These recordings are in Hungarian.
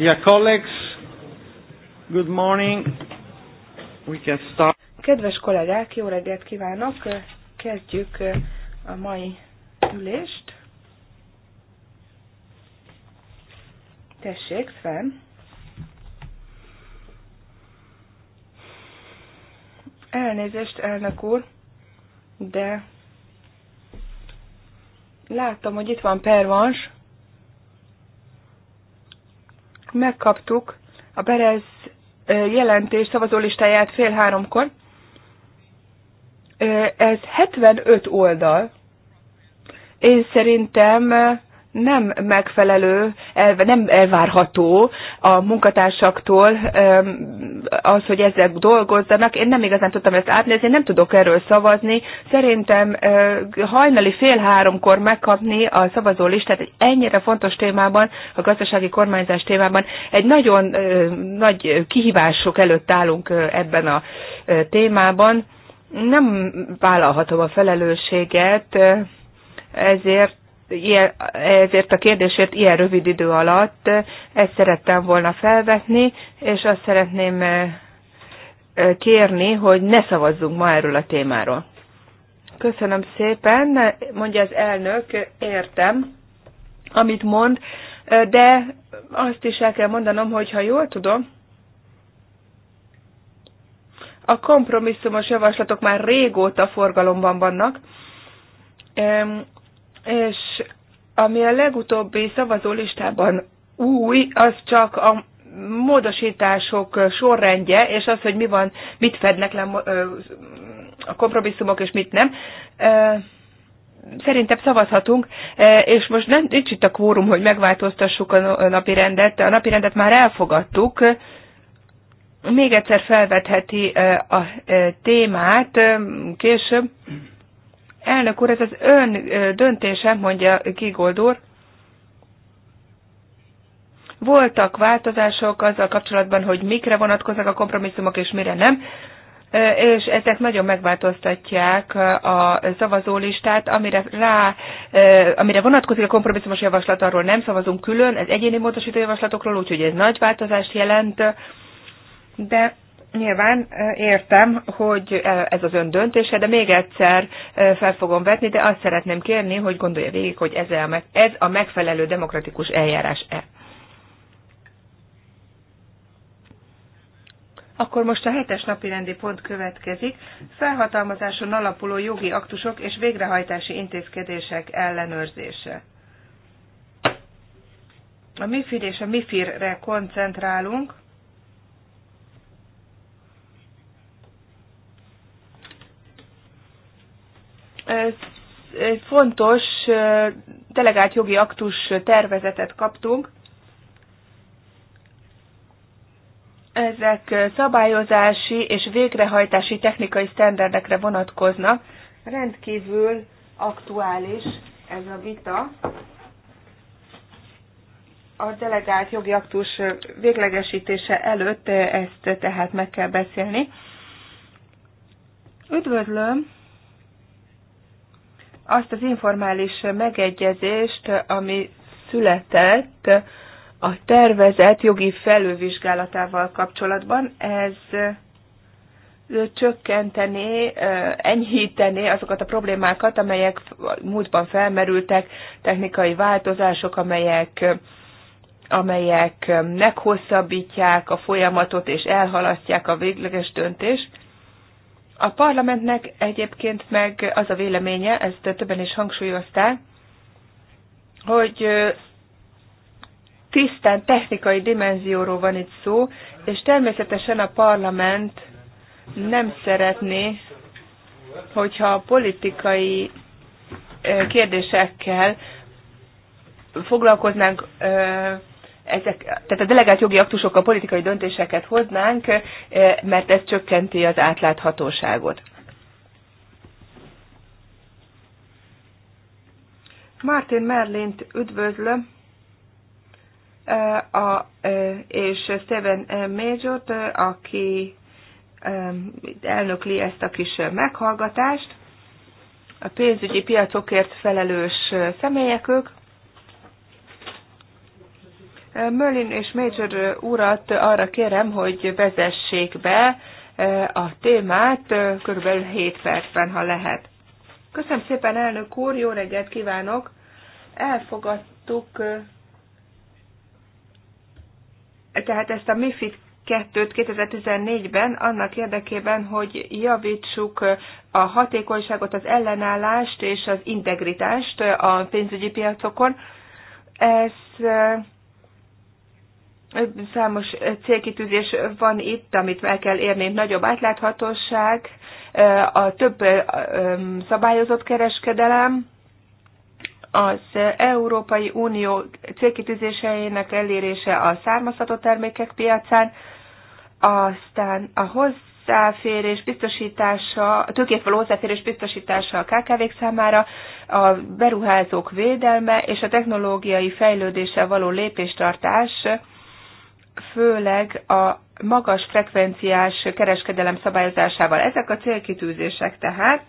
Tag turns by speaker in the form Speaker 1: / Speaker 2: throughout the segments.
Speaker 1: Dear colleagues, good morning. We can start.
Speaker 2: Kedves kollégák, jó reggelt kívánok! Kezdjük a mai
Speaker 3: ülést. Tessék, Sven!
Speaker 2: Elnézést, elnök úr, de láttam, hogy itt van Pervans, Megkaptuk a Berez jelentés szavazólistáját fél háromkor. Ez 75 oldal. Én szerintem nem megfelelő, el, nem elvárható a munkatársaktól az, hogy ezzel dolgozzanak. Én nem igazán tudtam ezt átnézni, nem tudok erről szavazni. Szerintem eh, hajnali fél háromkor megkapni a szavazó listát egy ennyire fontos témában, a gazdasági kormányzás témában. Egy nagyon eh, nagy kihívások előtt állunk eh, ebben a témában. Nem vállalhatom a felelősséget, ezért ilyen, ezért a kérdésért ilyen rövid idő alatt eh, ezt szerettem volna felvetni, és azt szeretném eh, eh, kérni, hogy ne szavazzunk ma erről a témáról. Köszönöm szépen, mondja az elnök, értem, amit mond, de azt is el kell mondanom, hogy ha jól tudom, a kompromisszumos javaslatok már régóta forgalomban vannak, és ami a legutóbbi szavazólistában új, az csak a módosítások sorrendje, és az, hogy mi van, mit fednek le a kompromisszumok, és mit nem. Szerintem szavazhatunk, és most nem, nincs itt a kórum, hogy megváltoztassuk a napi rendet. A napi rendet már elfogadtuk, még egyszer felvetheti a témát később. Elnök úr, ez az ön döntése, mondja Gigold úr. Voltak változások azzal kapcsolatban, hogy mikre vonatkoznak a kompromisszumok és mire nem, és ezek nagyon megváltoztatják a szavazólistát, amire, rá, amire vonatkozik a kompromisszumos javaslat, arról nem szavazunk külön, ez egyéni módosító javaslatokról, úgyhogy ez nagy változást jelent, de Nyilván értem, hogy ez az ön döntése, de még egyszer fel fogom vetni, de azt szeretném kérni, hogy gondolja végig, hogy ez a megfelelő demokratikus eljárás-e. Akkor most a hetes napi rendi pont következik. Felhatalmazáson alapuló jogi aktusok és végrehajtási intézkedések ellenőrzése. A MIFID és a MIFIR-re koncentrálunk. egy fontos delegált jogi aktus tervezetet kaptunk. Ezek szabályozási és végrehajtási technikai sztenderdekre vonatkoznak. Rendkívül aktuális ez a vita. A delegált jogi aktus véglegesítése előtt ezt tehát meg kell beszélni. Üdvözlöm! azt az informális megegyezést, ami született a tervezett jogi felővizsgálatával kapcsolatban, ez csökkenteni, enyhíteni azokat a problémákat, amelyek múltban felmerültek, technikai változások, amelyek amelyek meghosszabbítják a folyamatot és elhalasztják a végleges döntést. A parlamentnek egyébként meg az a véleménye, ezt többen is hangsúlyozták, hogy tisztán technikai dimenzióról van itt szó, és természetesen a parlament nem szeretné, hogyha a politikai kérdésekkel foglalkoznánk ezek, tehát a delegált jogi a politikai döntéseket hoznánk, eh, mert ez csökkenti az átláthatóságot. Martin Merlint üdvözlöm, eh, a, eh, és Steven Majort, aki elnökli ezt a kis meghallgatást. A pénzügyi piacokért felelős személyek ők. Merlin és Major urat arra kérem, hogy vezessék be e, a témát e, körülbelül 7 percben, ha lehet. Köszönöm szépen, elnök úr, jó reggelt kívánok! Elfogadtuk e, tehát ezt a MIFID 2-t 2014-ben annak érdekében, hogy javítsuk a hatékonyságot, az ellenállást és az integritást a pénzügyi piacokon. Ez számos célkitűzés van itt, amit el kell érni, nagyobb átláthatóság, a több szabályozott kereskedelem, az Európai Unió célkitűzéseinek elérése a származható termékek piacán, aztán a hozzáférés biztosítása, a tőkét való hozzáférés biztosítása a kkv számára, a beruházók védelme és a technológiai fejlődése való lépéstartás főleg a magas frekvenciás kereskedelem szabályozásával. Ezek a célkitűzések tehát.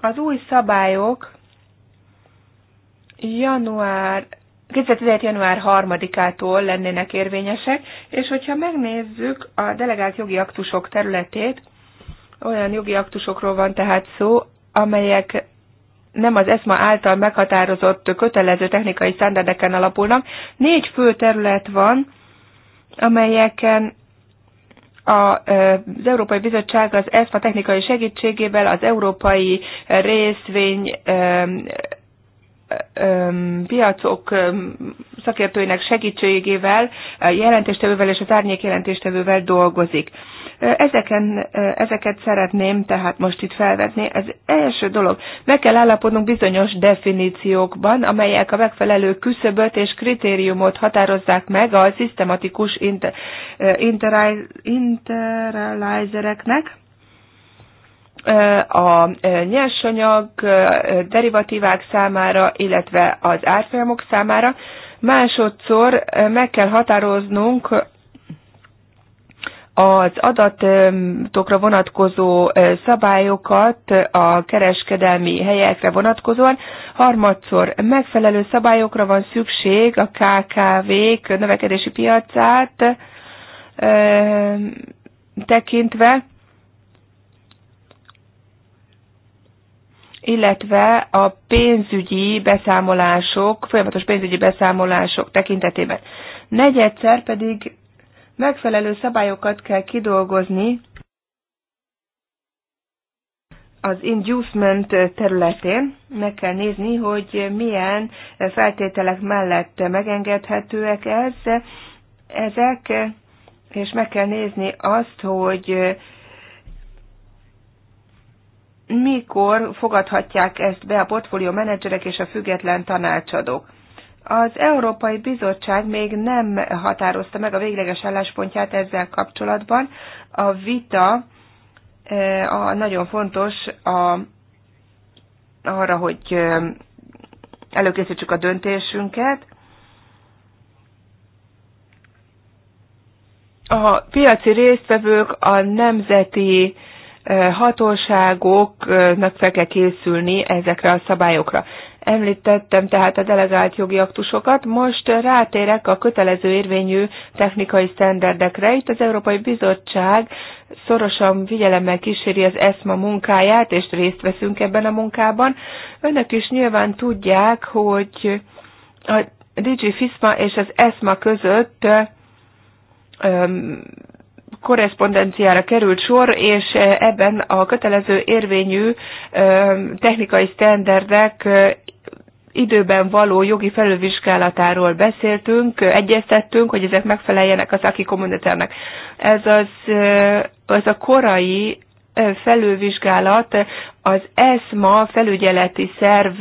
Speaker 2: Az új szabályok január 2017. január 3-ától lennének érvényesek, és hogyha megnézzük a delegált jogi aktusok területét, olyan jogi aktusokról van tehát szó, amelyek nem az ESMA által meghatározott kötelező technikai standardeken alapulnak. Négy fő terület van, amelyeken az Európai Bizottság az ESMA technikai segítségével az európai részvény piacok szakértőinek segítségével, jelentéstevővel és az árnyék jelentéstevővel dolgozik. Ezeken, ezeket szeretném tehát most itt felvetni. Ez első dolog, meg kell állapodnunk bizonyos definíciókban, amelyek a megfelelő küszöböt és kritériumot határozzák meg a szisztematikus inter, interalizereknek a nyersanyag derivatívák számára, illetve az árfolyamok számára. Másodszor meg kell határoznunk az adatokra vonatkozó szabályokat a kereskedelmi helyekre vonatkozóan. Harmadszor megfelelő szabályokra van szükség a KKV-k növekedési piacát tekintve, illetve a pénzügyi beszámolások, folyamatos pénzügyi beszámolások tekintetében. Negyedszer pedig Megfelelő szabályokat kell kidolgozni az inducement területén. Meg kell nézni, hogy milyen feltételek mellett megengedhetőek ez, ezek, és meg kell nézni azt, hogy mikor fogadhatják ezt be a portfólió menedzserek és a független tanácsadók. Az Európai Bizottság még nem határozta meg a végleges álláspontját ezzel kapcsolatban. A vita e, a nagyon fontos a, arra, hogy e, előkészítsük a döntésünket. A piaci résztvevők, a nemzeti e, hatóságoknak fel kell készülni ezekre a szabályokra. Említettem tehát a delegált jogi aktusokat, most rátérek a kötelező érvényű technikai sztenderdekre. Itt az Európai Bizottság szorosan figyelemmel kíséri az ESMA munkáját, és részt veszünk ebben a munkában. Önök is nyilván tudják, hogy a DG FISMA és az ESMA között öm, korrespondenciára került sor, és ebben a kötelező érvényű technikai sztenderdek időben való jogi felülvizsgálatáról beszéltünk, egyeztettünk, hogy ezek megfeleljenek az aki kommunitárnak. Ez, az, az a korai felülvizsgálat az ESMA felügyeleti szerv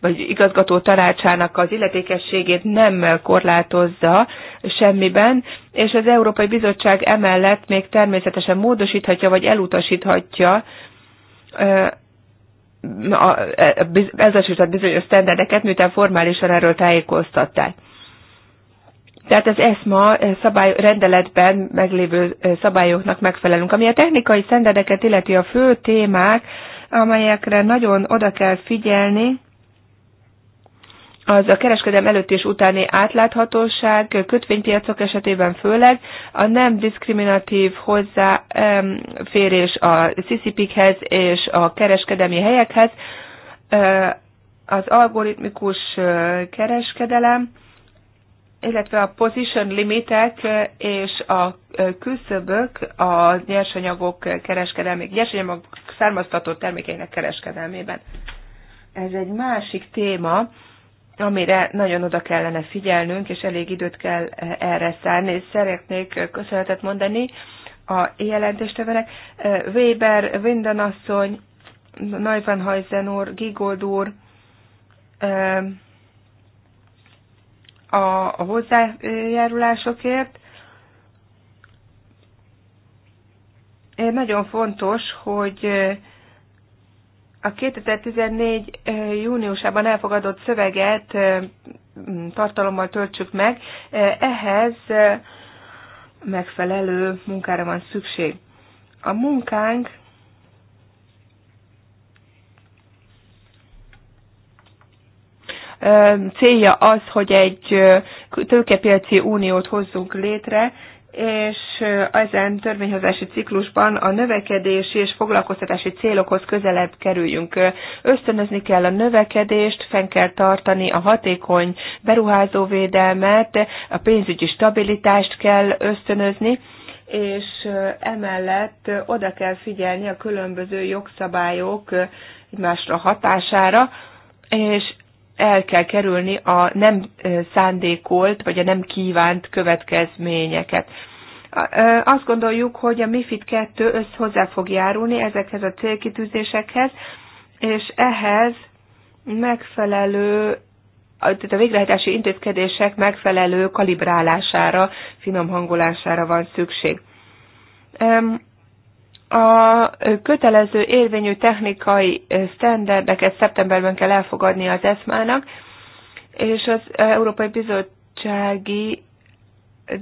Speaker 2: vagy igazgató tanácsának az illetékességét nem korlátozza semmiben, és az Európai Bizottság emellett még természetesen módosíthatja vagy elutasíthatja E, e, ez ezesített bizonyos sztenderdeket, miután formálisan erről tájékoztatták. Tehát az ESMA e, szabály, rendeletben meglévő szabályoknak megfelelünk. Ami a technikai sztenderdeket illeti a fő témák, amelyekre nagyon oda kell figyelni, az a kereskedelem előtt és utáni átláthatóság, kötvénypiacok esetében főleg, a nem diszkriminatív hozzáférés a CCP-hez és a kereskedelmi helyekhez, az algoritmikus kereskedelem, illetve a position limitek és a küszöbök a nyersanyagok kereskedelmi, nyersanyagok származtató termékeinek kereskedelmében. Ez egy másik téma, amire nagyon oda kellene figyelnünk, és elég időt kell eh, erre szállni. Szeretnék eh, köszönetet mondani a jelentéstevenek. Eh, Weber, Vindanasszony, asszony, úr, Gigold úr, a hozzájárulásokért. Nagyon fontos, hogy a 2014 júniusában elfogadott szöveget tartalommal töltsük meg, ehhez megfelelő munkára van szükség. A munkánk célja az, hogy egy tőkepiaci uniót hozzunk létre, és ezen törvényhozási ciklusban a növekedési és foglalkoztatási célokhoz közelebb kerüljünk. Ösztönözni kell a növekedést, fenn kell tartani a hatékony beruházóvédelmet, a pénzügyi stabilitást kell ösztönözni, és emellett oda kell figyelni a különböző jogszabályok egymásra hatására, és el kell kerülni a nem szándékolt, vagy a nem kívánt következményeket. Azt gondoljuk, hogy a MIFID 2 össz hozzá fog járulni ezekhez a célkitűzésekhez, és ehhez megfelelő tehát a végrehajtási intézkedések megfelelő kalibrálására, finom hangolására van szükség. A kötelező érvényű technikai sztenderdeket szeptemberben kell elfogadni az ESMA-nak, és az Európai Bizottsági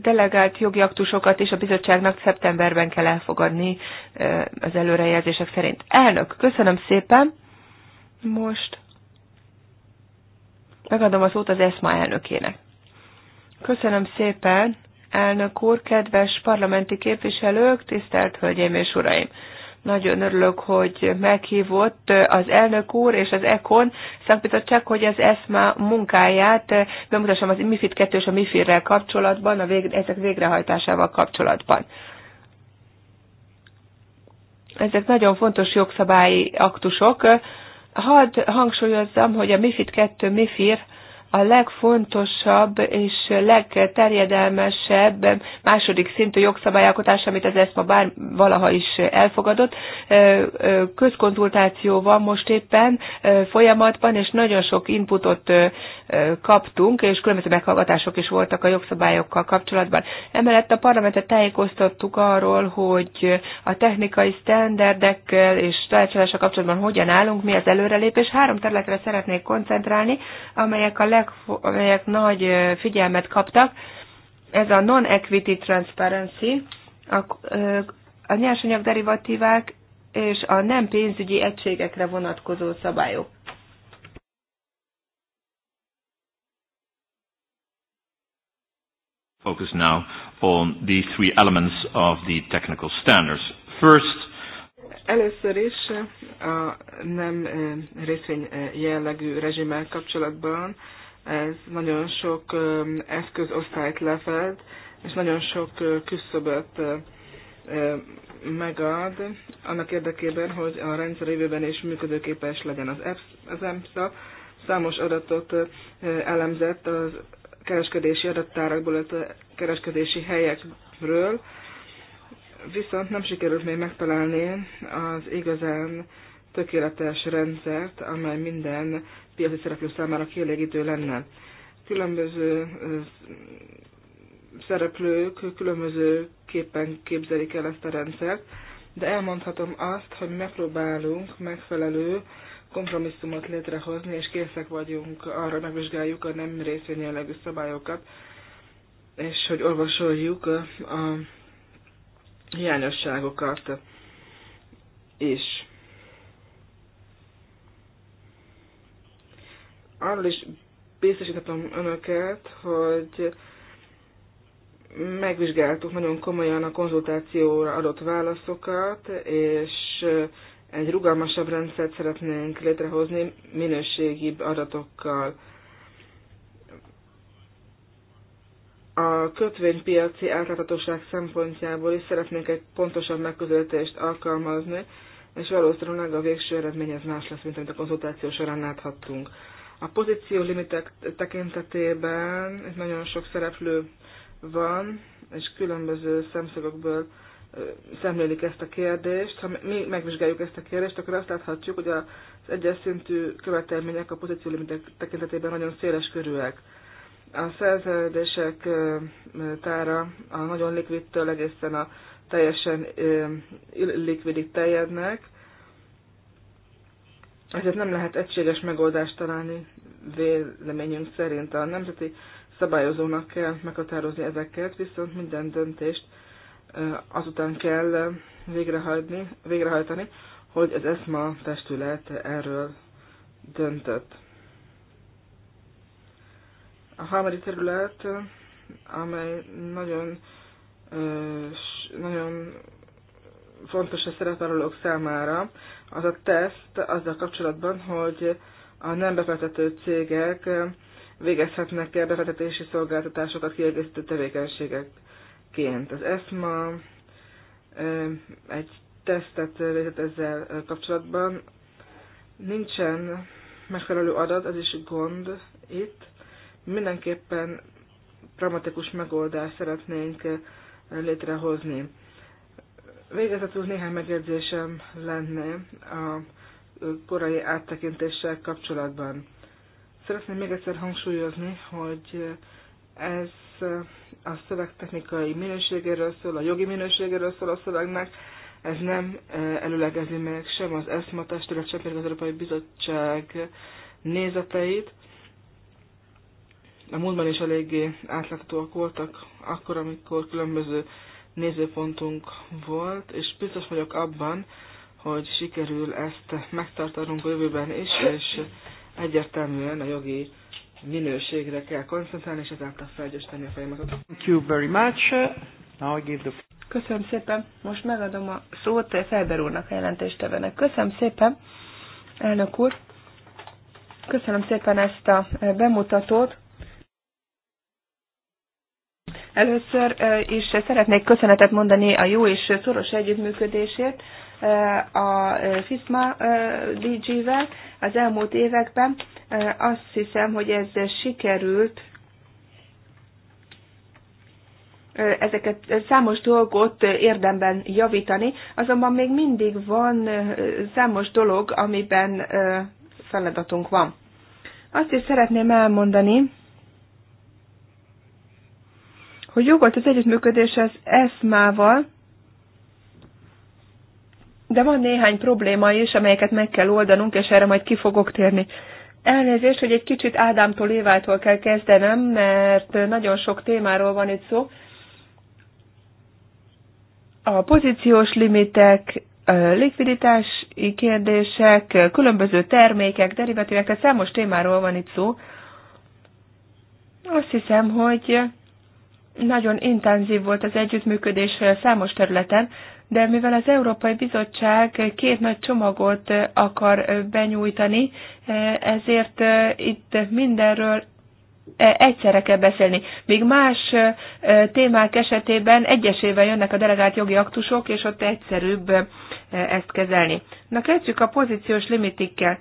Speaker 2: delegált jogi aktusokat is a bizottságnak szeptemberben kell elfogadni az előrejelzések szerint. Elnök, köszönöm szépen. Most megadom a szót az ESMA elnökének. Köszönöm szépen, elnök úr, kedves parlamenti képviselők, tisztelt hölgyeim és uraim! Nagyon örülök, hogy meghívott az elnök úr és az ECON szakbizottság, hogy az ESMA munkáját bemutassam az MIFID 2 és a MIFIR-rel kapcsolatban, a vég, ezek végrehajtásával kapcsolatban. Ezek nagyon fontos jogszabályi aktusok. Hadd hangsúlyozzam, hogy a MIFID 2 MIFIR a legfontosabb és legterjedelmesebb második szintű jogszabályalkotás, amit az ESZMA bár valaha is elfogadott. Közkonzultáció van most éppen folyamatban, és nagyon sok inputot kaptunk, és különböző meghallgatások is voltak a jogszabályokkal kapcsolatban. Emellett a parlamentet tájékoztattuk arról, hogy a technikai sztenderdekkel és tanácsadással kapcsolatban hogyan állunk, mi az előrelépés. Három területre szeretnék koncentrálni, amelyek a leg amelyek, amelyek nagy figyelmet kaptak. Ez a non-equity transparency, a, a nyersanyag derivatívák és a nem pénzügyi egységekre vonatkozó szabályok.
Speaker 4: Focus now
Speaker 1: on the three elements of the technical standards. First,
Speaker 3: Először is a nem részvény jellegű rezsimmel kapcsolatban ez nagyon sok eszközosztályt lefed, és nagyon sok küszöböt megad annak érdekében, hogy a rendszer jövőben is működőképes legyen az, EPS, az EMSA. Számos adatot elemzett az kereskedési adattárakból, a kereskedési helyekről, viszont nem sikerült még megtalálni az igazán tökéletes rendszert, amely minden piaci szereplők számára kielégítő lenne. Különböző szereplők különböző képen képzelik el ezt a rendszert, de elmondhatom azt, hogy megpróbálunk megfelelő kompromisszumot létrehozni, és készek vagyunk arra, hogy megvizsgáljuk a nem részvényjellegű szabályokat, és hogy orvosoljuk a hiányosságokat is. arról is biztosítatom önöket, hogy megvizsgáltuk nagyon komolyan a konzultációra adott válaszokat, és egy rugalmasabb rendszert szeretnénk létrehozni minőségibb adatokkal. A kötvénypiaci átláthatóság szempontjából is szeretnénk egy pontosabb megközelítést alkalmazni, és valószínűleg a végső eredmény ez más lesz, mint amit a konzultáció során láthattunk. A pozíció limitek tekintetében itt nagyon sok szereplő van, és különböző szemszögökből szemlélik ezt a kérdést. Ha mi megvizsgáljuk ezt a kérdést, akkor azt láthatjuk, hogy az egyes szintű követelmények a pozíciólimitek tekintetében nagyon széles körűek. A szerződések tára a nagyon likvidtől egészen a teljesen likvidig teljednek, ezért nem lehet egységes megoldást találni véleményünk szerint. A nemzeti szabályozónak kell meghatározni ezeket, viszont minden döntést azután kell végrehajtani, végrehajtani hogy az ESMA testület erről döntött. A harmadik terület, amely nagyon, nagyon fontos a szerepvállalók számára, az a teszt azzal kapcsolatban, hogy a nem befektető cégek végezhetnek el befektetési szolgáltatásokat kiegészítő tevékenységekként. Az ESMA egy tesztet végzett ezzel kapcsolatban. Nincsen megfelelő adat, az is gond itt. Mindenképpen pragmatikus megoldást szeretnénk létrehozni. Végezetül néhány megjegyzésem lenne a korai áttekintéssel kapcsolatban. Szeretném még egyszer hangsúlyozni, hogy ez a szöveg technikai minőségéről szól, a jogi minőségéről szól a szövegnek, ez nem e, előlegezi meg sem az ESMA testület, sem az Európai Bizottság nézeteit. A múltban is eléggé átláthatóak voltak, akkor, amikor különböző nézőpontunk volt, és biztos vagyok abban, hogy sikerül ezt megtartanunk a jövőben is, és egyértelműen a jogi minőségre kell koncentrálni, és ezáltal felgyorsítani a folyamatot.
Speaker 1: Thank you very much. Now I give the...
Speaker 2: Köszönöm szépen. Most megadom a szót Felber úrnak, a jelentéstevenek. Köszönöm szépen, elnök úr. Köszönöm szépen ezt a bemutatót. Először is szeretnék köszönetet mondani a jó és szoros együttműködésért a FISMA DG-vel az elmúlt években. Azt hiszem, hogy ez sikerült ezeket számos dolgot érdemben javítani, azonban még mindig van számos dolog, amiben feladatunk van. Azt is szeretném elmondani, hogy jó volt az együttműködés az eszmával, de van néhány probléma is, amelyeket meg kell oldanunk, és erre majd ki fogok térni. Elnézést, hogy egy kicsit Ádámtól, Évától kell kezdenem, mert nagyon sok témáról van itt szó. A pozíciós limitek, likviditási kérdések, különböző termékek, derivatívek, tehát számos témáról van itt szó. Azt hiszem, hogy nagyon intenzív volt az együttműködés számos területen, de mivel az Európai Bizottság két nagy csomagot akar benyújtani, ezért itt mindenről egyszerre kell beszélni. Míg más témák esetében egyesével jönnek a delegált jogi aktusok, és ott egyszerűbb ezt kezelni. Na kezdjük a pozíciós limitikkel.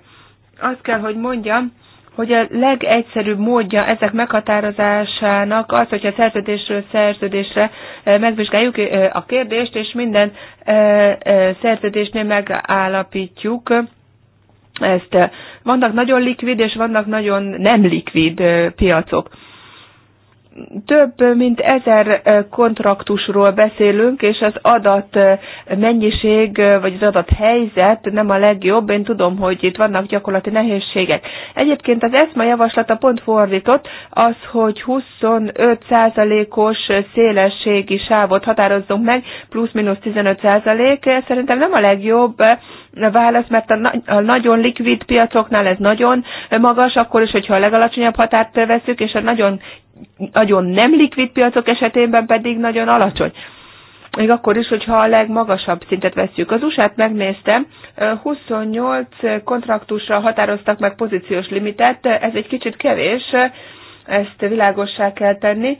Speaker 2: Azt kell, hogy mondjam, hogy a legegyszerűbb módja ezek meghatározásának az, hogyha szerződésről szerződésre megvizsgáljuk a kérdést, és minden szerződésnél megállapítjuk ezt. Vannak nagyon likvid, és vannak nagyon nem likvid piacok több mint ezer kontraktusról beszélünk, és az adat mennyiség, vagy az adat helyzet nem a legjobb. Én tudom, hogy itt vannak gyakorlati nehézségek. Egyébként az ESMA javaslata pont fordított, az, hogy 25%-os szélességi sávot határozzunk meg, plusz-minusz 15%, szerintem nem a legjobb válasz, mert a, a nagyon likvid piacoknál ez nagyon magas, akkor is, hogyha a legalacsonyabb határt veszük, és a nagyon, nagyon nem likvid piacok esetében pedig nagyon alacsony. Még akkor is, hogyha a legmagasabb szintet veszük. Az USA-t megnéztem, 28 kontraktusra határoztak meg pozíciós limitet, ez egy kicsit kevés, ezt világossá kell tenni,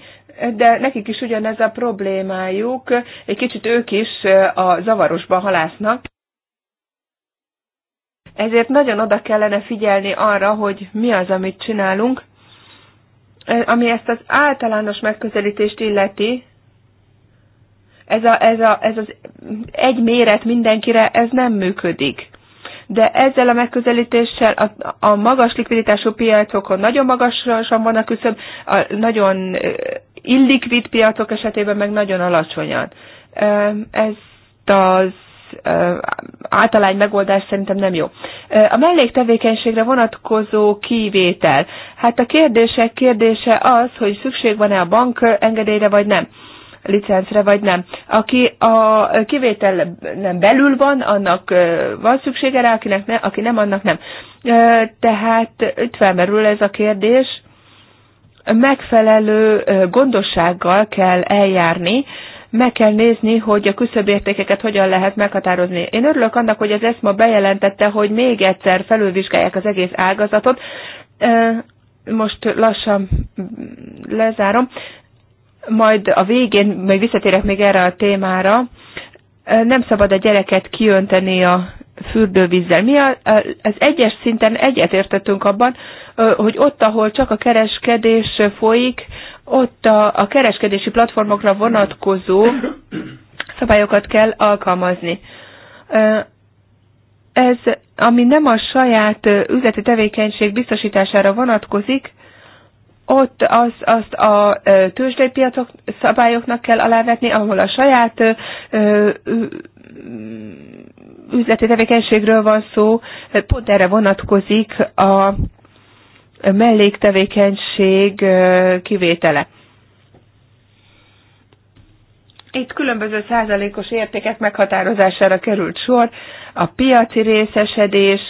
Speaker 2: de nekik is ugyanez a problémájuk, egy kicsit ők is a zavarosban halásznak. Ezért nagyon oda kellene figyelni arra, hogy mi az, amit csinálunk, e, ami ezt az általános megközelítést illeti, ez, a, ez, a, ez az egy méret mindenkire, ez nem működik. De ezzel a megközelítéssel a, a magas likviditású piacokon nagyon magasan van a küszöb, a nagyon e, illikvid piacok esetében meg nagyon alacsonyan. E, ezt az általány megoldás szerintem nem jó. A melléktevékenységre vonatkozó kivétel. Hát a kérdések kérdése az, hogy szükség van-e a bank engedélyre vagy nem licencre vagy nem. Aki a kivétel nem belül van, annak van szüksége rá, akinek ne, aki nem, annak nem. Tehát itt felmerül ez a kérdés, megfelelő gondossággal kell eljárni, meg kell nézni, hogy a küszöbértékeket hogyan lehet meghatározni. Én örülök annak, hogy az ESMA bejelentette, hogy még egyszer felülvizsgálják az egész ágazatot. Most lassan lezárom. Majd a végén, majd visszatérek még erre a témára. Nem szabad a gyereket kiönteni a fürdővízzel. Mi az egyes szinten egyetértettünk abban, hogy ott, ahol csak a kereskedés folyik, ott a, a kereskedési platformokra vonatkozó szabályokat kell alkalmazni. Ez, ami nem a saját üzleti tevékenység biztosítására vonatkozik, ott az, azt a tőzsdei piacok szabályoknak kell alávetni, ahol a saját üzleti tevékenységről van szó, pont erre vonatkozik a melléktevékenység kivétele. Itt különböző százalékos értékek meghatározására került sor, a piaci részesedés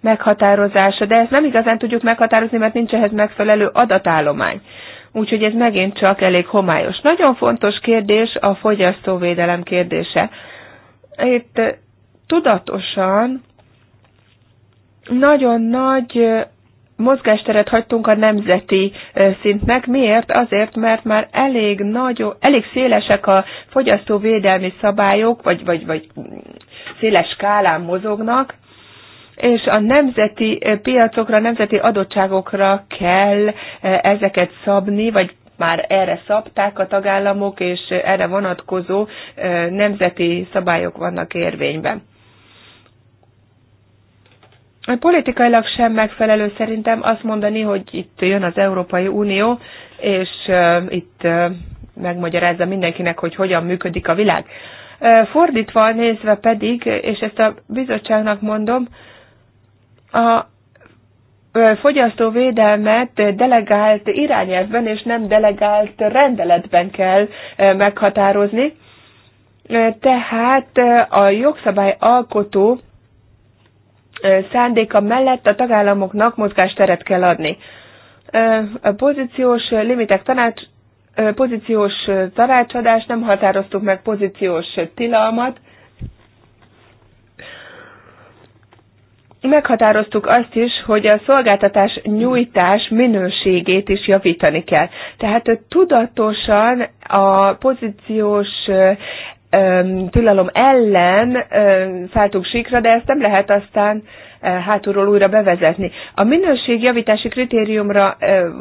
Speaker 2: meghatározása, de ezt nem igazán tudjuk meghatározni, mert nincs ehhez megfelelő adatállomány. Úgyhogy ez megint csak elég homályos. Nagyon fontos kérdés a fogyasztóvédelem kérdése. Itt tudatosan nagyon nagy mozgásteret hagytunk a nemzeti szintnek. Miért? Azért, mert már elég, nagy, elég szélesek a fogyasztóvédelmi szabályok, vagy, vagy, vagy mm, széles skálán mozognak, és a nemzeti piacokra, nemzeti adottságokra kell ezeket szabni, vagy már erre szabták a tagállamok, és erre vonatkozó nemzeti szabályok vannak érvényben. Politikailag sem megfelelő szerintem azt mondani, hogy itt jön az Európai Unió, és itt megmagyarázza mindenkinek, hogy hogyan működik a világ. Fordítva nézve pedig, és ezt a bizottságnak mondom, a fogyasztóvédelmet delegált irányelvben és nem delegált rendeletben kell meghatározni. Tehát a jogszabály alkotó szándéka mellett a tagállamoknak mozgásteret kell adni. A pozíciós limitek tanács, pozíciós tanácsadás nem határoztuk meg pozíciós tilalmat, meghatároztuk azt is, hogy a szolgáltatás nyújtás minőségét is javítani kell. Tehát tudatosan a pozíciós tilalom ellen szálltunk síkra, de ezt nem lehet aztán hátulról újra bevezetni. A minőségjavítási kritériumra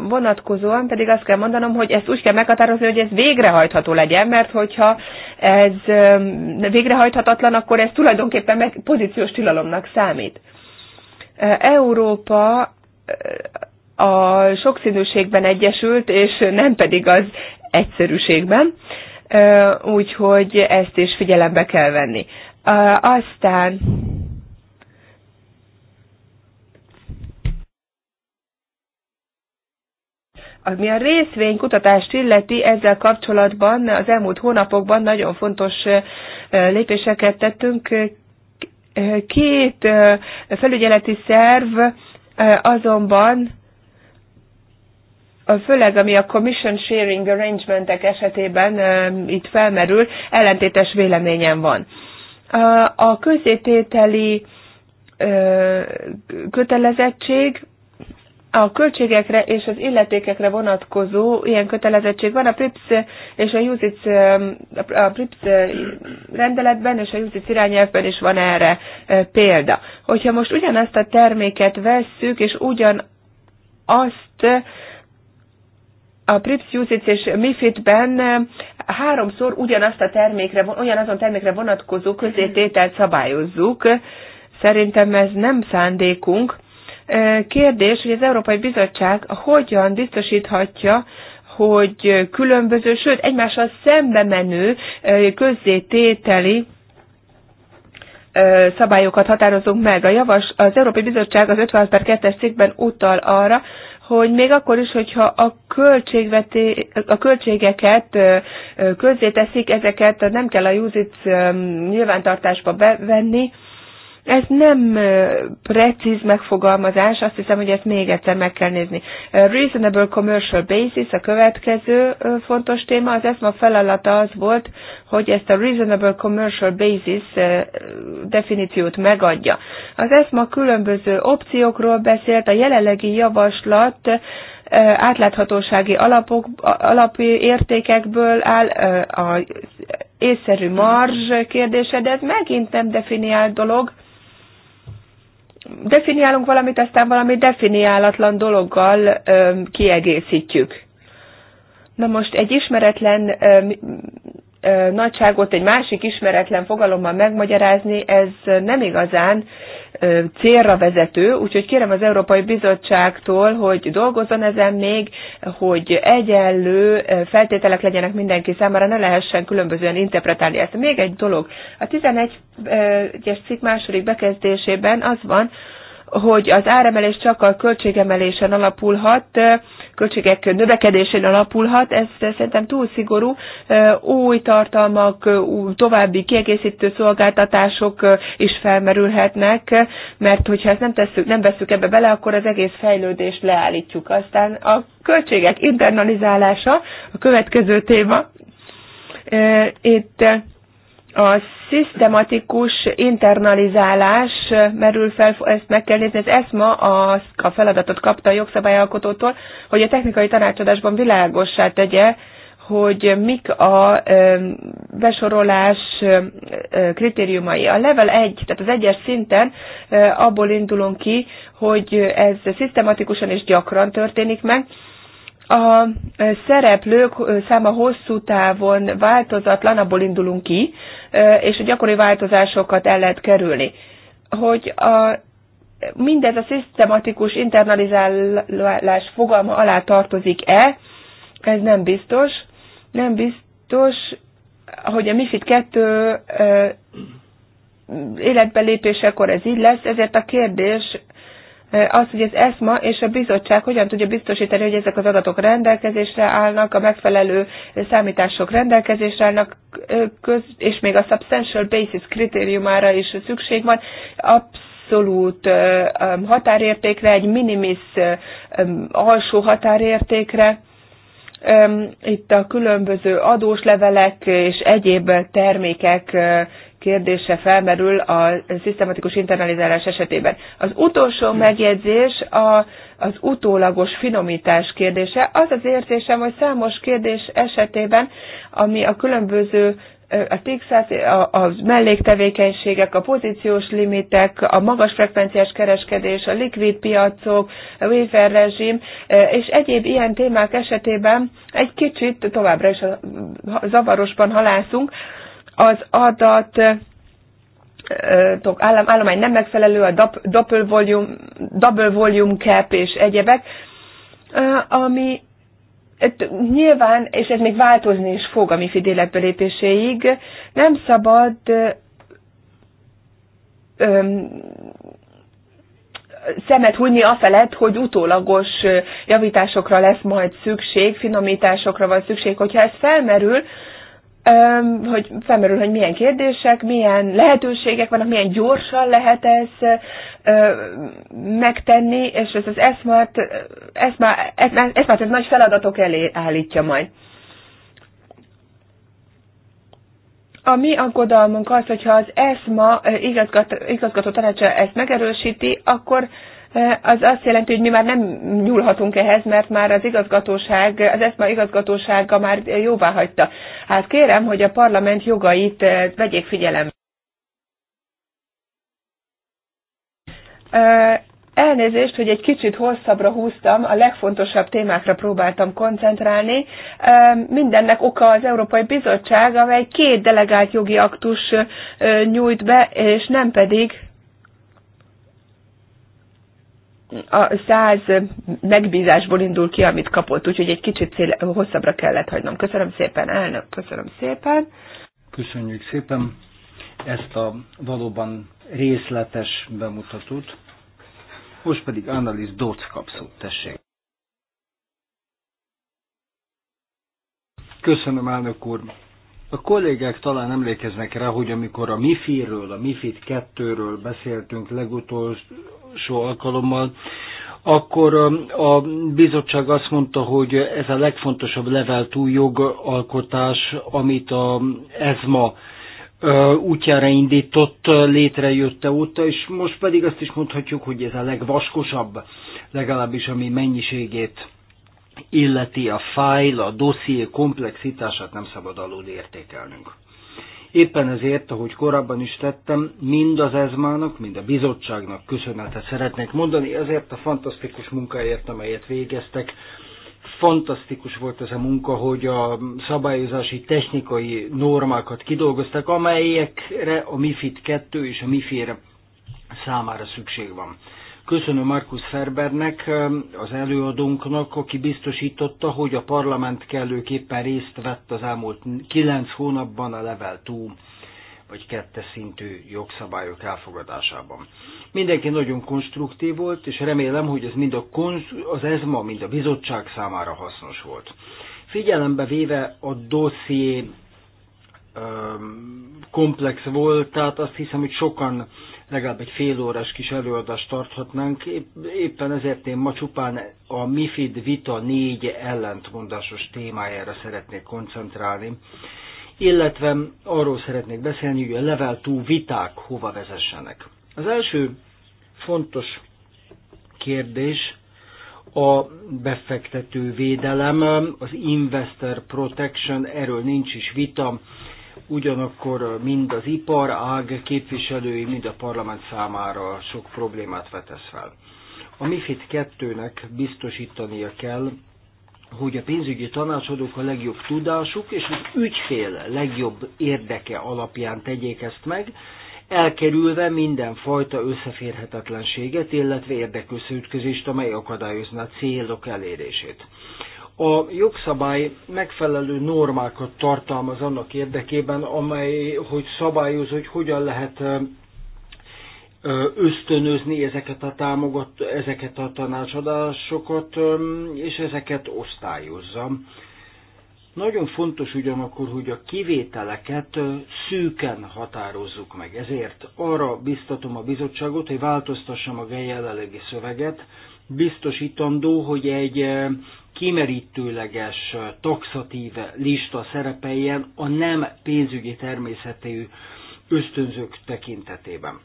Speaker 2: vonatkozóan pedig azt kell mondanom, hogy ezt úgy kell meghatározni, hogy ez végrehajtható legyen, mert hogyha ez végrehajthatatlan, akkor ez tulajdonképpen meg pozíciós tilalomnak számít. Európa a sokszínűségben egyesült, és nem pedig az egyszerűségben úgyhogy ezt is figyelembe kell venni. Aztán Ami a részvénykutatást illeti, ezzel kapcsolatban az elmúlt hónapokban nagyon fontos lépéseket tettünk. Két felügyeleti szerv azonban főleg ami a commission sharing arrangementek esetében itt felmerül, ellentétes véleményem van. A közétételi kötelezettség a költségekre és az illetékekre vonatkozó ilyen kötelezettség van a PRIPS és a USIC, a PRIPS rendeletben és a USIC irányelvben is van erre példa. Hogyha most ugyanazt a terméket vesszük, és ugyanazt a PRIPS usage és MIFID-ben eh, háromszor ugyanazt a termékre, ugyanazon termékre vonatkozó közétételt szabályozzuk. Szerintem ez nem szándékunk. Eh, kérdés, hogy az Európai Bizottság hogyan biztosíthatja, hogy különböző, sőt egymással szembe menő eh, közzétételi szabályokat határozunk meg. A javas, az Európai Bizottság az 56 per 2-es cikkben utal arra, hogy még akkor is, hogyha a, költségveté, a költségeket közzéteszik, ezeket nem kell a Júzic nyilvántartásba bevenni, ez nem precíz megfogalmazás, azt hiszem, hogy ezt még egyszer meg kell nézni. Reasonable commercial basis a következő fontos téma. Az ESMA feladata az volt, hogy ezt a reasonable commercial basis definíciót megadja. Az ESMA különböző opciókról beszélt, a jelenlegi javaslat átláthatósági alapok, értékekből áll az észszerű marzs kérdése, de ez megint nem definiált dolog, definiálunk valamit, aztán valami definiálatlan dologgal kiegészítjük. Na most egy ismeretlen nagyságot egy másik ismeretlen fogalommal megmagyarázni, ez nem igazán célra vezető, úgyhogy kérem az Európai Bizottságtól, hogy dolgozzon ezen még, hogy egyenlő feltételek legyenek mindenki számára, ne lehessen különbözően interpretálni ezt. Még egy dolog, a 11-es cikk második bekezdésében az van, hogy az áremelés csak a költségemelésen alapulhat, költségek növekedésén alapulhat, ez szerintem túl szigorú, új tartalmak, további kiegészítő szolgáltatások is felmerülhetnek, mert hogyha ezt nem, tesszük, nem veszük ebbe bele, akkor az egész fejlődést leállítjuk. Aztán a költségek internalizálása a következő téma. Itt a szisztematikus internalizálás merül fel, ezt meg kell nézni, ez ESMA a, a feladatot kapta a jogszabályalkotótól, hogy a technikai tanácsadásban világossá tegye, hogy mik a besorolás kritériumai. A level 1, tehát az egyes szinten abból indulunk ki, hogy ez szisztematikusan és gyakran történik meg, a szereplők száma hosszú távon változatlan, abból indulunk ki, és a gyakori változásokat el lehet kerülni. Hogy a, mindez a szisztematikus internalizálás fogalma alá tartozik-e, ez nem biztos. Nem biztos, hogy a MIFID 2 életbe lépésekor ez így lesz, ezért a kérdés az, hogy az ESMA és a bizottság hogyan tudja biztosítani, hogy ezek az adatok rendelkezésre állnak, a megfelelő számítások rendelkezésre állnak, köz, és még a substantial basis kritériumára is szükség van. Abszolút határértékre, egy minimis alsó határértékre itt a különböző adóslevelek és egyéb termékek kérdése felmerül a szisztematikus internalizálás esetében. Az utolsó megjegyzés a, az utólagos finomítás kérdése. Az az érzésem, hogy számos kérdés esetében, ami a különböző a TIXAT, a melléktevékenységek, a pozíciós limitek, a magas frekvenciás kereskedés, a likvid piacok, a wafer rezsim, és egyéb ilyen témák esetében egy kicsit továbbra is zavarosban halászunk, az adat állam, állomány nem megfelelő, a double volume, double volume cap és egyebek, ami nyilván, és ez még változni is fog a MIFID lépéséig, nem szabad öm, szemet hunyni afelett, hogy utólagos javításokra lesz majd szükség, finomításokra van szükség. Hogyha ez felmerül, hogy felmerül, hogy milyen kérdések, milyen lehetőségek vannak, milyen gyorsan lehet ez megtenni, és ez az eszmát, eszmát, eszmát, esma ez nagy feladatok elé állítja majd. A mi aggodalmunk az, hogyha az ESMA igazgató, igazgató tanácsa ezt megerősíti, akkor az azt jelenti, hogy mi már nem nyúlhatunk ehhez, mert már az igazgatóság, az ESMA igazgatósága már jóvá hagyta. Hát kérem, hogy a parlament jogait vegyék figyelembe. Elnézést, hogy egy kicsit hosszabbra húztam, a legfontosabb témákra próbáltam koncentrálni. Mindennek oka az Európai Bizottság, amely két delegált jogi aktus nyújt be, és nem pedig a száz megbízásból indul ki, amit kapott, úgyhogy egy kicsit cél, hosszabbra kellett hagynom. Köszönöm szépen, elnök, köszönöm szépen.
Speaker 5: Köszönjük szépen ezt a valóban részletes bemutatót. Most pedig Annaliz Dóc kapszót, tessék. Köszönöm, elnök úr. A kollégák talán emlékeznek rá, hogy amikor a MIFI-ről, a MIFID 2-ről beszéltünk legutolsó alkalommal, akkor um, a bizottság azt mondta, hogy ez a legfontosabb level jogalkotás, amit a ESMA útjára indított, létrejötte óta, és most pedig azt is mondhatjuk, hogy ez a legvaskosabb, legalábbis ami mennyiségét illeti a fájl, a dosszié komplexitását nem szabad alul értékelnünk. Éppen ezért, ahogy korábban is tettem, mind az ezmának, mind a bizottságnak köszönetet szeretnék mondani, ezért a fantasztikus munkáért, amelyet végeztek. Fantasztikus volt ez a munka, hogy a szabályozási technikai normákat kidolgoztak, amelyekre a MIFID 2 és a MIFIR számára szükség van. Köszönöm Markus Ferbernek, ehm, az előadónknak, aki biztosította, hogy a parlament kellőképpen részt vett az elmúlt kilenc hónapban a Level 2 vagy kettes szintű jogszabályok elfogadásában. Mindenki nagyon konstruktív volt, és remélem, hogy ez mind a konz, az ESMA, mind a bizottság számára hasznos volt. Figyelembe véve a dosszié ehm, komplex volt, tehát azt hiszem, hogy sokan legalább egy fél órás kis előadást tarthatnánk. Éppen ezért én ma csupán a MIFID vita négy ellentmondásos témájára szeretnék koncentrálni, illetve arról szeretnék beszélni, hogy a level 2 viták hova vezessenek. Az első fontos kérdés a befektető védelem, az investor protection, erről nincs is vita, ugyanakkor mind az iparág képviselői, mind a parlament számára sok problémát vetesz fel. A MIFID 2-nek biztosítania kell, hogy a pénzügyi tanácsadók a legjobb tudásuk és az ügyfél legjobb érdeke alapján tegyék ezt meg, elkerülve mindenfajta összeférhetetlenséget, illetve érdekösszeütközést, amely akadályozna a célok elérését. A jogszabály megfelelő normákat tartalmaz annak érdekében, amely, hogy szabályoz, hogy hogyan lehet ösztönözni ezeket a támogat, ezeket a tanácsadásokat, és ezeket osztályozza. Nagyon fontos ugyanakkor, hogy a kivételeket szűken határozzuk meg. Ezért arra biztatom a bizottságot, hogy változtassam a jelenlegi szöveget, biztosítandó, hogy egy kimerítőleges, taxatív lista szerepeljen a nem pénzügyi természetű ösztönzők tekintetében.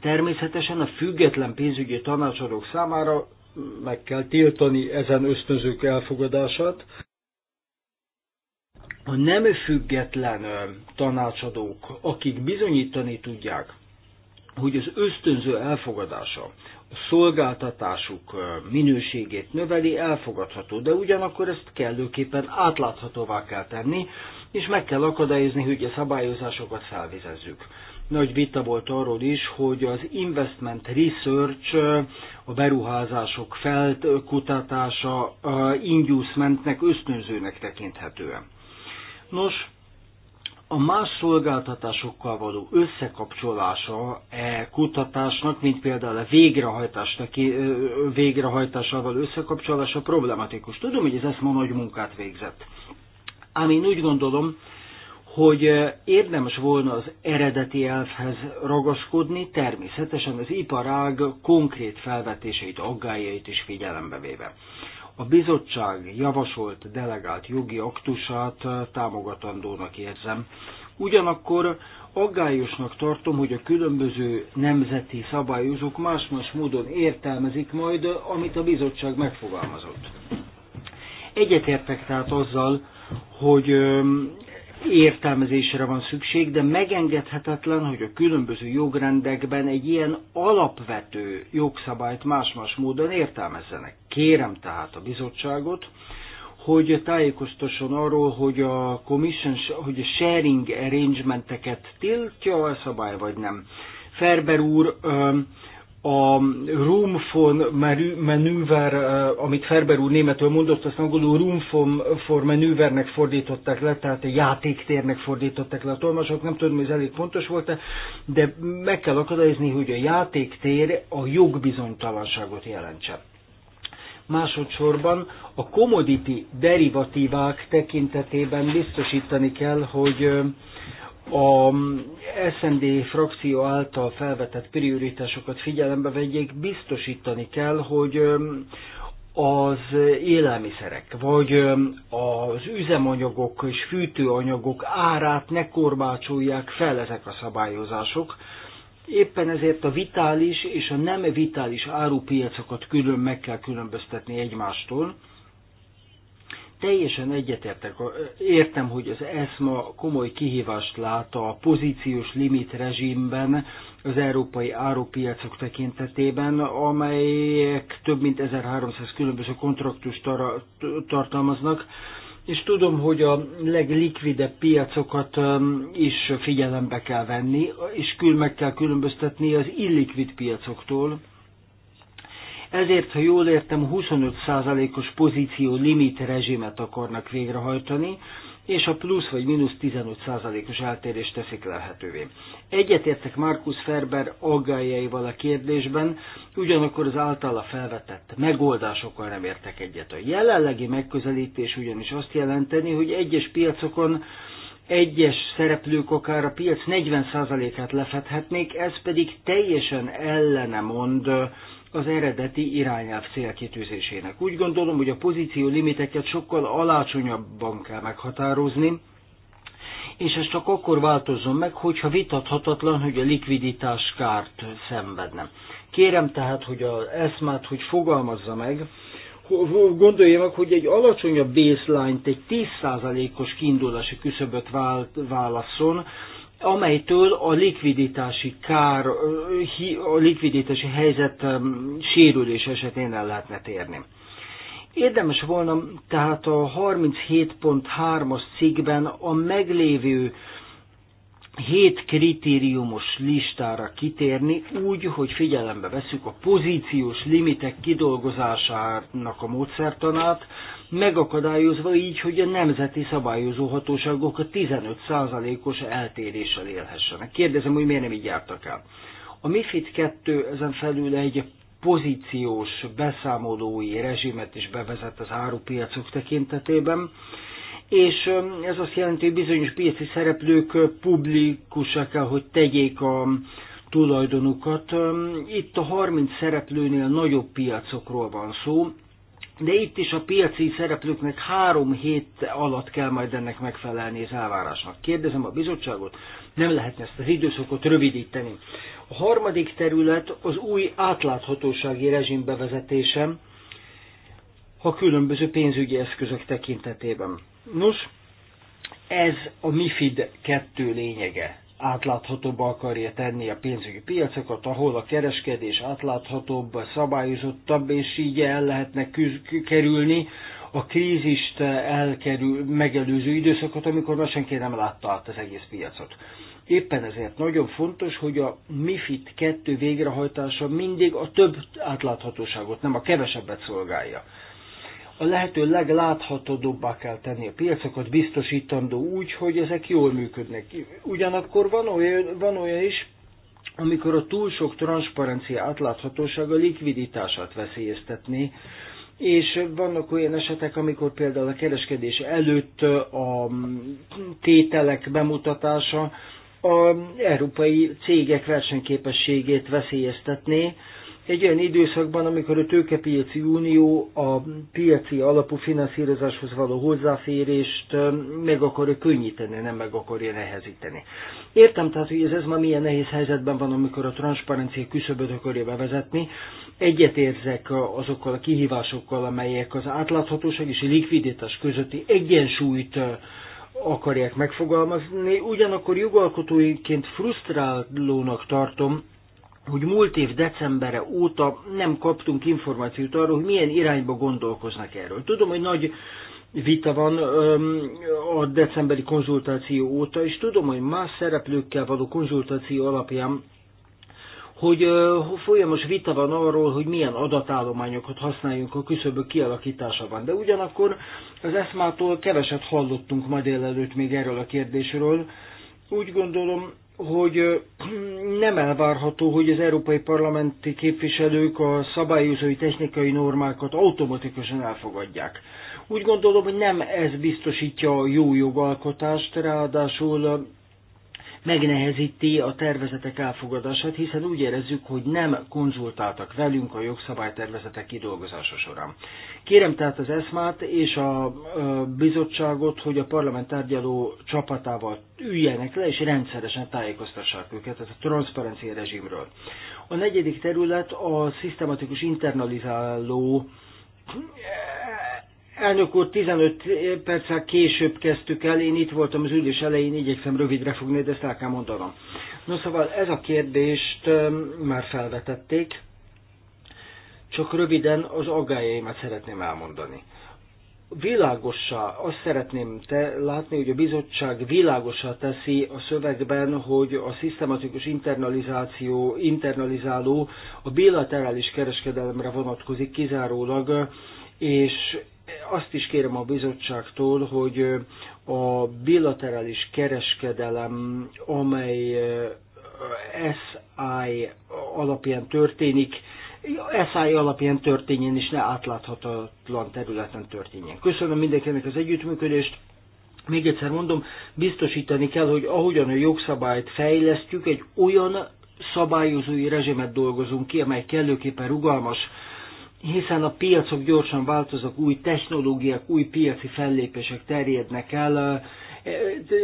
Speaker 5: Természetesen a független pénzügyi tanácsadók számára meg kell tiltani ezen ösztönzők elfogadását. A nem független tanácsadók, akik bizonyítani tudják, hogy az ösztönző elfogadása szolgáltatásuk minőségét növeli, elfogadható, de ugyanakkor ezt kellőképpen átláthatóvá kell tenni, és meg kell akadályozni, hogy a szabályozásokat felvizezzük. Nagy vita volt arról is, hogy az investment research, a beruházások felkutatása inducementnek, ösztönzőnek tekinthetően. Nos, a más szolgáltatásokkal való összekapcsolása e kutatásnak, mint például a végrehajtásnak, végrehajtással való összekapcsolása problematikus. Tudom, hogy ez ezt ma nagy munkát végzett. Ám én úgy gondolom, hogy érdemes volna az eredeti elfhez ragaszkodni, természetesen az iparág konkrét felvetéseit, aggájait is figyelembe véve. A bizottság javasolt delegált jogi aktusát támogatandónak érzem. Ugyanakkor aggályosnak tartom, hogy a különböző nemzeti szabályozók más-más módon értelmezik majd, amit a bizottság megfogalmazott. Egyetértek tehát azzal, hogy értelmezésre van szükség, de megengedhetetlen, hogy a különböző jogrendekben egy ilyen alapvető jogszabályt más-más módon értelmezzenek. Kérem tehát a bizottságot, hogy tájékoztasson arról, hogy a commission, hogy a sharing arrangementeket tiltja a szabály, vagy nem. Ferber úr a Room for Manöver, eh, amit Ferber úr németül mondott, azt angolul Room for Manövernek fordították le, tehát a játéktérnek fordították le a tolmasok, nem tudom, hogy ez elég pontos volt-e, de meg kell akadályozni, hogy a játéktér a jogbizonytalanságot jelentse. Másodszorban a commodity derivatívák tekintetében biztosítani kell, hogy eh, a SND frakció által felvetett prioritásokat figyelembe vegyék, biztosítani kell, hogy az élelmiszerek, vagy az üzemanyagok és fűtőanyagok árát ne korbácsolják fel ezek a szabályozások. Éppen ezért a vitális és a nem vitális árupiacokat külön meg kell különböztetni egymástól Teljesen egyetértek, értem, hogy az ESMA komoly kihívást lát a pozíciós limit rezsimben, az európai árupiacok tekintetében, amelyek több mint 1300 különböző kontraktust tartalmaznak, és tudom, hogy a leglikvidebb piacokat is figyelembe kell venni, és kül meg kell különböztetni az illikvid piacoktól, ezért, ha jól értem, 25%-os pozíció limit rezsimet akarnak végrehajtani, és a plusz vagy mínusz 15%-os eltérést teszik lehetővé. Egyetértek Markus Ferber aggájaival a kérdésben, ugyanakkor az általa felvetett megoldásokkal nem értek egyet. A jelenlegi megközelítés ugyanis azt jelenteni, hogy egyes piacokon egyes szereplők akár a piac 40%-át lefethetnék ez pedig teljesen ellene mond az eredeti irányelv célkitűzésének. Úgy gondolom, hogy a pozíció limiteket sokkal alácsonyabban kell meghatározni, és ez csak akkor változzon meg, hogyha vitathatatlan, hogy a likviditás kárt szenvedne. Kérem tehát, hogy az eszmát, hogy fogalmazza meg, gondolja meg, hogy egy alacsonyabb baseline-t, egy 10%-os kiindulási küszöböt válasszon, amelytől a likviditási kár, a likviditási helyzet sérülés esetén el lehetne térni. Érdemes volna tehát a 37.3-as cikkben a meglévő hét kritériumos listára kitérni, úgy, hogy figyelembe veszük a pozíciós limitek kidolgozásának a módszertanát, megakadályozva így, hogy a nemzeti szabályozó hatóságok a 15%-os eltéréssel élhessenek. Kérdezem, hogy miért nem így jártak el. A MIFID 2 ezen felül egy pozíciós beszámolói rezsimet is bevezet az árupiacok tekintetében, és um, ez azt jelenti, hogy bizonyos piaci szereplők uh, publikusak, kell, hogy tegyék a um, tulajdonukat. Um, itt a 30 szereplőnél nagyobb piacokról van szó, de itt is a piaci szereplőknek három hét alatt kell majd ennek megfelelni az elvárásnak. Kérdezem a bizottságot, nem lehetne ezt az időszakot rövidíteni. A harmadik terület az új átláthatósági rezsim bevezetése a különböző pénzügyi eszközök tekintetében. Nos, ez a MIFID 2 lényege átláthatóbbá akarja tenni a pénzügyi piacokat, ahol a kereskedés átláthatóbb, szabályozottabb, és így el lehetne kerülni a krízist elkerül, megelőző időszakot, amikor már senki nem látta át az egész piacot. Éppen ezért nagyon fontos, hogy a MIFID 2 végrehajtása mindig a több átláthatóságot, nem a kevesebbet szolgálja a lehető legláthatóbbá kell tenni a piacokat, biztosítandó úgy, hogy ezek jól működnek. Ugyanakkor van olyan, van olyan is, amikor a túl sok transzparencia átláthatósága likviditását veszélyeztetni, és vannak olyan esetek, amikor például a kereskedés előtt a tételek bemutatása a európai cégek versenyképességét veszélyeztetné, egy olyan időszakban, amikor a tőkepiaci unió a piaci alapú finanszírozáshoz való hozzáférést meg akarja könnyíteni, nem meg akarja nehezíteni. Értem tehát, hogy ez, ez ma milyen nehéz helyzetben van, amikor a transzparencia küszöböt akarja bevezetni. Egyetérzek azokkal a kihívásokkal, amelyek az átláthatóság és a likviditás közötti egyensúlyt akarják megfogalmazni, ugyanakkor jogalkotóiként frusztrálónak tartom, hogy múlt év decembere óta nem kaptunk információt arról, hogy milyen irányba gondolkoznak erről. Tudom, hogy nagy vita van a decemberi konzultáció óta, és tudom, hogy más szereplőkkel való konzultáció alapján hogy folyamos vita van arról, hogy milyen adatállományokat használjunk a küszöbök kialakításában. De ugyanakkor az eszmától keveset hallottunk ma délelőtt még erről a kérdésről. Úgy gondolom, hogy nem elvárható, hogy az európai parlamenti képviselők a szabályozói technikai normákat automatikusan elfogadják. Úgy gondolom, hogy nem ez biztosítja a jó jogalkotást, ráadásul megnehezíti a tervezetek elfogadását, hiszen úgy érezzük, hogy nem konzultáltak velünk a jogszabálytervezetek kidolgozása során. Kérem tehát az ESMÁT és a bizottságot, hogy a parlament tárgyaló csapatával üljenek le, és rendszeresen tájékoztassák őket, tehát a transzparencia rezsimről. A negyedik terület a szisztematikus internalizáló Elnök úr, 15 perccel később kezdtük el, én itt voltam az ülés elején, igyekszem rövidre fogni, de ezt el kell mondanom. No szóval ez a kérdést már felvetették, csak röviden az aggájaimat szeretném elmondani. Világossá, azt szeretném te látni, hogy a bizottság világossá teszi a szövegben, hogy a szisztematikus internalizáció, internalizáló a bilaterális kereskedelemre vonatkozik kizárólag, és azt is kérem a bizottságtól, hogy a bilaterális kereskedelem, amely SI alapján történik, SI alapján történjen, és ne átláthatatlan területen történjen. Köszönöm mindenkinek az együttműködést. Még egyszer mondom, biztosítani kell, hogy ahogyan a jogszabályt fejlesztjük, egy olyan szabályozói rezsimet dolgozunk ki, amely kellőképpen rugalmas, hiszen a piacok gyorsan változnak, új technológiák, új piaci fellépések terjednek el,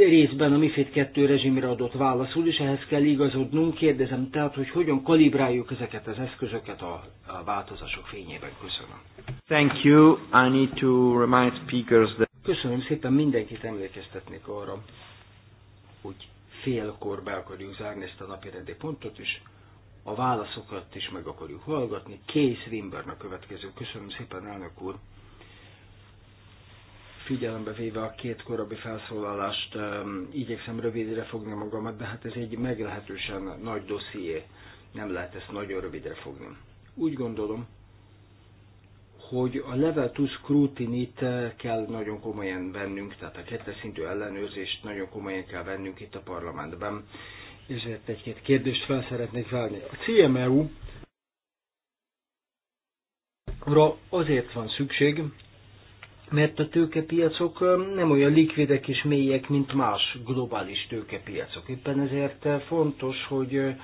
Speaker 5: részben a MIFID 2 rezsimre adott válaszul, és ehhez kell igazodnunk. Kérdezem tehát, hogy hogyan kalibráljuk ezeket az eszközöket a, a változások fényében. Köszönöm.
Speaker 1: Thank you. I need to remind speakers that... Köszönöm szépen,
Speaker 5: mindenkit emlékeztetnék arra, hogy félkor be akarjuk zárni ezt a napi pontot, is a válaszokat is meg akarjuk hallgatni. Kész a következő. Köszönöm szépen, elnök úr! figyelembe véve a két korábbi felszólalást um, igyekszem rövidre fogni magamat, de hát ez egy meglehetősen nagy dosszié, nem lehet ezt nagyon rövidre fogni. Úgy gondolom, hogy a level to scrutiny eh, kell nagyon komolyan vennünk, tehát a kettes szintű ellenőrzést nagyon komolyan kell vennünk itt a parlamentben, és egy-két kérdést fel szeretnék válni. A CMEU ra azért van szükség, mert a tőkepiacok um, nem olyan likvidek és mélyek, mint más globális tőkepiacok. Éppen ezért uh, fontos, hogy uh,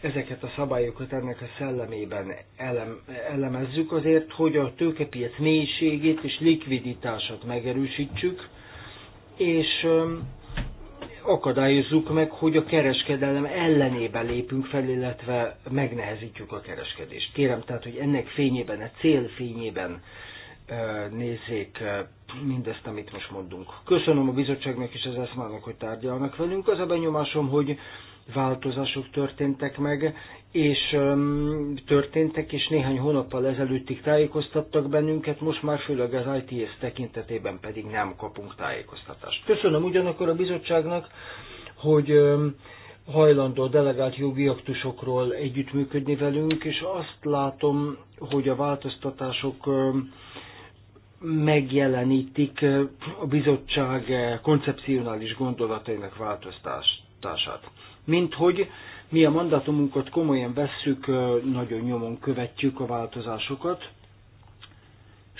Speaker 5: ezeket a szabályokat ennek a szellemében elem, elemezzük azért, hogy a tőkepiac mélységét és likviditását megerősítsük, és um, akadályozzuk meg, hogy a kereskedelem ellenébe lépünk fel, illetve megnehezítjük a kereskedést. Kérem tehát, hogy ennek fényében, a cél fényében nézzék mindezt, amit most mondunk. Köszönöm a bizottságnak és az eszmának, hogy tárgyalnak velünk. Az a benyomásom, hogy változások történtek meg, és um, történtek, és néhány hónappal ezelőttig tájékoztattak bennünket, most már főleg az ITS tekintetében pedig nem kapunk tájékoztatást. Köszönöm ugyanakkor a bizottságnak, hogy um, hajlandó delegált jogi aktusokról együttműködni velünk, és azt látom, hogy a változtatások um, megjelenítik a bizottság koncepcionális gondolatainak változtatását mint hogy mi a mandátumunkat komolyan vesszük, nagyon nyomon követjük a változásokat,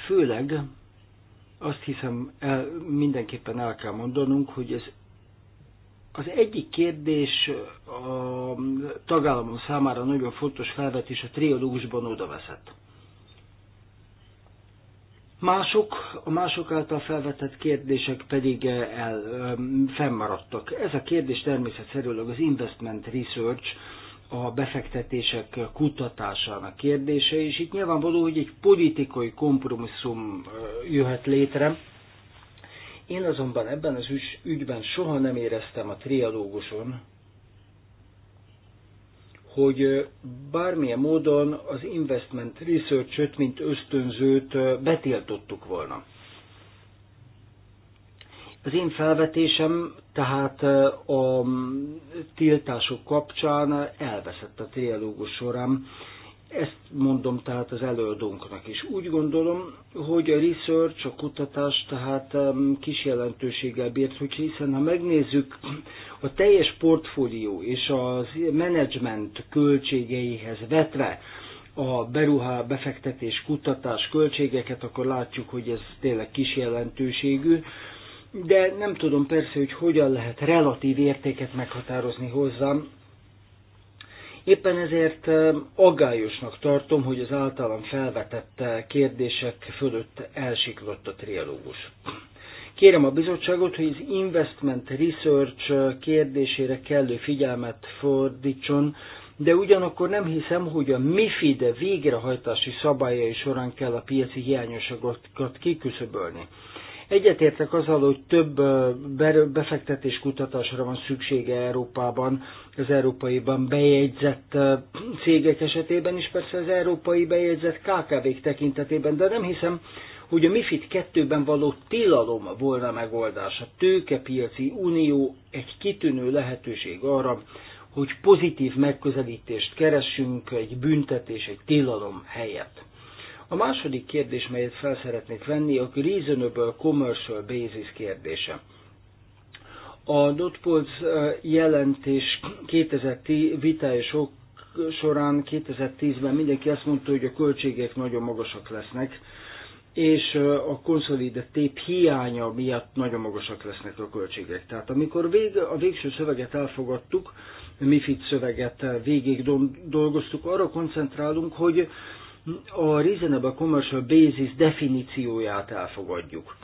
Speaker 5: főleg azt hiszem el, mindenképpen el kell mondanunk, hogy ez az egyik kérdés a tagállamon számára nagyon fontos felvetés a triológusban odaveszett. Mások, a mások által felvetett kérdések pedig eh, el, eh, fennmaradtak. Ez a kérdés természetszerűleg az investment research, a befektetések kutatásának kérdése, és itt nyilvánvaló, hogy egy politikai kompromisszum
Speaker 6: eh, jöhet
Speaker 5: létre. Én azonban ebben az ügyben soha nem éreztem a trialóguson, hogy bármilyen módon az investment research mint ösztönzőt betiltottuk volna. Az én felvetésem tehát a tiltások kapcsán elveszett a trialógus során. Ezt mondom tehát az előadónknak is. Úgy gondolom, hogy a research, a kutatás tehát kis jelentőséggel bírt, hogy hiszen ha megnézzük a teljes portfólió és a menedzsment költségeihez vetve a beruhá, befektetés, kutatás költségeket, akkor látjuk, hogy ez tényleg kis jelentőségű de nem tudom persze, hogy hogyan lehet relatív értéket meghatározni hozzám, Éppen ezért aggályosnak tartom, hogy az általam felvetett kérdések fölött elsiklott a trialógus. Kérem a bizottságot, hogy az investment research kérdésére kellő figyelmet fordítson, de ugyanakkor nem hiszem, hogy a MIFID végrehajtási szabályai során kell a piaci hiányosságokat kiküszöbölni. Egyetértek azzal, hogy több befektetés kutatásra van szüksége Európában, az európaiban bejegyzett cégek esetében is, persze az európai bejegyzett KKV-k tekintetében, de nem hiszem, hogy a MIFID 2-ben való tilalom volna megoldás. A tőkepiaci unió egy kitűnő lehetőség arra, hogy pozitív megközelítést keressünk egy büntetés, egy tilalom helyett. A második kérdés, melyet fel szeretnék venni, a reasonable commercial basis kérdése. A Dotpols eh, jelentés 2010 vitája sok során 2010-ben mindenki azt mondta, hogy a költségek nagyon magasak lesznek, és eh, a konszolidatív hiánya miatt nagyon magasak lesznek a költségek. Tehát amikor vég, a végső szöveget elfogadtuk, a MIFID szöveget végig dolgoztuk, arra koncentrálunk, hogy a reasonable commercial basis definícióját elfogadjuk.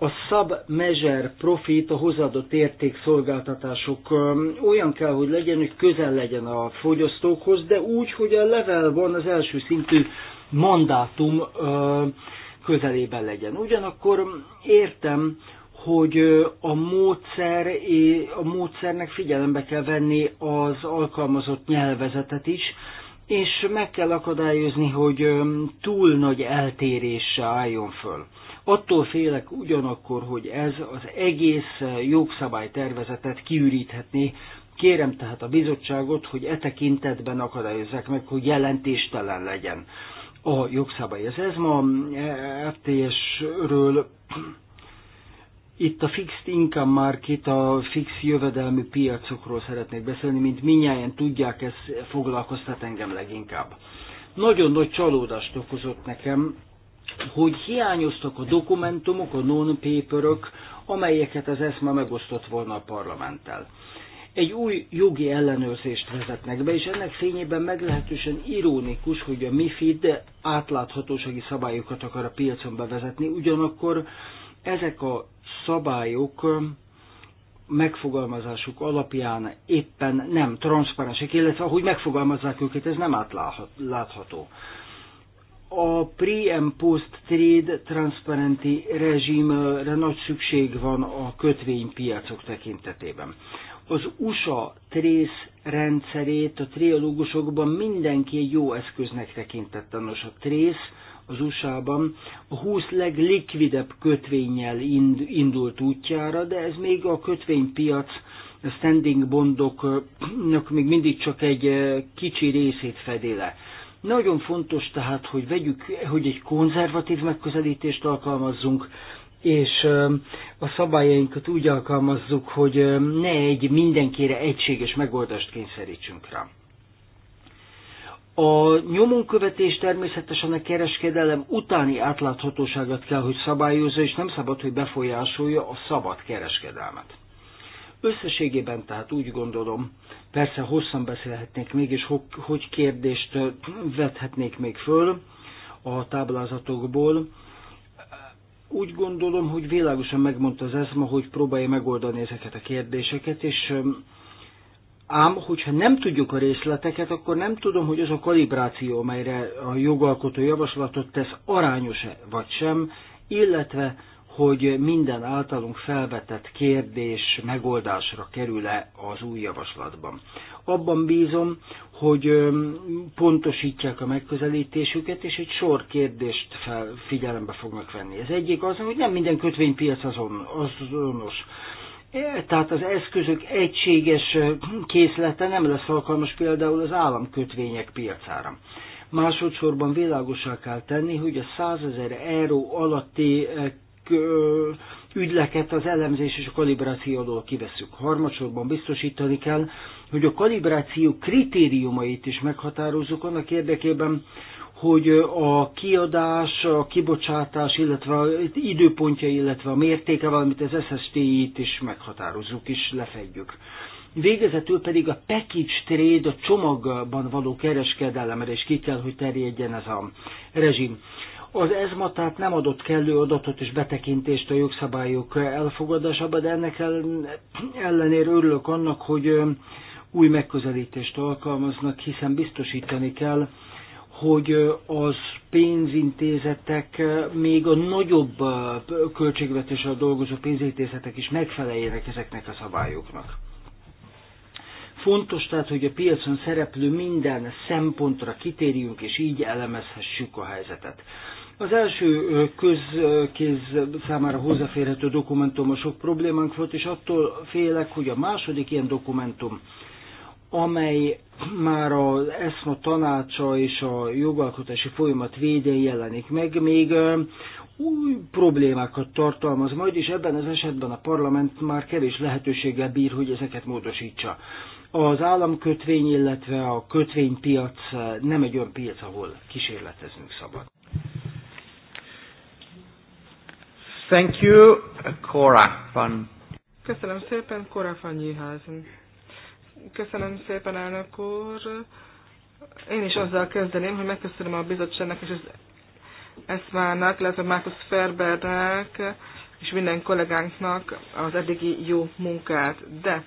Speaker 5: A sub-measure profit, a hozzáadott érték szolgáltatások olyan kell, hogy legyen, hogy közel legyen a fogyasztókhoz, de úgy, hogy a level van az első szintű mandátum közelében legyen. Ugyanakkor értem, hogy a, módszer, a módszernek figyelembe kell venni az alkalmazott nyelvezetet is, és meg kell akadályozni, hogy túl nagy eltéréssel álljon föl. Attól félek ugyanakkor, hogy ez az egész jogszabálytervezetet kiüríthetné. Kérem tehát a bizottságot, hogy e tekintetben akadályozzák meg, hogy jelentéstelen legyen a jogszabály. Ez, ez ma e, fts ről itt a fixed income market, a fix jövedelmi piacokról szeretnék beszélni, mint minnyáján tudják, ez foglalkoztat engem leginkább. Nagyon nagy csalódást okozott nekem, hogy hiányoztak a dokumentumok, a non-paperök, amelyeket az ESMA megosztott volna a parlamenttel. Egy új jogi ellenőrzést vezetnek be, és ennek fényében meglehetősen irónikus, hogy a MIFID átláthatósági szabályokat akar a piacon bevezetni, ugyanakkor ezek a szabályok megfogalmazásuk alapján éppen nem transzparensek, illetve ahogy megfogalmazzák őket, ez nem átlátható. A pre and post trade transparenti rezsimre nagy szükség van a kötvénypiacok tekintetében. Az USA trész rendszerét a triológusokban mindenki egy jó eszköznek tekintette. Nos, a trész az USA-ban a 20 leglikvidebb kötvényel indult útjára, de ez még a kötvénypiac, a standing bondoknak még mindig csak egy eh, kicsi részét fedi le. Nagyon fontos tehát, hogy vegyük, hogy egy konzervatív megközelítést alkalmazzunk, és eh, a szabályainkat úgy alkalmazzuk, hogy eh, ne egy mindenkire egységes megoldást kényszerítsünk rá. A nyomonkövetés természetesen a kereskedelem utáni átláthatóságot kell, hogy szabályozza, és nem szabad, hogy befolyásolja a szabad kereskedelmet. Összességében tehát úgy gondolom, persze hosszan beszélhetnék még, és hogy kérdést vethetnék még föl a táblázatokból. Úgy gondolom, hogy világosan megmondta az ESMA, hogy próbálja megoldani ezeket a kérdéseket, és Ám, hogyha nem tudjuk a részleteket, akkor nem tudom, hogy az a kalibráció, amelyre a jogalkotó javaslatot tesz, arányos-e vagy sem, illetve hogy minden általunk felvetett kérdés megoldásra kerül-e az új javaslatban. Abban bízom, hogy pontosítják a megközelítésüket, és egy sor kérdést fel, figyelembe fognak venni. Ez egyik az, hogy nem minden kötvénypiac azon, azonos tehát az eszközök egységes készlete nem lesz alkalmas például az államkötvények piacára. Másodszorban világosá kell tenni, hogy a 100 ezer euró alatti ügyleket az elemzés és a kalibráció alól kiveszünk. Harmadsorban biztosítani kell, hogy a kalibráció kritériumait is meghatározzuk annak érdekében, hogy a kiadás, a kibocsátás, illetve a időpontja, illetve a mértéke, valamint az SST-t is meghatározzuk és lefedjük. Végezetül pedig a package trade, a csomagban való kereskedelemre is ki kell, hogy terjedjen ez a rezsim. Az ESMA tehát nem adott kellő adatot és betekintést a jogszabályok elfogadásába, de ennek ellenére örülök annak, hogy új megközelítést alkalmaznak, hiszen biztosítani kell, hogy az pénzintézetek, még a nagyobb költségvetéssel dolgozó pénzintézetek is megfeleljenek ezeknek a szabályoknak. Fontos tehát, hogy a piacon szereplő minden szempontra kitérjünk, és így elemezhessük a helyzetet. Az első közkéz számára hozzáférhető dokumentum a sok problémánk volt, és attól félek, hogy a második ilyen dokumentum amely már az ESMA tanácsa és a jogalkotási folyamat védén jelenik meg, még új problémákat tartalmaz majd, és ebben az esetben a parlament már kevés lehetőséggel bír, hogy ezeket módosítsa. Az államkötvény, illetve a kötvénypiac nem egy olyan piac, ahol kísérleteznünk szabad.
Speaker 1: Thank you, Cora
Speaker 3: Köszönöm szépen, Cora van Köszönöm szépen, elnök úr. Én is azzal kezdeném, hogy megköszönöm a bizottságnak és az Eszmának, illetve Márkusz Ferbernek és minden kollégánknak az eddigi jó munkát. De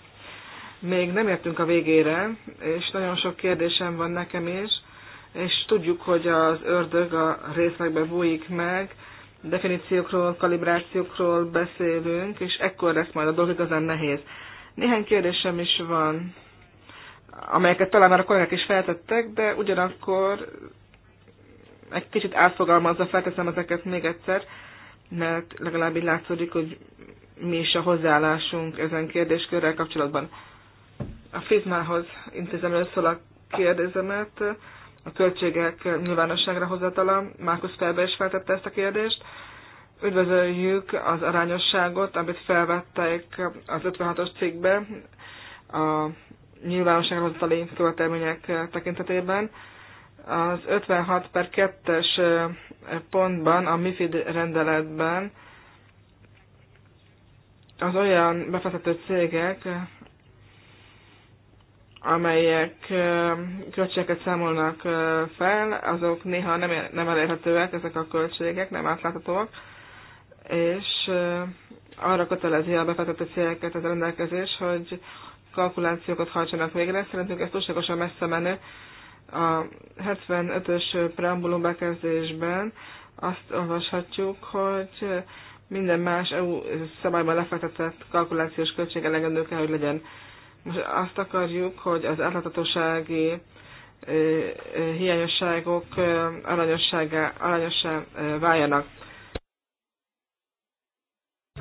Speaker 3: még nem értünk a végére, és nagyon sok kérdésem van nekem is, és tudjuk, hogy az ördög a részlegbe bújik meg, definíciókról, kalibrációkról beszélünk, és ekkor lesz majd a dolog igazán nehéz. Néhány kérdésem is van amelyeket talán már a kollégák is feltettek, de ugyanakkor egy kicsit átfogalmazva felteszem ezeket még egyszer, mert legalább így látszódik, hogy mi is a hozzáállásunk ezen kérdéskörrel kapcsolatban. A FIZMÁ-hoz intézem először a kérdésemet, a költségek nyilvánosságra hozatala, Márkusz Felbe is feltette ezt a kérdést. Üdvözöljük az arányosságot, amit felvettek az 56-os cikkbe, a nyilvánosságra hozatali követelmények eh, tekintetében. Az 56 per 2-es eh, pontban, a MIFID rendeletben az olyan befektető cégek, eh, amelyek költségeket számolnak fel, azok néha nem, nem elérhetőek, ezek a költségek nem átláthatóak, és arra kötelezi a befektető cégeket az rendelkezés, hogy kalkulációkat hajtsanak végre. Szerintünk ez túlságosan messze menő. A 75-ös preambulum bekezdésben azt olvashatjuk, hogy minden más EU szabályban lefektetett kalkulációs költség elegendő kell, hogy legyen. Most azt akarjuk, hogy az átláthatósági hiányosságok aranyossá váljanak.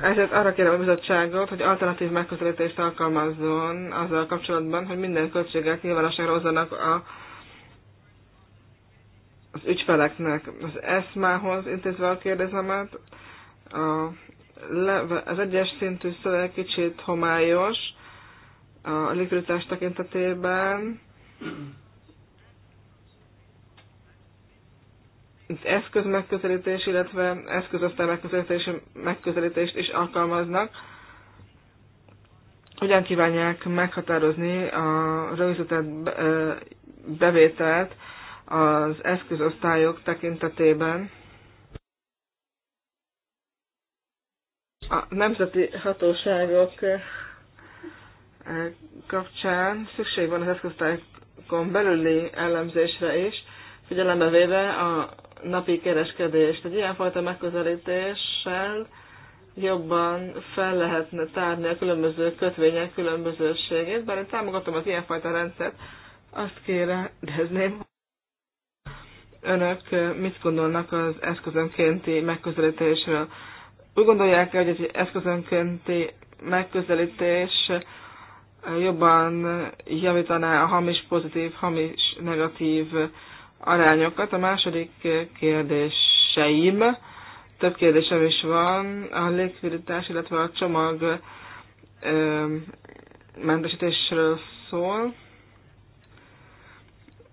Speaker 3: Ezért arra kérem a bizottságot, hogy alternatív megközelítést alkalmazzon azzal kapcsolatban, hogy minden költséget nyilvánosságra hozzanak a, az ügyfeleknek. Az ESMA-hoz intézve a kérdezemet, a leve, az egyes szintű szöveg kicsit homályos a likviditás tekintetében, az eszköz megközelítés, illetve eszközosztály megközelítés, megközelítést is alkalmaznak. Hogyan kívánják meghatározni a rögzített bevételt az eszközosztályok tekintetében? A nemzeti hatóságok kapcsán szükség van az eszköztályokon belüli ellenzésre is, figyelembe véve a napi kereskedést. Egy ilyenfajta megközelítéssel jobban fel lehetne tárni a különböző kötvények különbözőségét, bár én támogatom az ilyenfajta rendszert, azt kérdezném, önök mit gondolnak az eszközönkénti megközelítésről? Úgy gondolják -e, hogy egy eszközönkénti megközelítés jobban javítaná a hamis pozitív, hamis negatív arányokat. A második kérdéseim, több kérdésem is van, a légvidítás, illetve a csomag mentesítésről szól.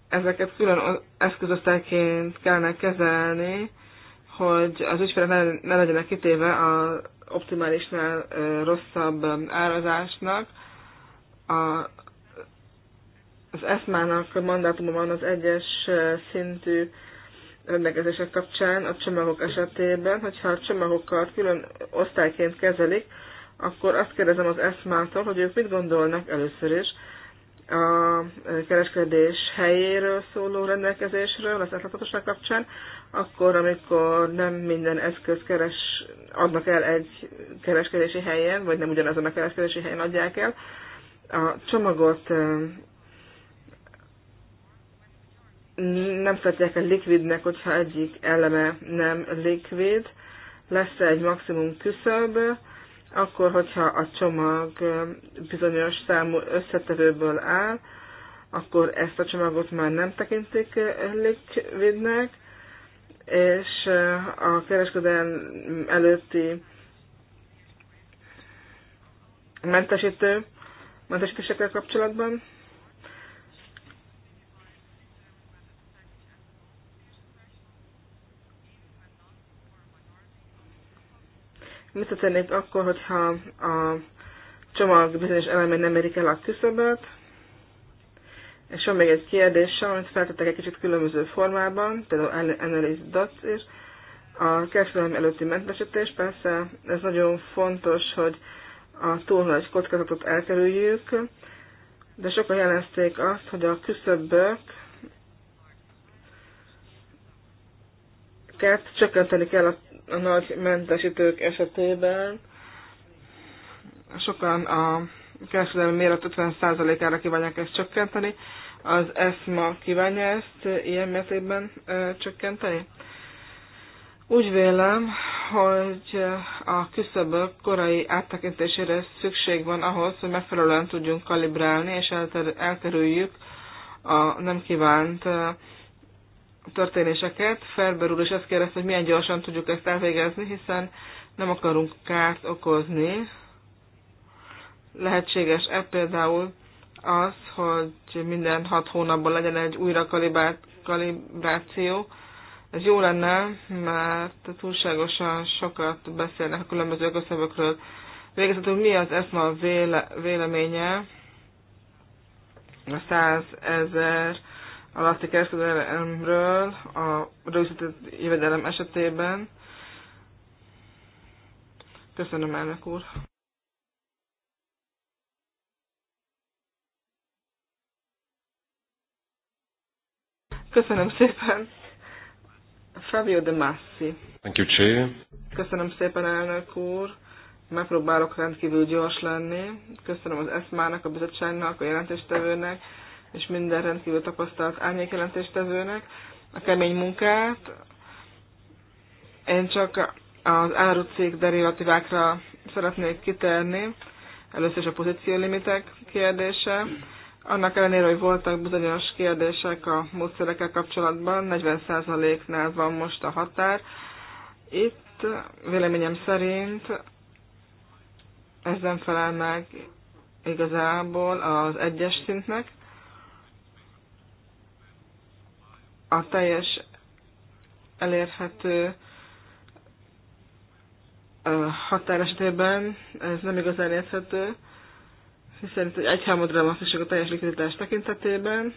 Speaker 3: Ezeket külön eszközosztályként kellene kezelni, hogy az ügyfelek ne, ne legyenek kitéve az optimálisnál rosszabb árazásnak. A az ESMA-nak mandátuma van az egyes szintű rendelkezések kapcsán a csomagok esetében, hogyha a csomagokat külön osztályként kezelik, akkor azt kérdezem az ESMA-tól, hogy ők mit gondolnak először is a kereskedés helyéről szóló rendelkezésről, az átláthatóság kapcsán, akkor, amikor nem minden eszköz keres, adnak el egy kereskedési helyen, vagy nem ugyanazon a kereskedési helyen adják el, a csomagot nem tartják el likvidnek, hogyha egyik eleme nem likvid. Lesz egy maximum küszöb, akkor, hogyha a csomag bizonyos számú összetevőből áll, akkor ezt a csomagot már nem tekintik likvidnek, és a kereskedelm előtti mentesítő mentesítésekkel kapcsolatban mit történik akkor, hogyha a csomag bizonyos elemei nem érik el a küszöböt. És van még egy kérdésem, amit feltettek egy kicsit különböző formában, például Analyze Dots is. A kereskedelem előtti mentesítés persze, ez nagyon fontos, hogy a túl nagy kockázatot elkerüljük, de sokan jelezték azt, hogy a küszöbök csökkenteni kell a a nagy mentesítők esetében sokan a kereskedelmi méret 50%-ára kívánják ezt csökkenteni. Az ESMA kívánja ezt ilyen mértékben csökkenteni? Úgy vélem, hogy a küszöbök korai áttekintésére szükség van ahhoz, hogy megfelelően tudjunk kalibrálni, és elkerüljük a nem kívánt történéseket. Ferber úr is ezt kérdezte, hogy milyen gyorsan tudjuk ezt elvégezni, hiszen nem akarunk kárt okozni. Lehetséges-e például az, hogy minden hat hónapban legyen egy újra kalibráció. Ez jó lenne, mert túlságosan sokat beszélnek a különböző közszövökről. Végezetül mi az ESMA véle, véleménye a 100 ezer alatti kereskedelemről a rögzített jövedelem esetében. Köszönöm, elnök úr! Köszönöm szépen! Fabio De Massi.
Speaker 4: Thank you, Chair.
Speaker 3: Köszönöm szépen, elnök úr! Megpróbálok rendkívül gyors lenni. Köszönöm az ESMA-nak, a bizottságnak, a jelentéstevőnek, és minden rendkívül tapasztalt árnyékjelentéstevőnek a kemény munkát. Én csak az árucég derivatívákra szeretnék kiterni. Először is a pozíciólimitek kérdése. Annak ellenére, hogy voltak bizonyos kérdések a módszerekkel kapcsolatban, 40%-nál van most a határ. Itt véleményem szerint ezen felel meg igazából az egyes szintnek. a teljes elérhető határ esetében ez nem igazán érthető, hiszen itt egy egyhámodra van szükség a teljes likviditás tekintetében.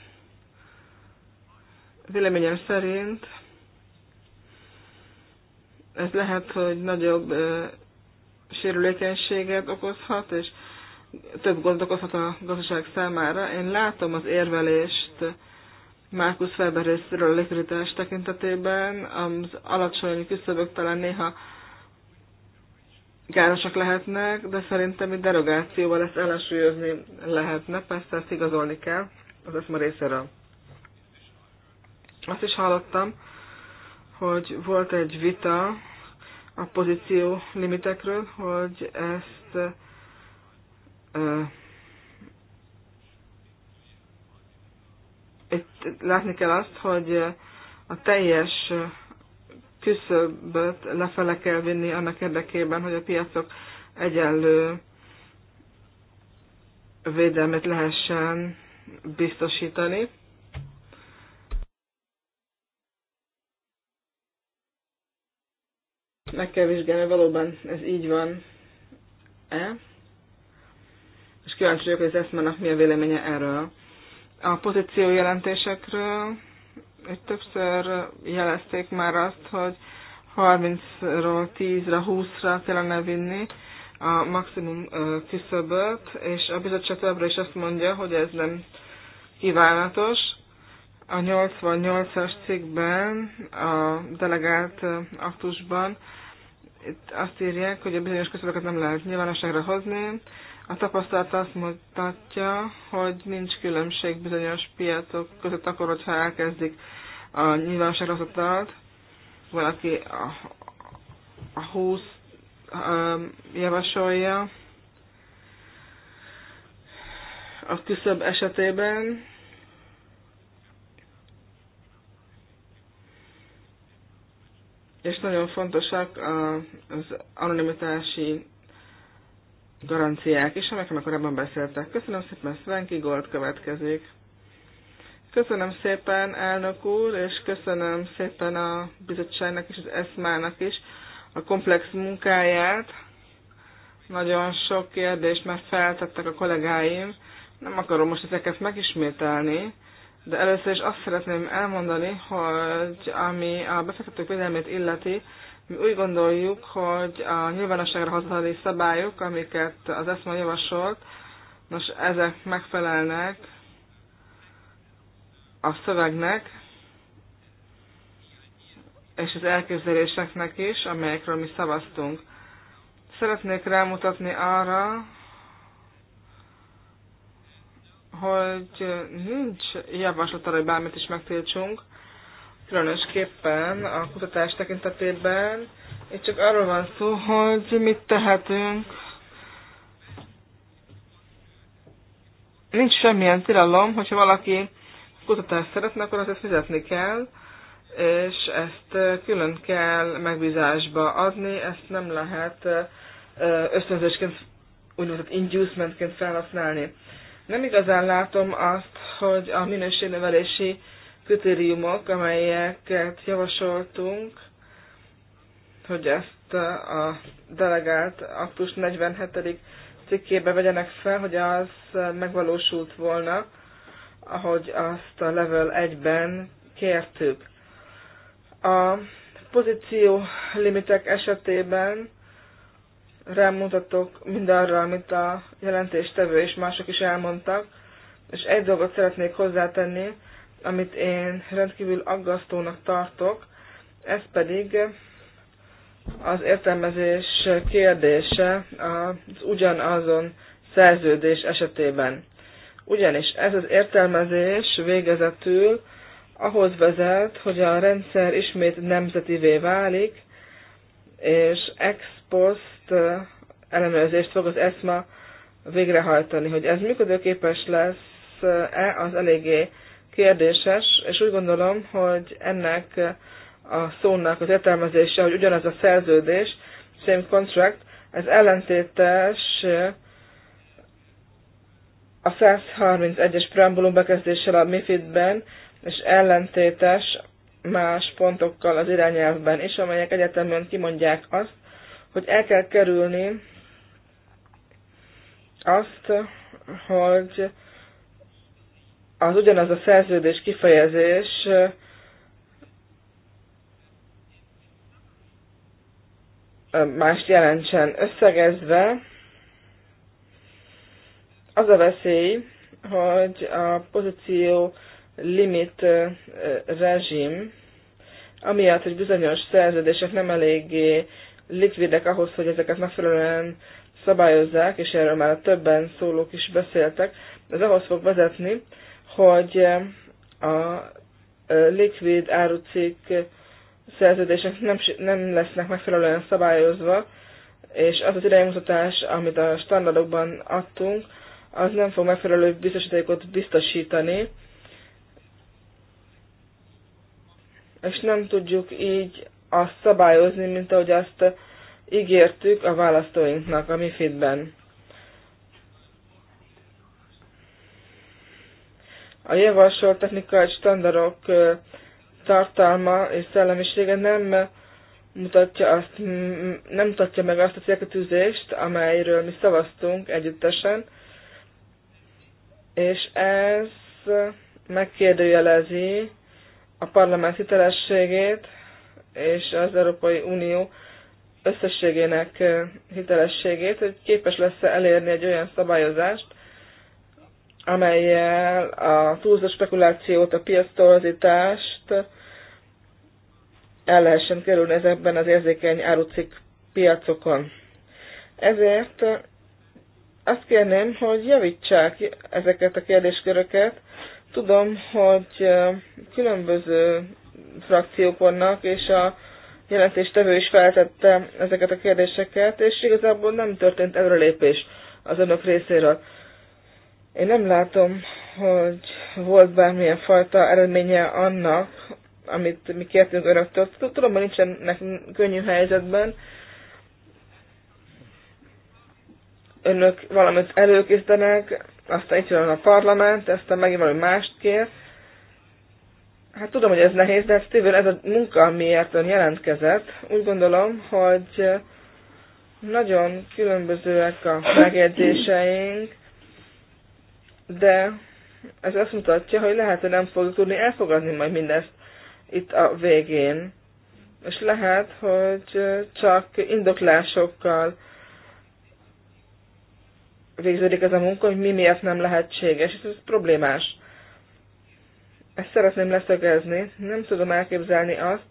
Speaker 3: Véleményem szerint ez lehet, hogy nagyobb sérülékenységet okozhat, és több gond okozhat a gazdaság számára. Én látom az érvelést Márkusz Weber részéről likviditás tekintetében. Az alacsony küszöbök talán néha gárosak lehetnek, de szerintem egy derogációval ezt ellensúlyozni lehetne, persze ezt igazolni kell az ma részéről. Azt is hallottam, hogy volt egy vita a pozíció limitekről, hogy ezt itt látni kell azt, hogy a teljes küszöböt lefele kell vinni annak érdekében, hogy a piacok egyenlő védelmet lehessen biztosítani. Meg kell vizsgálni, valóban ez így van-e. És kíváncsi vagyok, hogy az eszmának mi a véleménye erről a pozíció jelentésekről, hogy többször jelezték már azt, hogy 30-ról 10 ra 20-ra kellene vinni a maximum küszöböt, és a bizottság továbbra is azt mondja, hogy ez nem kívánatos. A 88-as cikkben, a delegált aktusban itt azt írják, hogy a bizonyos küszöböket nem lehet nyilvánosságra hozni, a tapasztalat azt mutatja, hogy nincs különbség bizonyos piacok között akkor, hogyha elkezdik a nyilvánosságra hozatalt, valaki a, a 20 um, javasolja a küszöbb esetében, és nagyon fontosak az anonimitási garanciák is, már korábban beszéltek. Köszönöm szépen, Svenki Gold következik. Köszönöm szépen, elnök úr, és köszönöm szépen a bizottságnak és az ESMA-nak is a komplex munkáját. Nagyon sok kérdést már feltettek a kollégáim, nem akarom most ezeket megismételni, de először is azt szeretném elmondani, hogy ami a befektetők védelmét illeti, mi úgy gondoljuk, hogy a nyilvánosságra hozatali szabályok, amiket az ESMA javasolt, nos, ezek megfelelnek a szövegnek, és az elképzeléseknek is, amelyekről mi szavaztunk. Szeretnék rámutatni arra, hogy nincs javaslat arra, hogy bármit is megtiltsunk, különösképpen a kutatás tekintetében. Itt csak arról van szó, hogy mit tehetünk. Nincs semmilyen tilalom, hogyha valaki kutatást szeretne, akkor azt fizetni kell, és ezt külön kell megbízásba adni, ezt nem lehet ösztönzésként, úgynevezett inducementként felhasználni. Nem igazán látom azt, hogy a minőségnevelési kritériumok, amelyeket javasoltunk, hogy ezt a delegált aktus 47. cikkébe vegyenek fel, hogy az megvalósult volna, ahogy azt a level 1-ben kértük. A pozíció limitek esetében rámutatok mindarra, amit a jelentéstevő és mások is elmondtak, és egy dolgot szeretnék hozzátenni, amit én rendkívül aggasztónak tartok, ez pedig az értelmezés kérdése az ugyanazon szerződés esetében. Ugyanis ez az értelmezés végezetül ahhoz vezet, hogy a rendszer ismét nemzetivé válik, és ex post ellenőrzést fog az ESMA végrehajtani. Hogy ez működőképes lesz-e, az eléggé kérdéses, és úgy gondolom, hogy ennek a szónak az értelmezése, hogy ugyanaz a szerződés, same contract, ez ellentétes a 131-es preambulum bekezdéssel a MIFID-ben, és ellentétes más pontokkal az irányelvben is, amelyek egyetemben kimondják azt, hogy el kell kerülni azt, hogy az ugyanaz a szerződés kifejezés mást jelentsen összegezve, az a veszély, hogy a pozíció limit rezsim, amiatt, hogy bizonyos szerződések nem eléggé likvidek ahhoz, hogy ezeket megfelelően szabályozzák, és erről már többen szólók is beszéltek, ez ahhoz fog vezetni, hogy a likvid árucik szerződések nem, nem lesznek megfelelően szabályozva, és az az iránymutatás, amit a standardokban adtunk, az nem fog megfelelő biztosítékot biztosítani, és nem tudjuk így azt szabályozni, mint ahogy azt ígértük a választóinknak a MIFID-ben. A javasolt technikai standardok tartalma és szellemisége nem mutatja, azt, nem mutatja meg azt a célkötűzést, amelyről mi szavaztunk együttesen, és ez megkérdőjelezi a parlament hitelességét és az Európai Unió összességének hitelességét, hogy képes lesz -e elérni egy olyan szabályozást, amelyel a túlzó spekulációt, a piac el lehessen kerülni ezekben az érzékeny árucik piacokon. Ezért azt kérném, hogy javítsák ezeket a kérdésköröket. Tudom, hogy különböző frakciók vannak, és a jelentéstevő is feltette ezeket a kérdéseket, és igazából nem történt előrelépés az önök részéről. Én nem látom, hogy volt bármilyen fajta eredménye annak, amit mi kértünk önöktől. Tudom, hogy nincsenek könnyű helyzetben. Önök valamit előkészítenek, aztán itt jön a parlament, aztán megint valami mást kér. Hát tudom, hogy ez nehéz, de Steven, ez a munka, amiért ön jelentkezett, úgy gondolom, hogy nagyon különbözőek a megjegyzéseink, de ez azt mutatja, hogy lehet, hogy nem fogjuk tudni elfogadni majd mindezt itt a végén. És lehet, hogy csak indoklásokkal végződik ez a munka, hogy mi miért nem lehetséges, és ez problémás. Ezt szeretném leszögezni. Nem tudom elképzelni azt,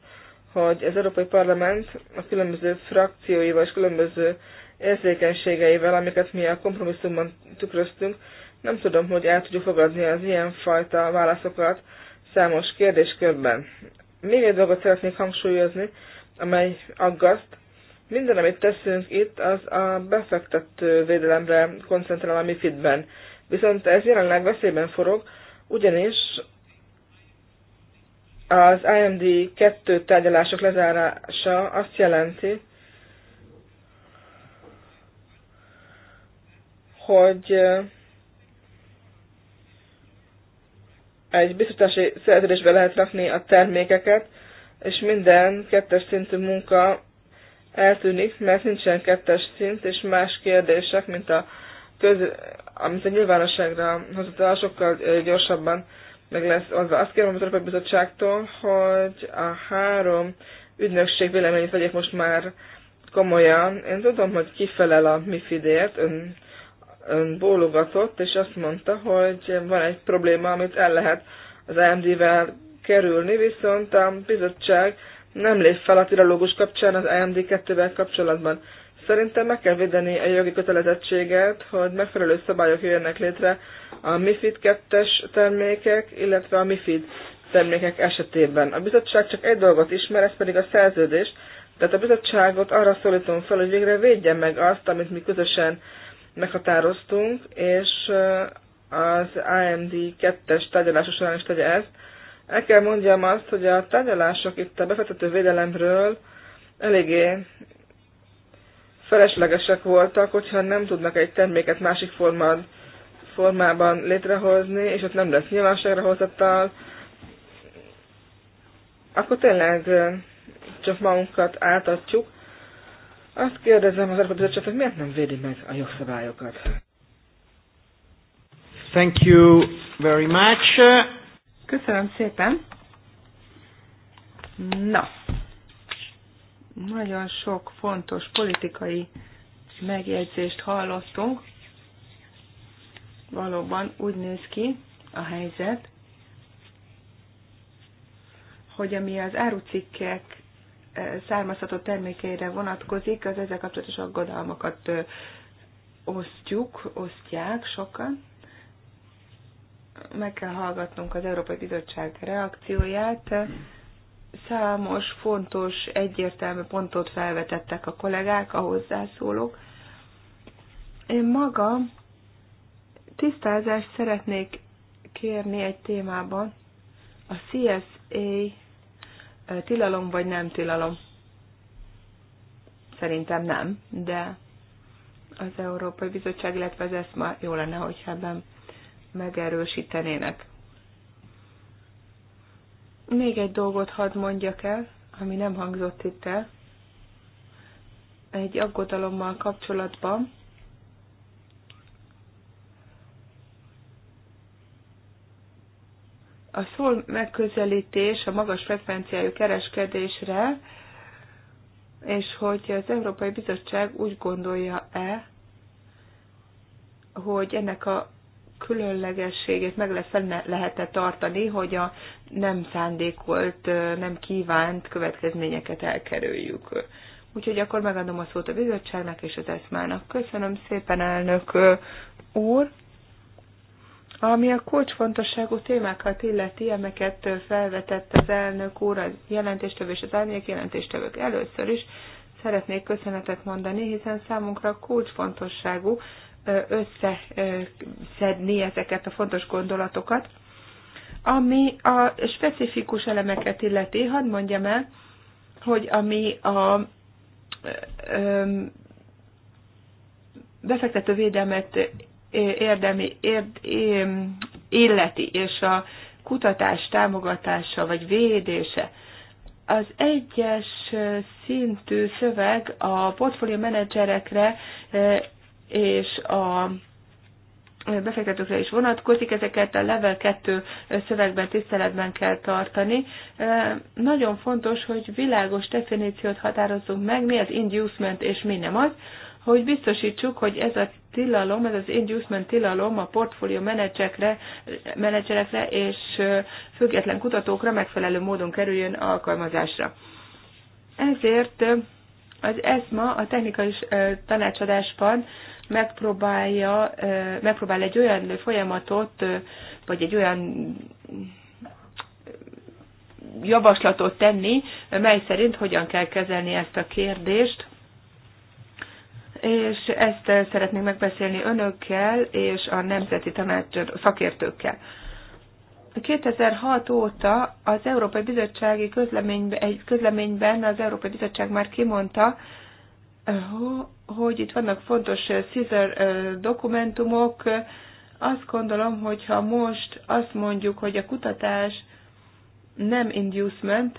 Speaker 3: hogy az Európai Parlament a különböző frakcióival és különböző érzékenységeivel, amiket mi a kompromisszumban tükröztünk, nem tudom, hogy el tudjuk fogadni az ilyenfajta válaszokat számos kérdéskörben. Még egy dolgot szeretnék hangsúlyozni, amely aggaszt. Minden, amit teszünk itt, az a befektető védelemre koncentrál a MIFID-ben. Viszont ez jelenleg veszélyben forog, ugyanis az IMD 2 tárgyalások lezárása azt jelenti, hogy egy biztosítási szerződésbe lehet rakni a termékeket, és minden kettes szintű munka eltűnik, mert nincsen kettes szint, és más kérdések, mint a, köz, amit a nyilvánosságra el, sokkal gyorsabban meg lesz az. Azt kérem az Európai Bizottságtól, hogy a három ügynökség véleményét vegyék most már komolyan. Én tudom, hogy kifelel a MIFIDért, ért ön bólogatott, és azt mondta, hogy van egy probléma, amit el lehet az AMD-vel kerülni, viszont a bizottság nem lép fel a tirológus kapcsán az AMD 2-vel kapcsolatban. Szerintem meg kell védeni a jogi kötelezettséget, hogy megfelelő szabályok jönnek létre a MIFID 2-es termékek, illetve a MIFID termékek esetében. A bizottság csak egy dolgot ismer, ez pedig a szerződés, tehát a bizottságot arra szólítom fel, hogy végre védje meg azt, amit mi közösen meghatároztunk, és az AMD 2-es tárgyalása során is tegye ezt. El kell mondjam azt, hogy a tárgyalások itt a befektető védelemről eléggé feleslegesek voltak, hogyha nem tudnak egy terméket másik formában formában létrehozni, és ott nem lesz nyilvánosságra hozattal, akkor tényleg csak magunkat átadjuk. Azt kérdezem az Európai Bizottság, hogy miért nem védi meg a jogszabályokat?
Speaker 1: Thank you very much.
Speaker 6: Köszönöm szépen. Na,
Speaker 2: nagyon sok fontos politikai megjegyzést hallottunk. Valóban úgy néz ki a helyzet, hogy ami az árucikkek származható termékeire vonatkozik, az ezzel kapcsolatos aggodalmakat osztjuk, osztják sokan. Meg kell hallgatnunk az Európai Bizottság reakcióját. Számos fontos, egyértelmű pontot felvetettek a kollégák, a hozzászólók. Én magam tisztázást szeretnék kérni egy témában. A CSA tilalom vagy nem tilalom? Szerintem nem, de az Európai Bizottság, illetve az ESMA jó lenne, hogyha ebben megerősítenének. Még egy dolgot hadd mondjak el, ami nem hangzott itt el. Egy aggodalommal kapcsolatban A szól megközelítés a magas frekvenciájú kereskedésre, és hogy az Európai Bizottság úgy gondolja-e, hogy ennek a különlegességét meg lesz, lehet-e tartani, hogy a nem szándékolt, nem kívánt következményeket elkerüljük. Úgyhogy akkor megadom a szót a bizottságnak és az eszmának. Köszönöm szépen, elnök úr! Ami a kulcsfontosságú témákat illeti, amelyeket felvetett az elnök úr, a jelentéstevő és az árnyék jelentéstevők először is, szeretnék köszönetet mondani, hiszen számunkra kulcsfontosságú összeszedni ezeket a fontos gondolatokat. Ami a specifikus elemeket illeti, hadd mondjam el, hogy ami a befektető védelmet érdemi, érd, illeti, és a kutatás támogatása vagy védése. Az egyes szintű szöveg a portfólió menedzserekre e, és a befektetőkre is vonatkozik, ezeket a level 2 szövegben tiszteletben kell tartani. E, nagyon fontos, hogy világos definíciót határozzunk meg, mi az inducement és mi nem az, hogy biztosítsuk, hogy ez a tilalom, ez az inducement tilalom a portfólió menedzserekre, és független kutatókra megfelelő módon kerüljön alkalmazásra. Ezért az ESMA a technikai tanácsadásban megpróbálja, megpróbál egy olyan folyamatot, vagy egy olyan javaslatot tenni, mely szerint hogyan kell kezelni ezt a kérdést, és ezt szeretnénk megbeszélni önökkel és a Nemzeti Tanács szakértőkkel. 2006 óta az Európai Bizottsági közleményben, egy közleményben az Európai Bizottság már kimondta, hogy itt vannak fontos CISR dokumentumok. Azt gondolom, hogy ha most azt mondjuk, hogy a kutatás nem inducement,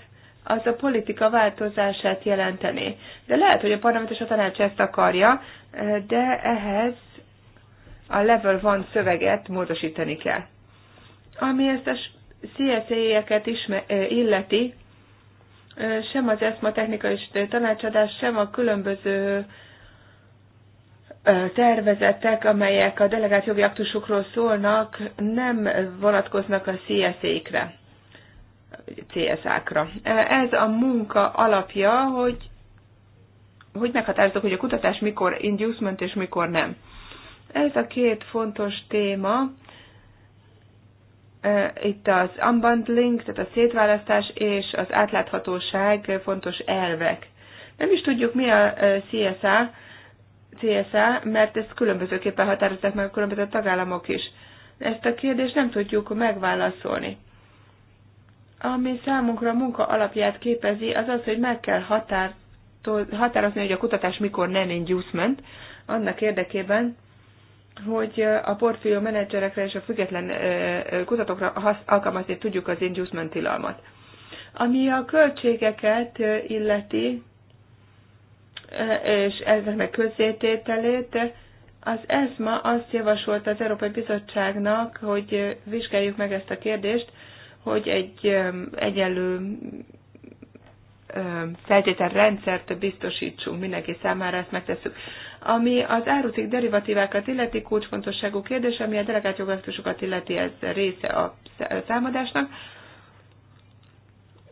Speaker 2: az a politika változását jelenteni. De lehet, hogy a parlament és a tanács ezt akarja, de ehhez a level van szöveget módosítani kell. Ami ezt a CSZ-eket illeti, sem az ESMA technikai tanácsadás, sem a különböző tervezetek, amelyek a delegált jogi aktusokról szólnak, nem vonatkoznak a csz ékre CSA-kra. Ez a munka alapja, hogy, hogy meghatározok, hogy a kutatás mikor inducement és mikor nem. Ez a két fontos téma, itt az unbundling, tehát a szétválasztás és az átláthatóság fontos elvek. Nem is tudjuk, mi a CSA, CSA, mert ezt különbözőképpen határozták meg a különböző tagállamok is. Ezt a kérdést nem tudjuk megválaszolni. Ami számunkra a munka alapját képezi, az az, hogy meg kell határ, határozni, hogy a kutatás mikor nem inducement, annak érdekében, hogy a portfólió menedzserekre és a független kutatókra alkalmazni tudjuk az inducement tilalmat. Ami a költségeket illeti, és ezeknek közzétételét, az ESMA azt javasolta az Európai Bizottságnak, hogy vizsgáljuk meg ezt a kérdést, hogy egy egyenlő feltételrendszert biztosítsunk mindenki számára, ezt megtesszük. Ami az árucik derivatívákat illeti, kulcsfontosságú kérdés, ami a delegált jogaktusokat illeti, ez része a számadásnak.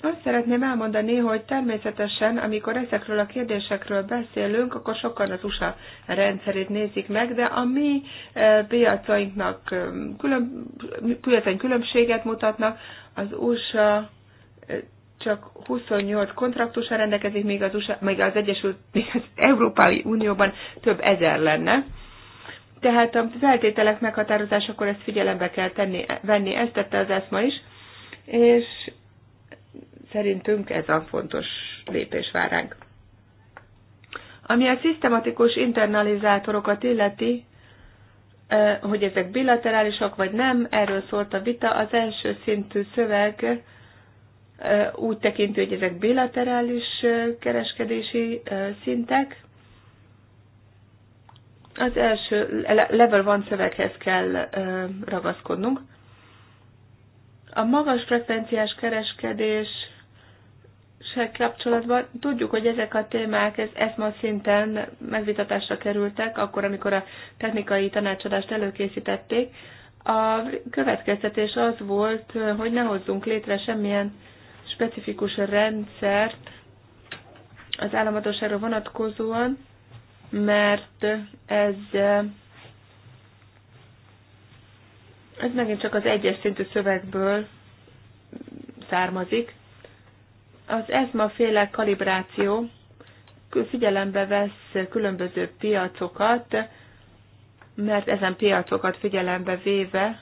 Speaker 2: Azt szeretném elmondani, hogy természetesen, amikor ezekről a kérdésekről beszélünk, akkor sokan az USA rendszerét nézik meg, de a mi e, piacainknak e, külön, különbséget mutatnak. Az USA e, csak 28 kontraktussal rendelkezik, még az, USA, még az Egyesült, még az Európai Unióban több ezer lenne. Tehát a feltételek meghatározásakor ezt figyelembe kell tenni, venni, ezt tette az ESMA is, és Szerintünk ez a fontos lépés vár ránk. Ami a szisztematikus internalizátorokat illeti, hogy ezek bilaterálisak vagy nem, erről szólt a vita. Az első szintű szöveg úgy tekintő, hogy ezek bilaterális kereskedési szintek. Az első level van szöveghez kell ragaszkodnunk. A magas frekvenciás kereskedés kérdéssel kapcsolatban tudjuk, hogy ezek a témák ez ma szinten megvitatásra kerültek, akkor, amikor a technikai tanácsadást előkészítették. A következtetés az volt, hogy ne hozzunk létre semmilyen specifikus rendszert az államadóságra vonatkozóan, mert ez ez megint csak az egyes szintű szövegből származik, az ESMA féle kalibráció figyelembe vesz különböző piacokat, mert ezen piacokat figyelembe véve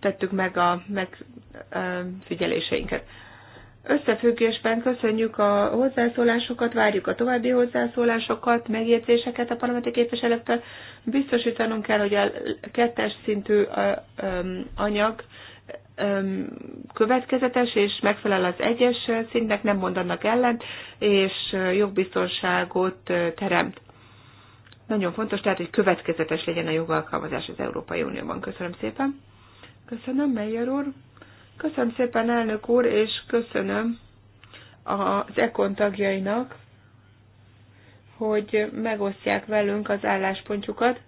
Speaker 2: tettük meg a megfigyeléseinket. Összefüggésben köszönjük a hozzászólásokat, várjuk a további hozzászólásokat, megjegyzéseket a parlamenti képviselőktől. Biztosítanunk kell, hogy a kettes szintű anyag következetes és megfelel az egyes szintnek, nem mondanak ellent, és jogbiztonságot teremt. Nagyon fontos tehát, hogy következetes legyen a jogalkalmazás az Európai Unióban. Köszönöm szépen. Köszönöm, Meyer úr. Köszönöm szépen, elnök úr, és köszönöm az EKON tagjainak, hogy megosztják velünk az álláspontjukat.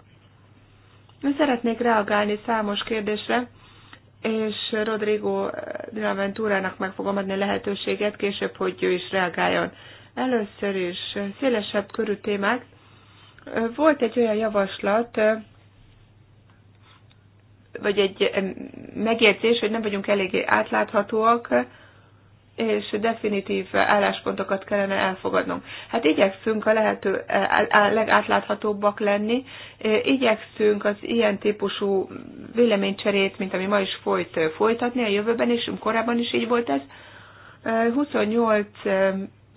Speaker 2: Szeretnék reagálni számos kérdésre, és Rodrigo Dinaventúrának meg fogom adni lehetőséget később, hogy ő is reagáljon. Először is szélesebb körű témák. Volt egy olyan javaslat, vagy egy megértés, hogy nem vagyunk eléggé átláthatóak, és definitív álláspontokat kellene elfogadnunk. Hát igyekszünk a lehető a legátláthatóbbak lenni, igyekszünk az ilyen típusú véleménycserét, mint ami ma is folyt, folytatni a jövőben, és korábban is így volt ez. 28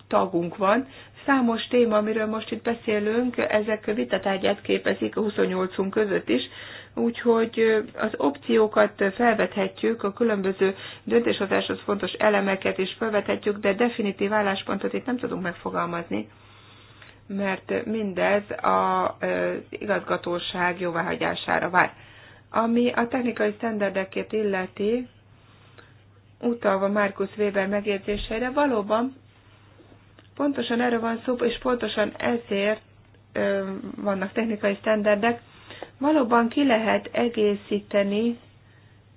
Speaker 2: tagunk van, számos téma, amiről most itt beszélünk, ezek vitatárgyát képezik a 28-unk között is, úgyhogy az opciókat felvethetjük, a különböző döntéshozáshoz fontos elemeket is felvethetjük, de definitív álláspontot itt nem tudunk megfogalmazni, mert mindez az igazgatóság jóváhagyására vár. Ami a technikai sztenderdeket illeti, utalva Markus Weber megjegyzéseire, valóban pontosan erről van szó, és pontosan ezért vannak technikai sztenderdek, valóban ki lehet egészíteni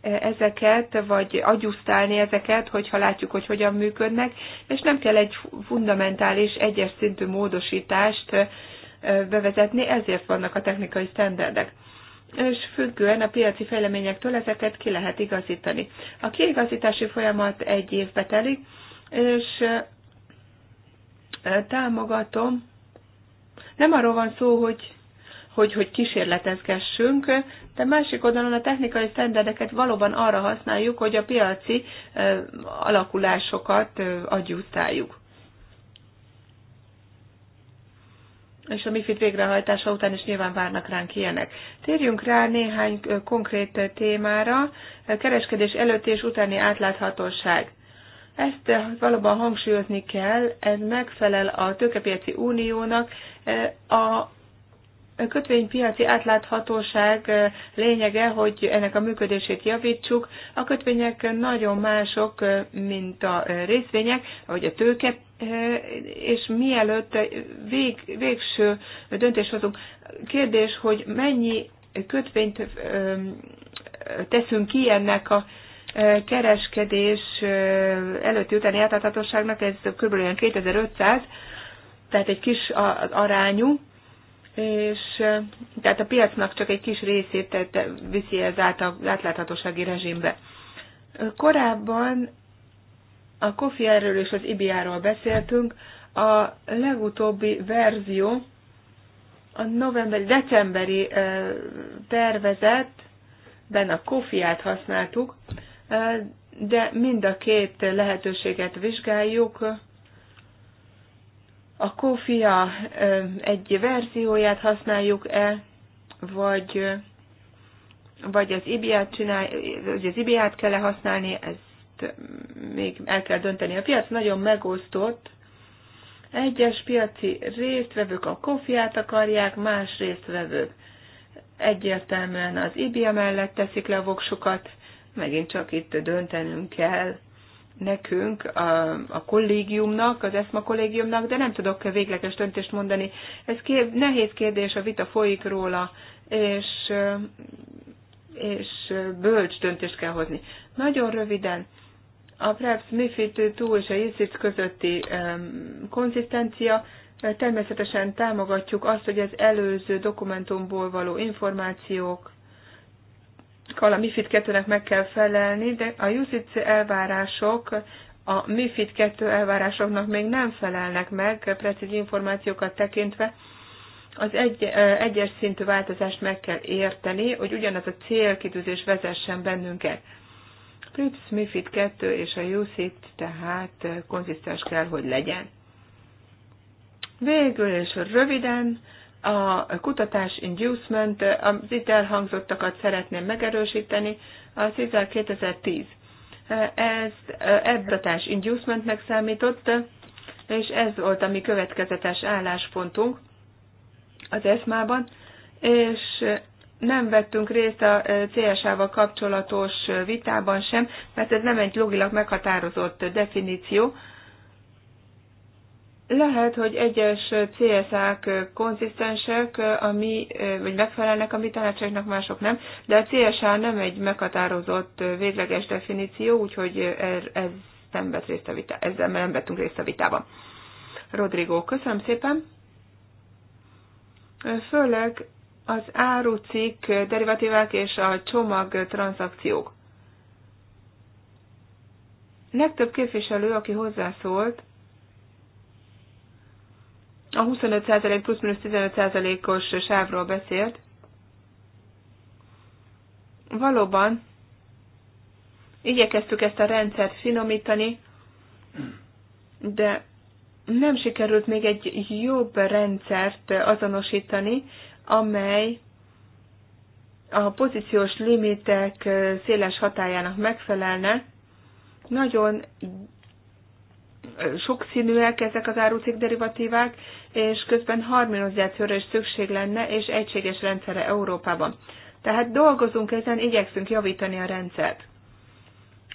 Speaker 2: e, ezeket, vagy agyusztálni ezeket, hogyha látjuk, hogy hogyan működnek, és nem kell egy fundamentális, egyes szintű módosítást e, e, bevezetni, ezért vannak a technikai standardek és függően a piaci fejleményektől ezeket ki lehet igazítani. A kiigazítási folyamat egy évbe telik, és támogatom. Nem arról van szó, hogy hogy, hogy kísérletezgessünk, de másik oldalon a technikai sztenderdeket valóban arra használjuk, hogy a piaci alakulásokat adjusztáljuk. és a MIFID végrehajtása után is nyilván várnak ránk ilyenek. Térjünk rá néhány konkrét témára, kereskedés előtti és utáni átláthatóság. Ezt valóban hangsúlyozni kell, ez megfelel a tőkepiaci uniónak. A kötvénypiaci átláthatóság lényege, hogy ennek a működését javítsuk. A kötvények nagyon mások, mint a részvények, vagy a tőke, és mielőtt vég, végső döntést hozunk, kérdés, hogy mennyi kötvényt teszünk ki ennek a kereskedés előtti utáni átláthatóságnak, ez kb. 2500, tehát egy kis arányú, és eh, tehát a piacnak csak egy kis részét tette, viszi ez át a átláthatósági rezsimbe. Korábban a Kofi erről és az IBI-ról beszéltünk, a legutóbbi verzió, a novemberi, decemberi eh, tervezetben a kofiát használtuk, eh, de mind a két lehetőséget vizsgáljuk, a kófia egy verzióját használjuk e, vagy, vagy az ibi csinál, vagy az ibi kell -e használni, ezt még el kell dönteni. A piac nagyon megosztott, egyes piaci résztvevők a kofiát akarják, más résztvevők egyértelműen az IBI mellett teszik le a voksukat, megint csak itt döntenünk kell nekünk, a, a kollégiumnak, az ESMA kollégiumnak, de nem tudok végleges döntést mondani. Ez kér, nehéz kérdés, a vita folyik róla, és, és bölcs döntést kell hozni. Nagyon röviden, a PREPS MIFID 2 és a ISIT közötti um, konzisztencia, természetesen támogatjuk azt, hogy az előző dokumentumból való információk a MIFID 2-nek meg kell felelni, de a UCC elvárások a MIFID 2 elvárásoknak még nem felelnek meg, precíz információkat tekintve, az egy, egyes szintű változást meg kell érteni, hogy ugyanaz a célkitűzés vezessen bennünket. PRIPS, MIFID 2 és a UCIT tehát konzisztens kell, hogy legyen. Végül és röviden a kutatás inducement, az itt elhangzottakat szeretném megerősíteni, a CISAR 2010. Ez ebbatás inducementnek számított, és ez volt a mi következetes álláspontunk az ESMA-ban, és nem vettünk részt a CSA-val kapcsolatos vitában sem, mert ez nem egy logilag meghatározott definíció, lehet, hogy egyes CSA-k konzisztensek, ami, vagy megfelelnek a mi tanácsainknak, mások nem, de a CSA nem egy meghatározott végleges definíció, úgyhogy er, ez nem vett részt a vita, ezzel nem vettünk részt a vitában. Rodrigo, köszönöm szépen. Főleg az árucikk, derivatívák és a csomag tranzakciók. Legtöbb képviselő, aki hozzászólt, a 25% plusz-minusz 15%-os sávról beszélt. Valóban igyekeztük ezt a rendszert finomítani, de nem sikerült még egy jobb rendszert azonosítani, amely a pozíciós limitek széles hatájának megfelelne. Nagyon sokszínűek ezek az árucik derivatívák, és közben harmonizációra is szükség lenne, és egységes rendszere Európában. Tehát dolgozunk ezen, igyekszünk javítani a rendszert.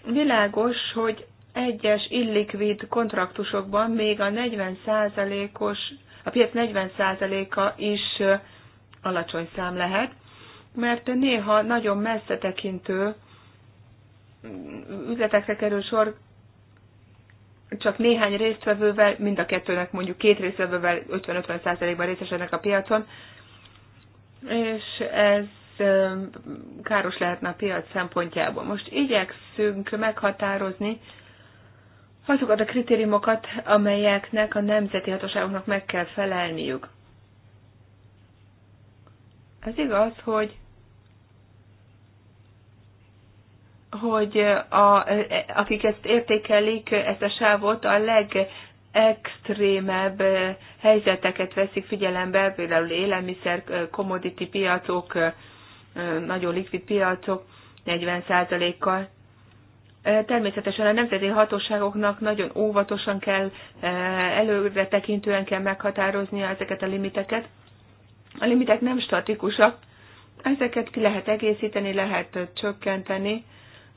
Speaker 2: Világos, hogy egyes illikvid kontraktusokban még a 40%-os, a piac 40%-a is alacsony szám lehet, mert néha nagyon messze tekintő üzletekre kerül sor csak néhány résztvevővel, mind a kettőnek mondjuk két résztvevővel 50-50 ban részesednek a piacon, és ez káros lehetne a piac szempontjából. Most igyekszünk meghatározni azokat a kritériumokat, amelyeknek a nemzeti hatóságoknak meg kell felelniük. Ez igaz, hogy hogy a, akik ezt értékelik, ezt a sávot a legextrémebb helyzeteket veszik figyelembe, például élelmiszer, commodity piacok, nagyon likvid piacok 40%-kal. Természetesen a nemzeti hatóságoknak nagyon óvatosan kell, előre tekintően kell meghatározni ezeket a limiteket. A limitek nem statikusak, ezeket ki lehet egészíteni, lehet csökkenteni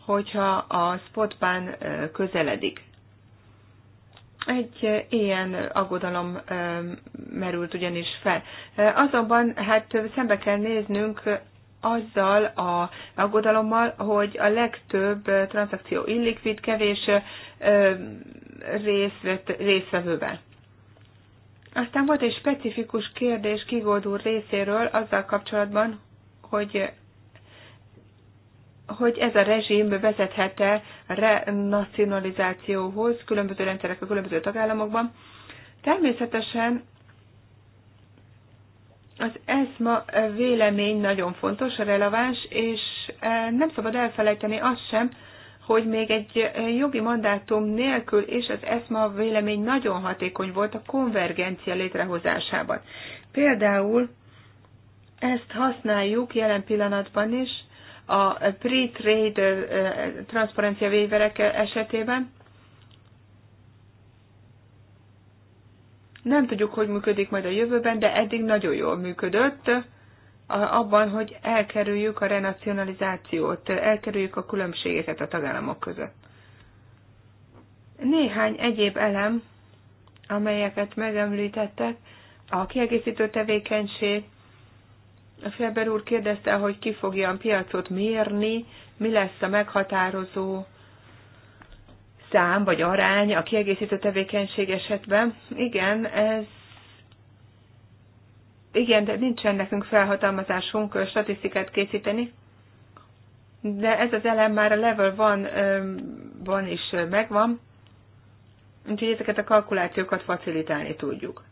Speaker 2: hogyha a spotban közeledik. Egy ilyen aggodalom merült ugyanis fel. Azonban hát szembe kell néznünk azzal a aggodalommal, hogy a legtöbb tranzakció illikvid, kevés részvevővel. Aztán volt egy specifikus kérdés Kigold részéről azzal kapcsolatban, hogy hogy ez a rezsim vezethette renacionalizációhoz különböző rendszerek a különböző tagállamokban. Természetesen az ESMA vélemény nagyon fontos, releváns, és e, nem szabad elfelejteni azt sem, hogy még egy jogi mandátum nélkül és az ESMA vélemény nagyon hatékony volt a konvergencia létrehozásában. Például ezt használjuk jelen pillanatban is, a pre-trade eh, transzparencia véverek esetében. Nem tudjuk, hogy működik majd a jövőben, de eddig nagyon jól működött abban, hogy elkerüljük a renacionalizációt, elkerüljük a különbségeket a tagállamok között. Néhány egyéb elem, amelyeket megemlítettek, a kiegészítő tevékenység, a Felber úr kérdezte, hogy ki fogja a piacot mérni, mi lesz a meghatározó szám vagy arány a kiegészítő tevékenység esetben. Igen, ez igen, de nincsen nekünk felhatalmazásunk statisztikát készíteni, de ez az elem már a level van, van is megvan, úgyhogy ezeket a kalkulációkat facilitálni tudjuk.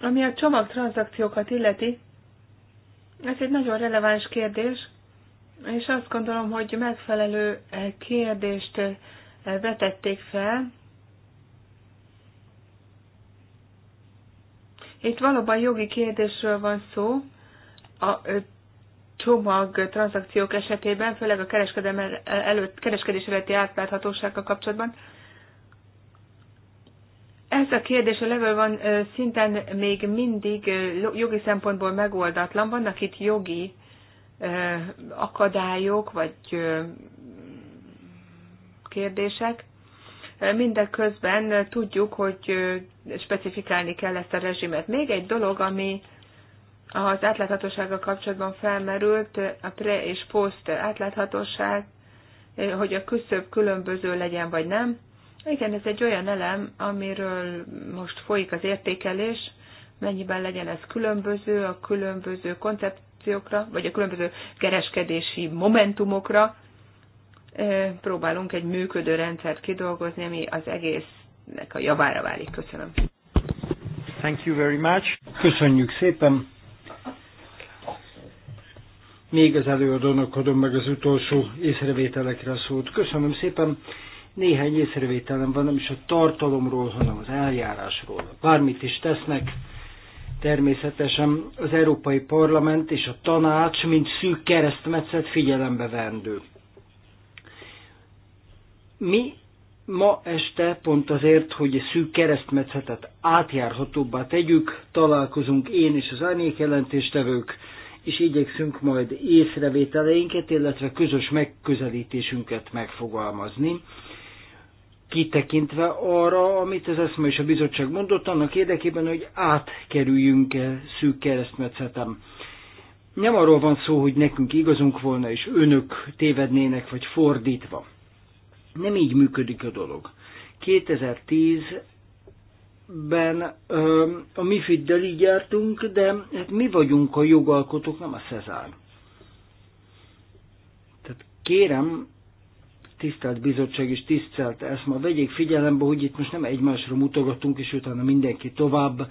Speaker 2: Ami a csomagtranszakciókat illeti, ez egy nagyon releváns kérdés, és azt gondolom, hogy megfelelő eh, kérdést eh, vetették fel. Itt valóban jogi kérdésről van szó a csomag tranzakciók esetében, főleg a kereskedelem előtt, kereskedés előtti átláthatósággal kapcsolatban. Ez a kérdés a level van szinten még mindig jogi szempontból megoldatlan. Vannak itt jogi akadályok, vagy kérdések. Mindeközben tudjuk, hogy specifikálni kell ezt a rezsimet. Még egy dolog, ami az átláthatósággal kapcsolatban felmerült, a pre és post átláthatóság, hogy a küszöbb különböző legyen vagy nem. Igen, ez egy olyan elem, amiről most folyik az értékelés, mennyiben legyen ez különböző a különböző koncepciókra, vagy a különböző kereskedési momentumokra. Próbálunk egy működő rendszert kidolgozni, ami az egésznek a javára válik.
Speaker 5: Köszönöm.
Speaker 1: Thank you very much. Köszönjük szépen.
Speaker 5: Még az előadónak adom meg az utolsó észrevételekre a szót. Köszönöm szépen. Néhány észrevételem van, nem is a tartalomról, hanem az eljárásról. Bármit is tesznek, természetesen az Európai Parlament és a tanács, mint szűk keresztmetszet figyelembe vendő. Mi ma este pont azért, hogy a szűk keresztmetszetet átjárhatóbbá tegyük, találkozunk én és az árnyék jelentéstevők, és igyekszünk majd észrevételeinket, illetve közös megközelítésünket megfogalmazni kitekintve arra, amit az eszme és a bizottság mondott, annak érdekében, hogy átkerüljünk -e szűk keresztmetszetem. Nem arról van szó, hogy nekünk igazunk volna, és önök tévednének, vagy fordítva. Nem így működik a dolog. 2010-ben a mi del így jártunk, de hát mi vagyunk a jogalkotók, nem a Szezár. Tehát kérem, tisztelt bizottság is tisztelt ma. vegyék figyelembe, hogy itt most nem egymásra mutogatunk, és utána mindenki tovább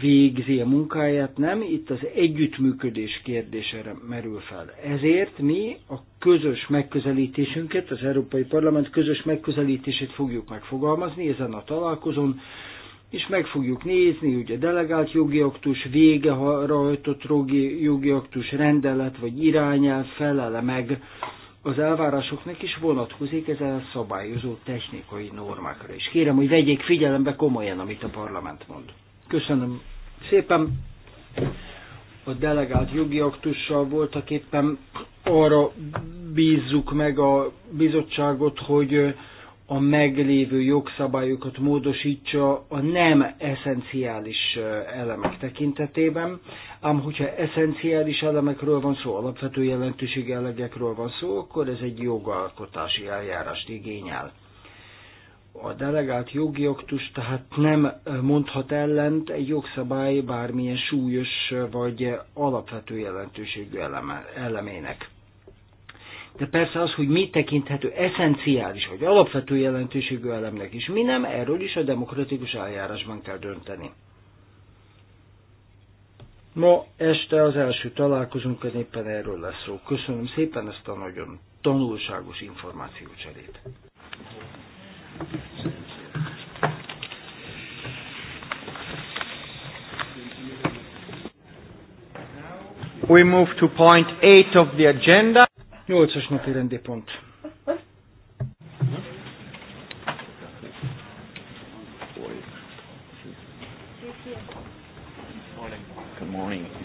Speaker 5: végzi a munkáját, nem, itt az együttműködés kérdésére merül fel. Ezért mi a közös megközelítésünket, az Európai Parlament közös megközelítését fogjuk megfogalmazni ezen a találkozón, és meg fogjuk nézni, hogy a delegált jogi aktus, vége rajtott jogi aktus, rendelet vagy irányel felele meg az elvárásoknak is vonatkozik a szabályozó technikai normákra is. Kérem, hogy vegyék figyelembe komolyan, amit a parlament mond. Köszönöm szépen. A delegált jogi aktussal voltak éppen arra bízzuk meg a bizottságot, hogy a meglévő jogszabályokat módosítsa a nem eszenciális elemek tekintetében, ám hogyha eszenciális elemekről van szó, alapvető jelentőség elegekről van szó, akkor ez egy jogalkotási eljárást igényel. A delegált jogi aktus tehát nem mondhat ellent egy jogszabály bármilyen súlyos vagy alapvető jelentőségű eleme, elemének de persze az, hogy mi tekinthető eszenciális, vagy alapvető jelentőségű elemnek is, mi nem, erről is a demokratikus eljárásban kell dönteni. Ma este az első találkozunk, éppen erről lesz szó. Köszönöm szépen ezt a nagyon tanulságos információcserét.
Speaker 1: We move to point 8 of the agenda. Nyolcas napi rendi pont.
Speaker 6: Good morning.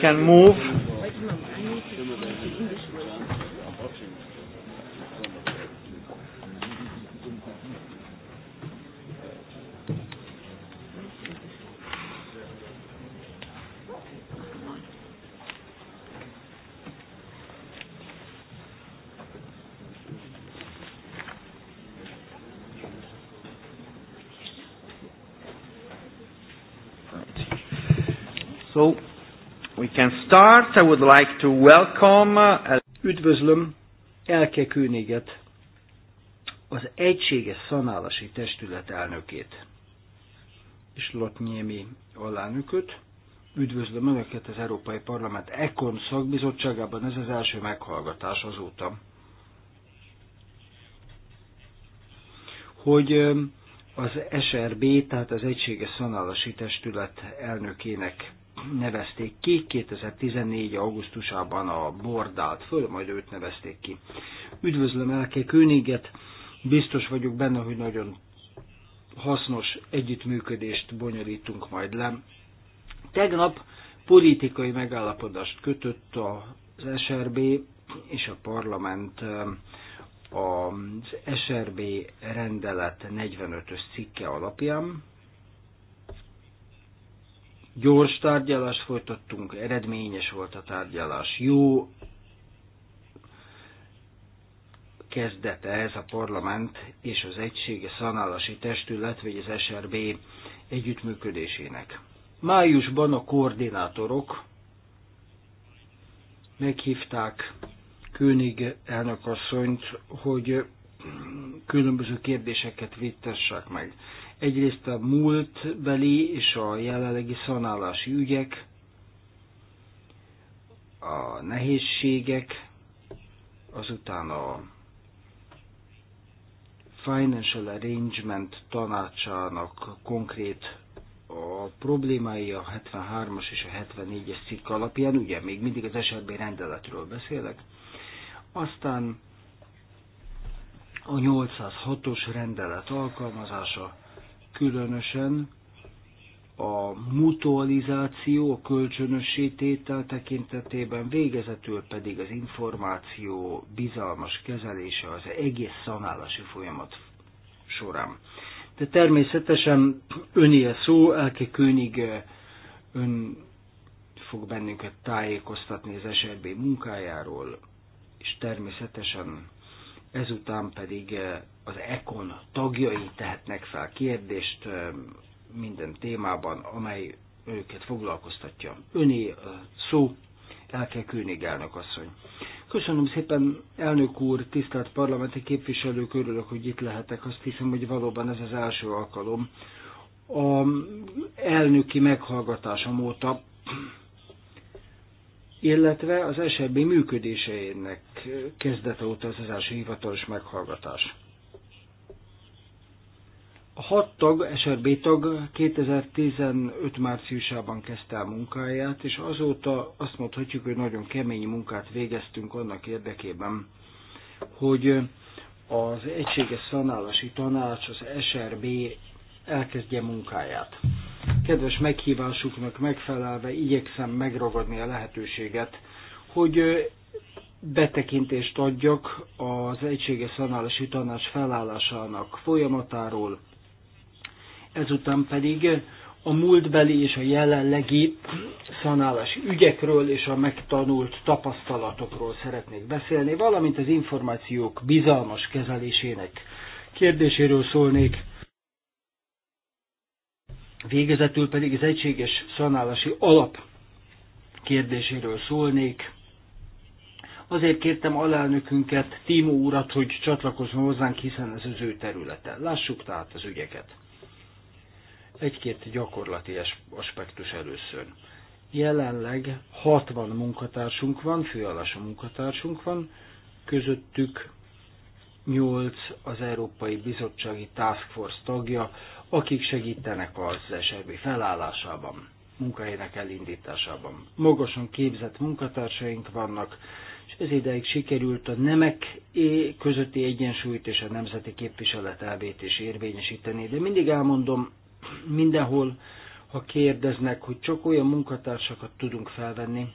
Speaker 6: can move
Speaker 1: we can start. I would like to welcome... Uh,
Speaker 5: Üdvözlöm Elke Kőnéget, az Egységes Szanálasi Testület elnökét és Lotnyémi alánököt. Üdvözlöm Önöket az Európai Parlament Ekon szakbizottságában, ez az első meghallgatás azóta. Hogy um, az SRB, tehát az Egységes Szanálasi Testület elnökének nevezték ki, 2014. augusztusában a bordált föl, majd őt nevezték ki. Üdvözlöm Elke Königet, biztos vagyok benne, hogy nagyon hasznos együttműködést bonyolítunk majd le. Tegnap politikai megállapodást kötött az SRB és a parlament eh, az SRB rendelet 45-ös cikke alapján, Gyors tárgyalást folytattunk, eredményes volt a tárgyalás. Jó kezdete ez a parlament és az egysége szanálási testület, vagy az SRB együttműködésének. Májusban a koordinátorok meghívták König elnökasszonyt, hogy különböző kérdéseket vittessek meg. Egyrészt a múltbeli és a jelenlegi szanálási ügyek, a nehézségek, azután a Financial Arrangement tanácsának konkrét a problémái a 73-as és a 74-es cikk alapján, ugye még mindig az SRB rendeletről beszélek, aztán a 806-os rendelet alkalmazása, különösen a mutualizáció, a kölcsönösítétel tekintetében, végezetül pedig az információ bizalmas kezelése az egész szanálási folyamat során. De természetesen öné a szó, Elke König eh, ön fog bennünket tájékoztatni az SRB munkájáról, és természetesen ezután pedig eh, az ECON tagjai tehetnek fel kérdést eh, minden témában, amely őket foglalkoztatja. Öné a eh, szó, Elke Kőnig elnök asszony. Köszönöm szépen, elnök úr, tisztelt parlamenti képviselők, örülök, hogy itt lehetek. Azt hiszem, hogy valóban ez az első alkalom. A elnöki meghallgatásom óta illetve az SEB működéseinek kezdete óta az az első hivatalos meghallgatás. A hat tag, SRB tag 2015 márciusában kezdte el munkáját, és azóta azt mondhatjuk, hogy nagyon kemény munkát végeztünk annak érdekében, hogy az Egységes Szanálási Tanács, az SRB elkezdje munkáját kedves meghívásuknak megfelelve igyekszem megragadni a lehetőséget, hogy betekintést adjak az Egységes Szanálási Tanács felállásának folyamatáról, ezután pedig a múltbeli és a jelenlegi szanálási ügyekről és a megtanult tapasztalatokról szeretnék beszélni, valamint az információk bizalmas kezelésének kérdéséről szólnék, Végezetül pedig az egységes szanálási alap kérdéséről szólnék. Azért kértem alelnökünket, Timo urat, hogy csatlakozzon hozzánk, hiszen ez az ő területe. Lássuk tehát az ügyeket. Egy-két gyakorlati aspektus először. Jelenleg 60 munkatársunk van, főállású munkatársunk van, közöttük 8 az Európai Bizottsági Task Force tagja, akik segítenek az SRB felállásában, munkahelynek elindításában. Magasan képzett munkatársaink vannak, és ez ideig sikerült a nemek közötti egyensúlyt és a nemzeti képviselet elvét is érvényesíteni. De mindig elmondom, mindenhol, ha kérdeznek, hogy csak olyan munkatársakat tudunk felvenni,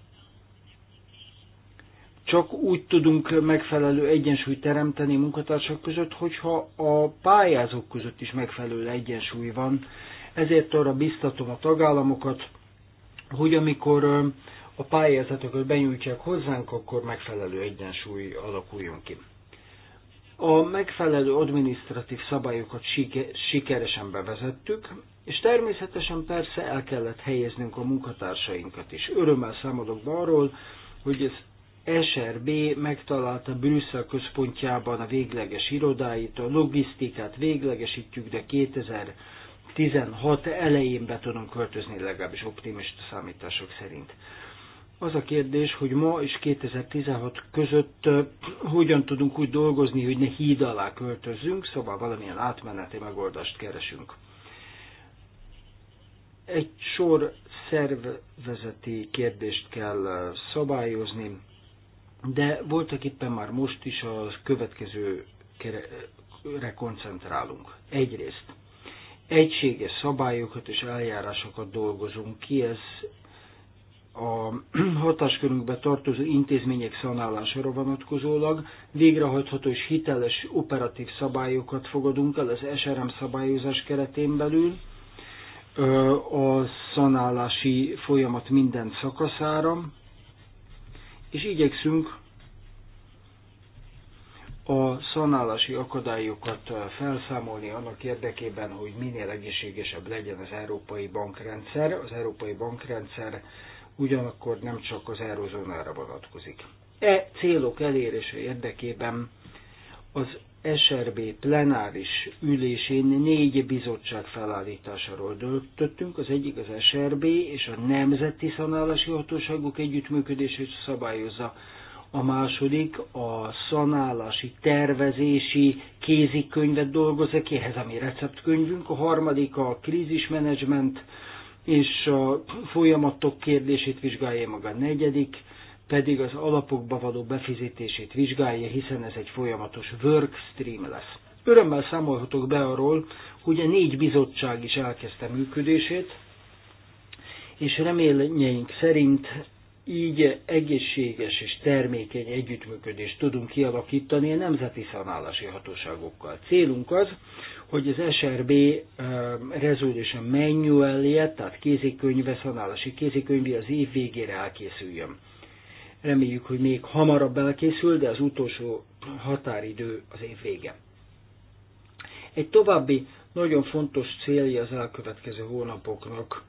Speaker 5: csak úgy tudunk megfelelő egyensúlyt teremteni munkatársak között, hogyha a pályázók között is megfelelő egyensúly van. Ezért arra biztatom a tagállamokat, hogy amikor a pályázatokat benyújtják hozzánk, akkor megfelelő egyensúly alakuljon ki. A megfelelő adminisztratív szabályokat sikeresen bevezettük, és természetesen persze el kellett helyeznünk a munkatársainkat is. Örömmel számolok be arról, hogy ez SRB megtalálta Brüsszel központjában a végleges irodáit, a logisztikát véglegesítjük, de 2016 elején be tudunk költözni, legalábbis optimista számítások szerint. Az a kérdés, hogy ma és 2016 között hogyan tudunk úgy dolgozni, hogy ne híd alá költözzünk, szóval valamilyen átmeneti megoldást keresünk egy sor szervezeti kérdést kell szabályozni, de voltak éppen már most is a következőre koncentrálunk. Egyrészt egységes szabályokat és eljárásokat dolgozunk ki, ez a hatáskörünkbe tartozó intézmények szanálására vonatkozólag végrehajtható és hiteles operatív szabályokat fogadunk el az SRM szabályozás keretén belül, a szanálási folyamat minden szakaszára, és igyekszünk a szanálási akadályokat eh, felszámolni annak érdekében, hogy minél egészségesebb legyen az európai bankrendszer. Az európai bankrendszer ugyanakkor nem csak az eurozónára vonatkozik. E célok elérése érdekében az SRB plenáris ülésén négy bizottság felállításáról döntöttünk. Az egyik az SRB és a Nemzeti Szanálási Hatóságok együttműködését szabályozza. A második a szanálási tervezési kézikönyvet dolgozza ki, ehhez a mi receptkönyvünk. A harmadik a krízismenedzsment és a folyamatok kérdését vizsgálja maga. A negyedik pedig az alapokba való befizetését vizsgálja, hiszen ez egy folyamatos workstream lesz. Örömmel számolhatok be arról, hogy a négy bizottság is elkezdte működését, és reményeink szerint így egészséges és termékeny együttműködést tudunk kialakítani a nemzeti szanálási hatóságokkal. Célunk az, hogy az SRB Resolution Manual-je, tehát kézikönyve, szanálási kézikönyve az év végére elkészüljön. Reméljük, hogy még hamarabb elkészül, de az utolsó határidő az év vége. Egy további nagyon fontos célja az elkövetkező hónapoknak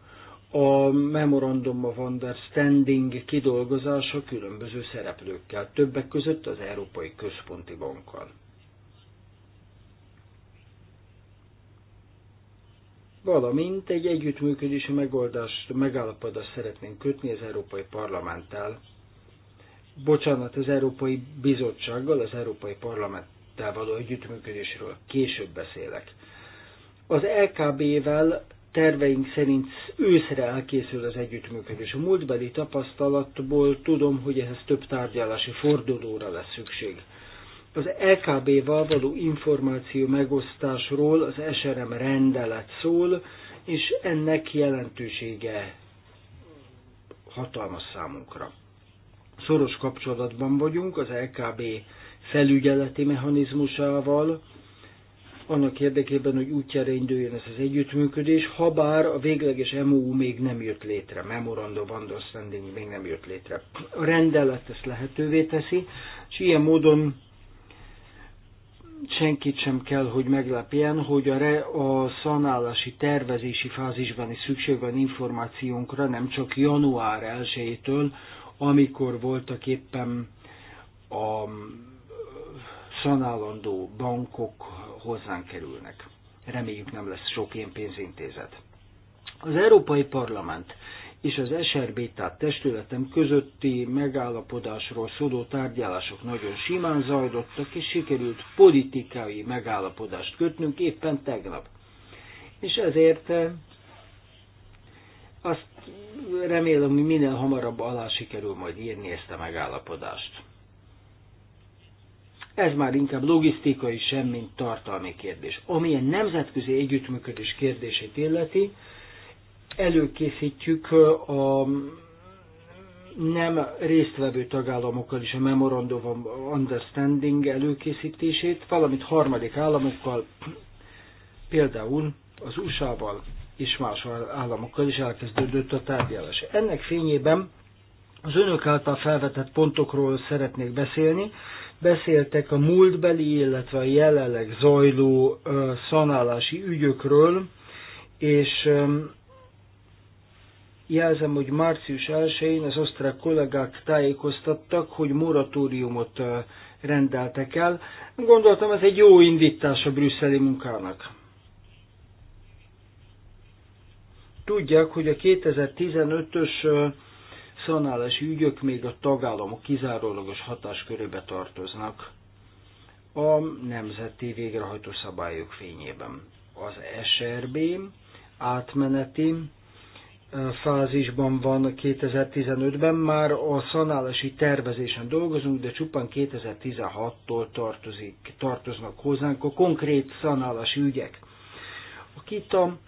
Speaker 5: a Memorandum of Understanding kidolgozása különböző szereplőkkel, többek között az Európai Központi Bankkal. Valamint egy együttműködési megoldást, megállapodást szeretnénk kötni az Európai Parlamenttel bocsánat, az Európai Bizottsággal, az Európai Parlamenttel való együttműködésről később beszélek. Az LKB-vel terveink szerint őszre elkészül az együttműködés. A múltbeli tapasztalatból tudom, hogy ehhez több tárgyalási fordulóra lesz szükség. Az LKB-val való információ megosztásról az SRM rendelet szól, és ennek jelentősége hatalmas számunkra szoros kapcsolatban vagyunk az LKB felügyeleti mechanizmusával, annak érdekében, hogy útjára induljon ez az együttműködés, ha bár a végleges MOU még nem jött létre, Memorandum of Understanding még nem jött létre. A rendelet ezt lehetővé teszi, és ilyen módon senkit sem kell, hogy meglepjen, hogy a, re, a szanálási tervezési fázisban is szükség van információnkra, nem csak január 1-től, amikor voltak éppen a szanállandó bankok hozzánk kerülnek. Reméljük nem lesz sok ilyen pénzintézet. Az Európai Parlament és az SRB, tehát testületem közötti megállapodásról szóló tárgyalások nagyon simán zajlottak, és sikerült politikai megállapodást kötnünk éppen tegnap. És ezért azt remélem, hogy minél hamarabb alá sikerül majd írni ezt a megállapodást. Ez már inkább logisztikai sem, mint tartalmi kérdés. Ami a nemzetközi együttműködés kérdését illeti, előkészítjük a nem résztvevő tagállamokkal is a Memorandum of Understanding előkészítését, valamint harmadik államokkal, például az USA-val és más államokkal is elkezdődött a tárgyalás. Ennek fényében az önök által felvetett pontokról szeretnék beszélni. Beszéltek a múltbeli, illetve a jelenleg zajló szanálási ügyökről, és jelzem, hogy március 1-én az osztrák kollégák tájékoztattak, hogy moratóriumot rendeltek el. Gondoltam, ez egy jó indítás a brüsszeli munkának. Tudják, hogy a 2015-ös szanálási ügyök még a tagállamok kizárólagos hatáskörébe tartoznak a nemzeti végrehajtó szabályok fényében. Az SRB átmeneti fázisban van 2015-ben, már a szanálási tervezésen dolgozunk, de csupán 2016-tól tartozik, tartoznak hozzánk a konkrét szanálási ügyek. A KITA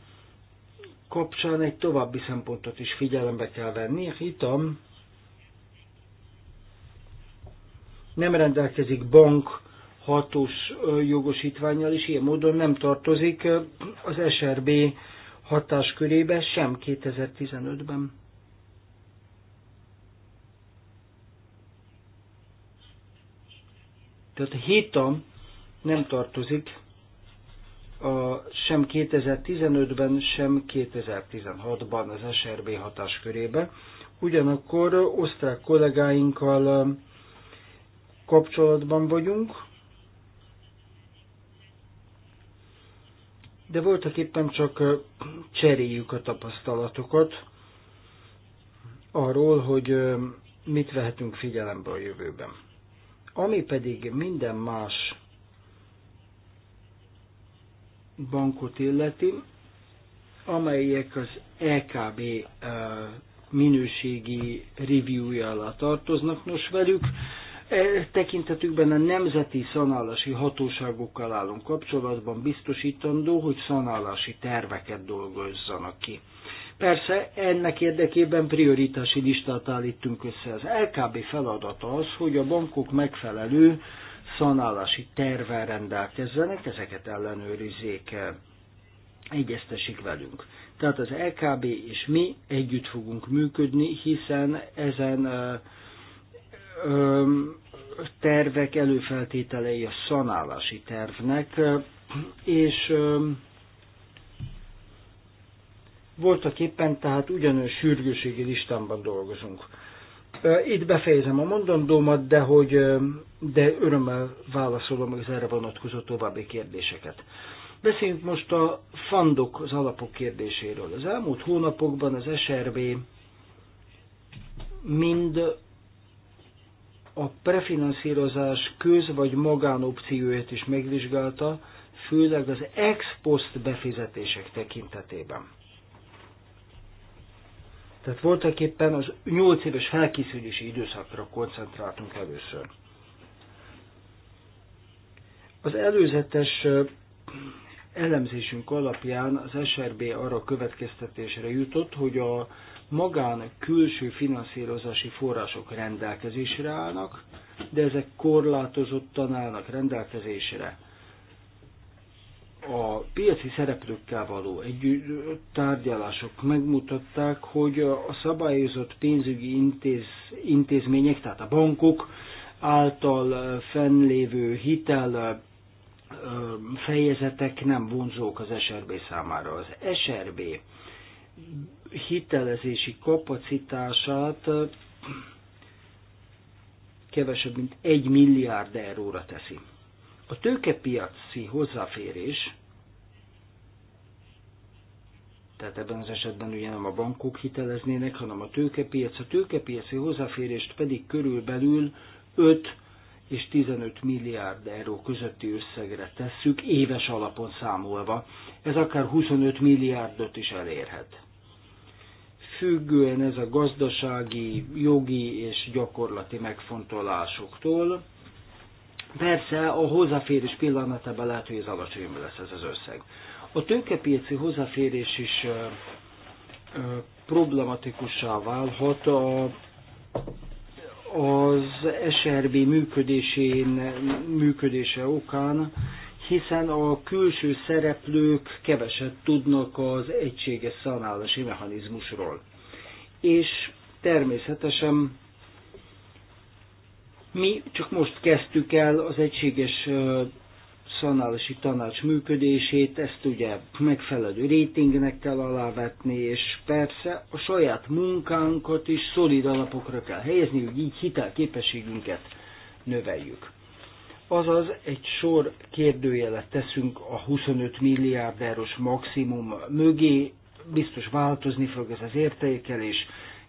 Speaker 5: kapcsán egy további szempontot is figyelembe kell venni. Hitam nem rendelkezik bank hatós jogosítványjal, és ilyen módon nem tartozik az SRB hatáskörébe sem 2015-ben. Tehát a hitam nem tartozik a, sem 2015-ben, sem 2016-ban az SRB hatáskörébe. Ugyanakkor osztrák kollégáinkkal um, kapcsolatban vagyunk, de voltak éppen csak uh, cseréljük a tapasztalatokat arról, hogy um, mit vehetünk figyelembe a jövőben. Ami pedig minden más bankot illeti, amelyek az EKB minőségi reviewja alá tartoznak. Nos, velük e, tekintetükben a nemzeti szanálási hatóságokkal állunk kapcsolatban biztosítandó, hogy szanálási terveket dolgozzanak ki. Persze ennek érdekében prioritási listát állítunk össze. Az LKB e feladata az, hogy a bankok megfelelő szanálási tervvel rendelkezzenek, ezeket ellenőrizzék, eh, egyeztessék velünk. Tehát az LKB és mi együtt fogunk működni, hiszen ezen ö, eh, ö, tervek előfeltételei a szanálási tervnek, eh, és ö, voltak éppen tehát ugyanolyan sürgőségi listámban dolgozunk. Itt befejezem a mondandómat, de, hogy, de örömmel válaszolom az erre vonatkozó további kérdéseket. Beszéljünk most a fandok, az alapok kérdéséről. Az elmúlt hónapokban az SRB mind a prefinanszírozás köz- vagy magánopcióját is megvizsgálta, főleg az ex post befizetések tekintetében. Tehát voltak éppen az 8 éves felkészülési időszakra koncentráltunk először. Az előzetes elemzésünk alapján az SRB arra következtetésre jutott, hogy a magán külső finanszírozási források rendelkezésre állnak, de ezek korlátozottan állnak rendelkezésre a piaci szereplőkkel való együtt tárgyalások megmutatták, hogy a szabályozott pénzügyi intéz, intézmények, tehát a bankok által fennlévő hitel fejezetek nem vonzók az SRB számára. Az SRB hitelezési kapacitását kevesebb, mint egy milliárd euróra teszi. A tőkepiaci hozzáférés, tehát ebben az esetben ugye nem a bankok hiteleznének, hanem a tőkepiac, a tőkepiaci hozzáférést pedig körülbelül 5 és 15 milliárd euró közötti összegre tesszük, éves alapon számolva. Ez akár 25 milliárdot is elérhet. Függően ez a gazdasági, jogi és gyakorlati megfontolásoktól, Persze a hozzáférés pillanatában lehet, hogy ez alacsonyabb lesz ez az összeg. A tőkepiaci hozzáférés is ö, ö, problematikussá válhat a, az SRB működésén, működése okán, hiszen a külső szereplők keveset tudnak az egységes szanálási mechanizmusról. És természetesen mi csak most kezdtük el az egységes szanálási tanács működését, ezt ugye megfelelő rétingnek kell alávetni, és persze a saját munkánkat is szolid alapokra kell helyezni, hogy így hitelképességünket növeljük. Azaz egy sor kérdőjelet teszünk a 25 milliárd eurós maximum mögé, biztos változni fog ez az értékelés,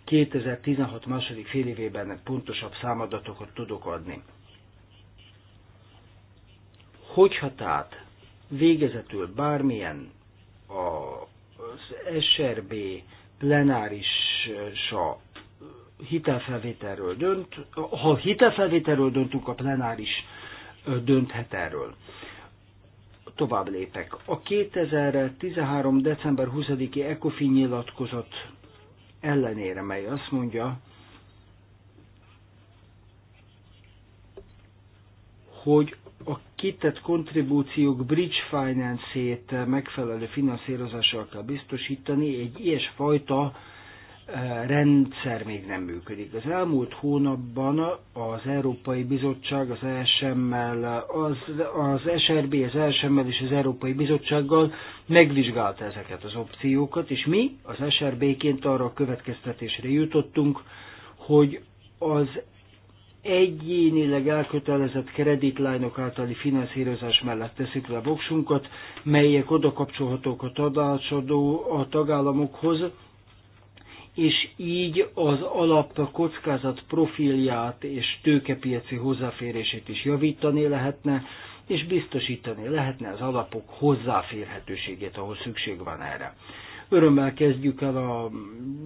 Speaker 5: 2016 második fél évében pontosabb számadatokat tudok adni. Hogyha tehát végezetül bármilyen
Speaker 6: az
Speaker 5: SRB plenárisa hitelfelvételről dönt, ha hitelfelvételről döntünk, a plenáris dönthet erről. Tovább lépek. A 2013. december 20-i ECOFI nyilatkozat ellenére, mely azt mondja, hogy a kitett kontribúciók bridge finance-ét megfelelő finanszírozással kell biztosítani, egy ilyesfajta fajta rendszer még nem működik. Az elmúlt hónapban az Európai Bizottság az ESM-mel, az, az SRB, az ESM-mel és az Európai Bizottsággal megvizsgálta ezeket az opciókat, és mi az SRB-ként arra a következtetésre jutottunk, hogy az egyénileg elkötelezett kreditlányok általi finanszírozás mellett teszik le a voksunkat, melyek oda kapcsolhatók a, a tagállamokhoz, és így az alap kockázat profilját és tőkepiaci hozzáférését is javítani lehetne, és biztosítani lehetne az alapok hozzáférhetőségét, ahol szükség van erre. Örömmel kezdjük el a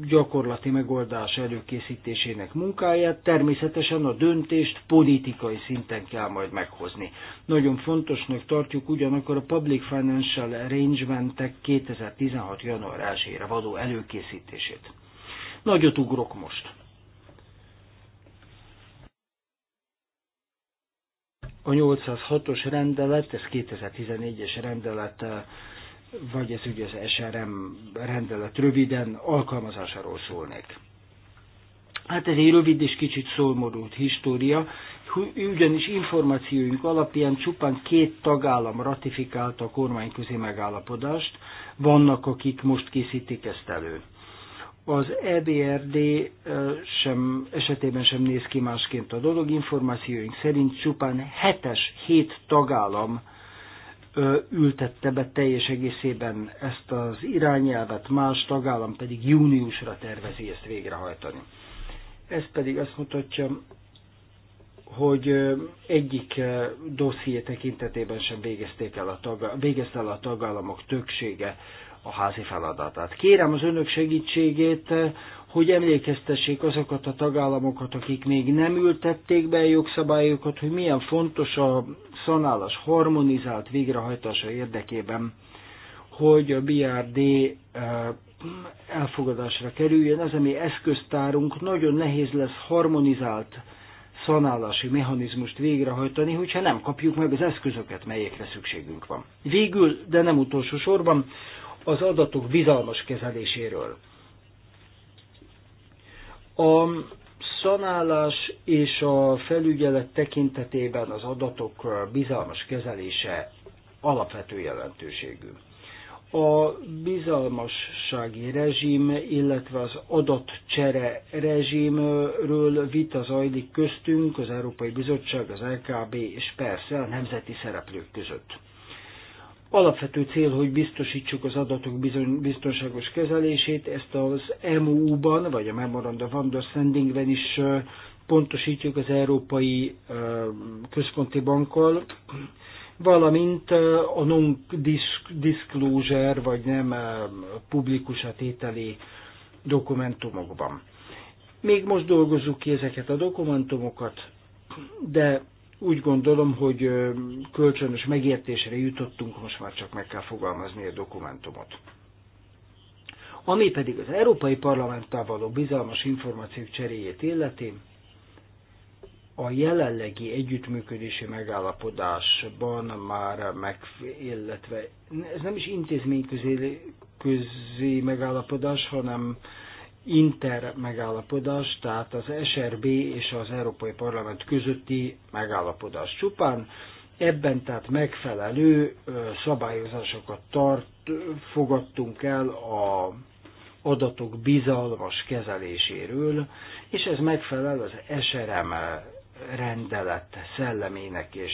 Speaker 5: gyakorlati megoldás előkészítésének munkáját. Természetesen a döntést politikai szinten kell majd meghozni. Nagyon fontosnak tartjuk ugyanakkor a Public Financial Arrangementek 2016. január 1-ére való előkészítését. Nagyot ugrok most. A 806-os rendelet, ez 2014-es rendelet, eh, vagy ez ugye az SRM rendelet röviden alkalmazásáról szólnék. Hát ez egy rövid és kicsit szólmodult história, ugyanis információink alapján csupán két tagállam ratifikálta a kormányközi megállapodást, vannak, akik most készítik ezt elő az EBRD sem, esetében sem néz ki másként a dolog. Információink szerint csupán hetes, hét tagállam ültette be teljes egészében ezt az irányelvet, más tagállam pedig júniusra tervezi ezt végrehajtani. Ez pedig azt mutatja, hogy egyik dosszié tekintetében sem végezték el a tag, végezte el a tagállamok többsége a házi feladatát. Kérem az önök segítségét, hogy emlékeztessék azokat a tagállamokat, akik még nem ültették be a jogszabályokat, hogy milyen fontos a szanálas harmonizált végrehajtása érdekében, hogy a BRD eh, elfogadásra kerüljön. Ez a mi eszköztárunk nagyon nehéz lesz harmonizált szanálási mechanizmust végrehajtani, hogyha nem kapjuk meg az eszközöket, melyekre szükségünk van. Végül, de nem utolsó sorban, az adatok bizalmas kezeléséről. A szanálás és a felügyelet tekintetében az adatok bizalmas kezelése alapvető jelentőségű. A bizalmassági rezsim, illetve az adatcsere rezsimről vita zajlik köztünk, az Európai Bizottság, az LKB és persze a nemzeti szereplők között. Alapvető cél, hogy biztosítsuk az adatok biztonságos kezelését, ezt az MU-ban, vagy a Memoranda of Understandingben is pontosítjuk az Európai Központi Bankkal, valamint a non-disclosure, vagy nem publikus tételi dokumentumokban. Még most dolgozzuk ki ezeket a dokumentumokat, de úgy gondolom, hogy kölcsönös megértésre jutottunk, most már csak meg kell fogalmazni a dokumentumot. Ami pedig az Európai Parlamenttel való bizalmas információk cseréjét illeti, a jelenlegi együttműködési megállapodásban már meg, illetve ez nem is intézményközi közi megállapodás, hanem inter megállapodás, tehát az SRB és az Európai Parlament közötti megállapodás csupán. Ebben tehát megfelelő szabályozásokat tart, fogadtunk el a adatok bizalmas kezeléséről, és ez megfelel az SRM rendelet szellemének és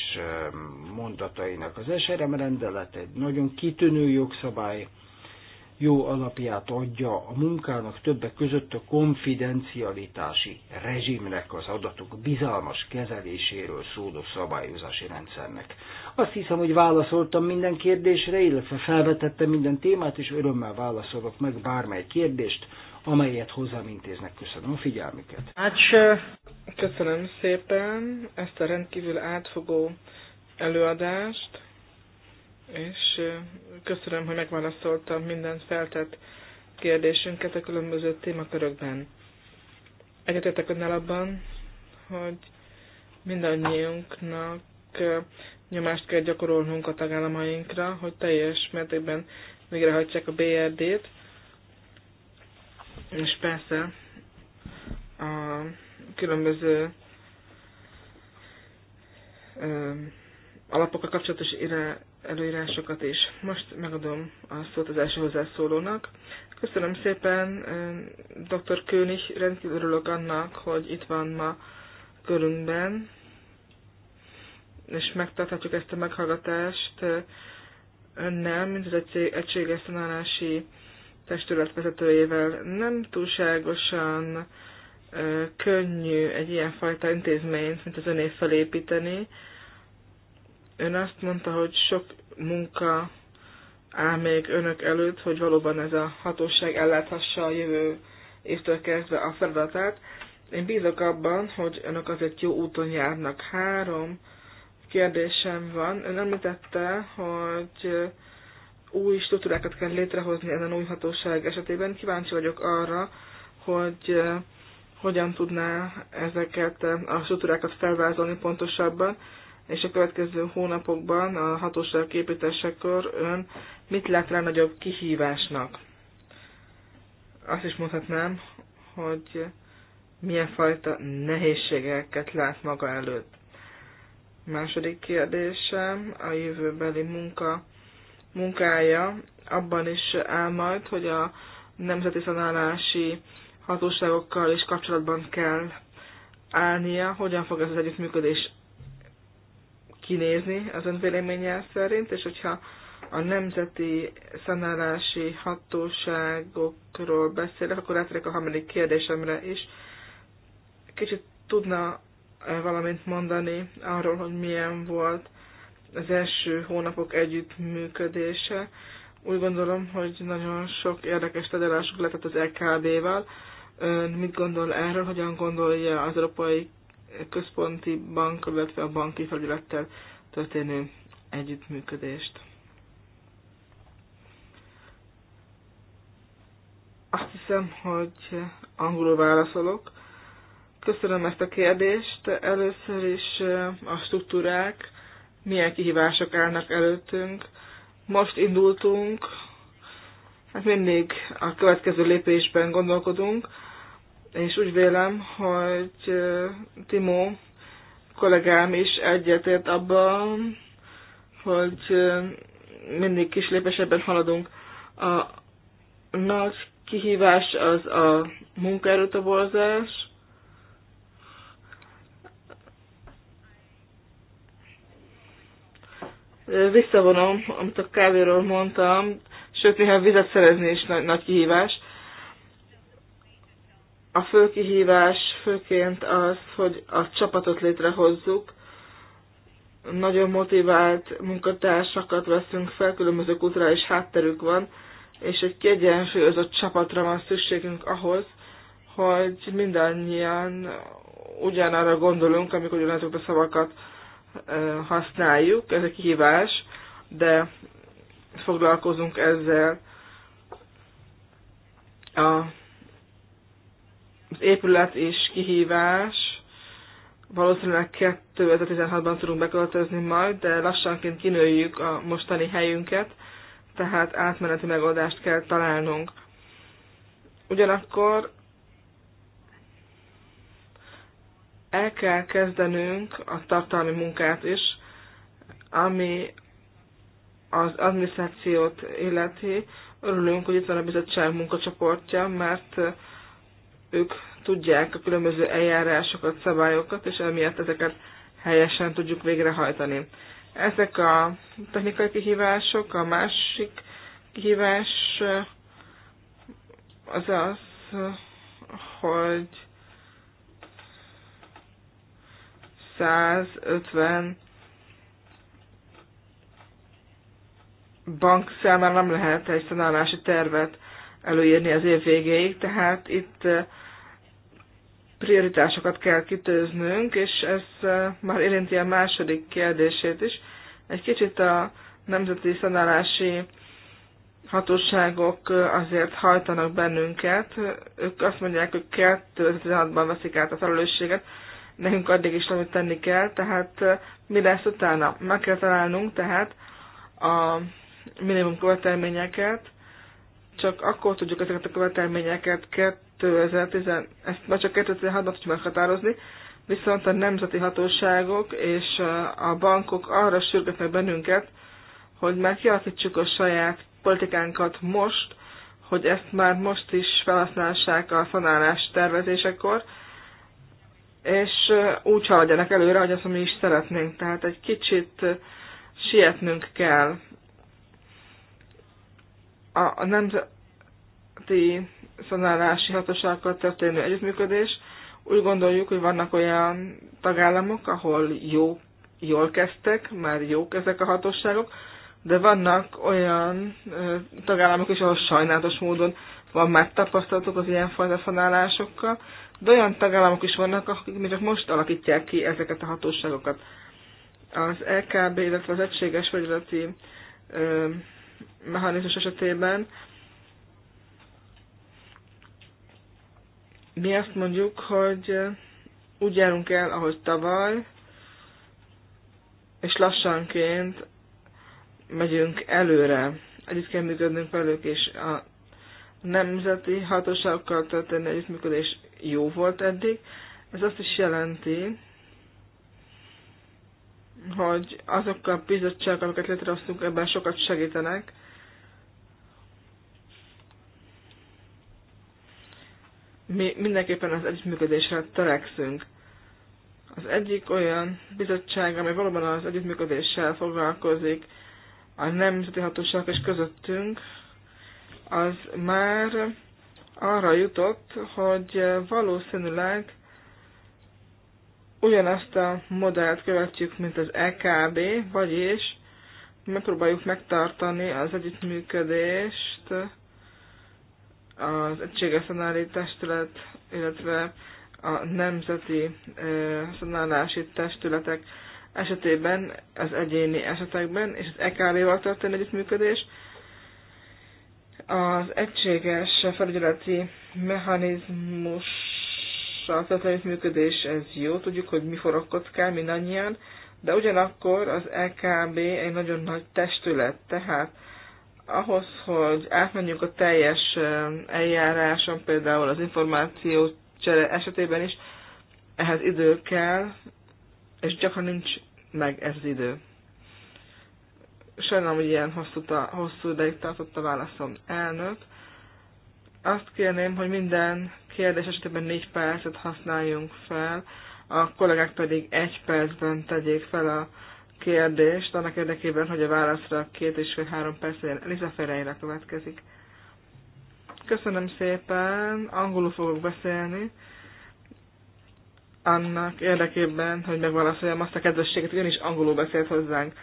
Speaker 5: mondatainak. Az SRM rendelet egy nagyon kitűnő jogszabály, jó alapját adja a munkának többek között a konfidencialitási rezsimnek, az adatok bizalmas kezeléséről szóló szabályozási rendszernek. Azt hiszem, hogy válaszoltam minden kérdésre, illetve felvetettem minden témát, és örömmel válaszolok meg bármely kérdést, amelyet hozzám intéznek. Köszönöm a
Speaker 3: figyelmüket. Hát, Köszönöm szépen ezt a rendkívül átfogó előadást és köszönöm, hogy megválaszoltam minden feltett kérdésünket a különböző témakörökben. Egyetetek önnel abban, hogy mindannyiunknak nyomást kell gyakorolnunk a tagállamainkra, hogy teljes mértékben végrehajtsák a BRD-t, és persze a különböző alapokkal kapcsolatos előírásokat is. Most megadom a szót az első hozzászólónak. Köszönöm szépen, dr. König, rendkívül örülök annak, hogy itt van ma körünkben, és megtarthatjuk ezt a meghallgatást önnel, mint az egységes tanulási testület vezetőjével. Nem túlságosan könnyű egy ilyen fajta intézményt, mint az öné felépíteni, Ön azt mondta, hogy sok munka áll még önök előtt, hogy valóban ez a hatóság elláthassa a jövő évtől kezdve a feladatát. Én bízok abban, hogy önök azért jó úton járnak. Három kérdésem van. Ön említette, hogy új struktúrákat kell létrehozni ezen új hatóság esetében. Kíváncsi vagyok arra, hogy eh, hogyan tudná ezeket eh, a struktúrákat felvázolni pontosabban, és a következő hónapokban a hatóság képítésekor ön mit lát rá nagyobb kihívásnak? Azt is mondhatnám, hogy milyen fajta nehézségeket lát maga előtt. Második kérdésem, a jövőbeli munka munkája abban is áll majd, hogy a nemzeti szanálási hatóságokkal is kapcsolatban kell állnia, hogyan fog ez az együttműködés kinézni az ön véleménye szerint, és hogyha a nemzeti szanálási hatóságokról beszélek, akkor átrek a harmadik kérdésemre is. Kicsit tudna valamint mondani arról, hogy milyen volt az első hónapok együttműködése. Úgy gondolom, hogy nagyon sok érdekes tegyelásuk lehetett az LKB-val. Ön mit gondol erről, hogyan gondolja az Európai központi bank, illetve a banki felülettel történő együttműködést. Azt hiszem, hogy angolul válaszolok. Köszönöm ezt a kérdést. Először is eh, a struktúrák, milyen kihívások állnak előttünk. Most indultunk, hát mindig a következő lépésben gondolkodunk és úgy vélem, hogy Timó kollégám is egyetért abban, hogy mindig kis lépésebben haladunk. A nagy kihívás az a munkaerőtoborzás, Visszavonom, amit a kávéról mondtam, sőt, néha vizet szerezni is nagy, nagy kihívás a fő kihívás főként az, hogy a csapatot létrehozzuk, nagyon motivált munkatársakat veszünk fel, különböző kulturális hátterük van, és egy kiegyensúlyozott csapatra van szükségünk ahhoz, hogy mindannyian ugyanarra gondolunk, amikor ugyanazokat a szavakat használjuk, ez egy kihívás, de foglalkozunk ezzel a az épület is kihívás. Valószínűleg 2016-ban tudunk beköltözni majd, de lassanként kinőjük a mostani helyünket, tehát átmeneti megoldást kell találnunk. Ugyanakkor el kell kezdenünk a tartalmi munkát is, ami az adminisztrációt illeti. Örülünk, hogy itt van a bizottság munkacsoportja, mert ők tudják a különböző eljárásokat, szabályokat, és emiatt ezeket helyesen tudjuk végrehajtani. Ezek a technikai kihívások, a másik kihívás az az, hogy 150 bank számára nem lehet egy szanálási tervet előírni az év végéig, tehát itt eh, prioritásokat kell kitőznünk, és ez eh, már érinti a második kérdését is. Egy kicsit a nemzeti szanálási hatóságok eh, azért hajtanak bennünket. Ők azt mondják, hogy 2016-ban veszik át a felelősséget, nekünk addig is valamit tenni kell, tehát mi lesz utána? Meg kell találnunk tehát a minimum követelményeket, csak akkor tudjuk ezeket a követelményeket 2010, ezt már csak 2016-ban tudjuk meghatározni, viszont a nemzeti hatóságok és a bankok arra sürgetnek bennünket, hogy már kialakítsuk a saját politikánkat most, hogy ezt már most is felhasználják a szanálás tervezésekor, és úgy haladjanak előre, hogy azt mi is szeretnénk. Tehát egy kicsit sietnünk kell a nemzeti szanálási hatósággal történő együttműködés. Úgy gondoljuk, hogy vannak olyan tagállamok, ahol jó, jól kezdtek, már jók ezek a hatóságok, de vannak olyan tagállamok is, ahol sajnálatos módon van már tapasztalatok az ilyenfajta szanálásokkal, de olyan tagállamok is vannak, akik még csak most alakítják ki ezeket a hatóságokat. Az LKB, e illetve az Egységes Vegyületi mechanizmus esetében mi azt mondjuk, hogy úgy járunk el, ahogy tavaly, és lassanként megyünk előre. Együtt kell működnünk velük, és a nemzeti hatóságokkal történő együttműködés jó volt eddig. Ez azt is jelenti, hogy azok a bizottságok, amiket létrehoztunk, ebben sokat segítenek, mi mindenképpen az együttműködésre törekszünk. Az egyik olyan bizottság, ami valóban az együttműködéssel foglalkozik a nemzeti hatóságok és közöttünk, az már arra jutott, hogy valószínűleg ugyanazt a modellt követjük, mint az EKB, vagyis megpróbáljuk megtartani az együttműködést az egységes szanári testület, illetve a nemzeti szanálási testületek esetében, az egyéni esetekben, és az EKB-val történő együttműködés, az egységes felügyeleti mechanizmussal történő működés, ez jó, tudjuk, hogy mi forog kockán mindannyian, de ugyanakkor az EKB egy nagyon nagy testület, tehát ahhoz, hogy átmenjünk a teljes eljáráson, például az információ csere esetében is, ehhez idő kell, és gyakran nincs meg ez az idő. Sajnálom, hogy ilyen hosszú, ta, hosszú ideig tartott a válaszom elnök. Azt kérném, hogy minden kérdés esetében négy percet használjunk fel, a kollégák pedig egy percben tegyék fel a kérdést annak érdekében, hogy a válaszra két és fél három perc legyen. Elisa Ferreira következik. Köszönöm szépen, angolul fogok beszélni annak érdekében, hogy megválaszoljam azt a kedvességet, hogy ön is angolul beszélt hozzánk.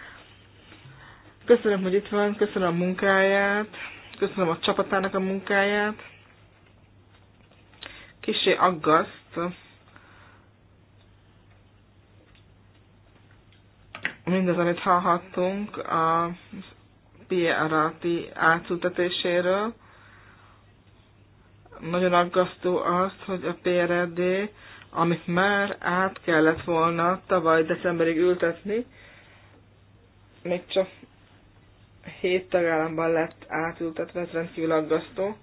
Speaker 3: Köszönöm, hogy itt van, köszönöm a munkáját, köszönöm a csapatának a munkáját. Kisé aggaszt mindaz, amit hallhattunk a PRT átültetéséről. Nagyon aggasztó azt, hogy a PRD, amit már át kellett volna tavaly decemberig ültetni, még csak hét tagállamban lett átültetve, ez rendkívül aggasztó.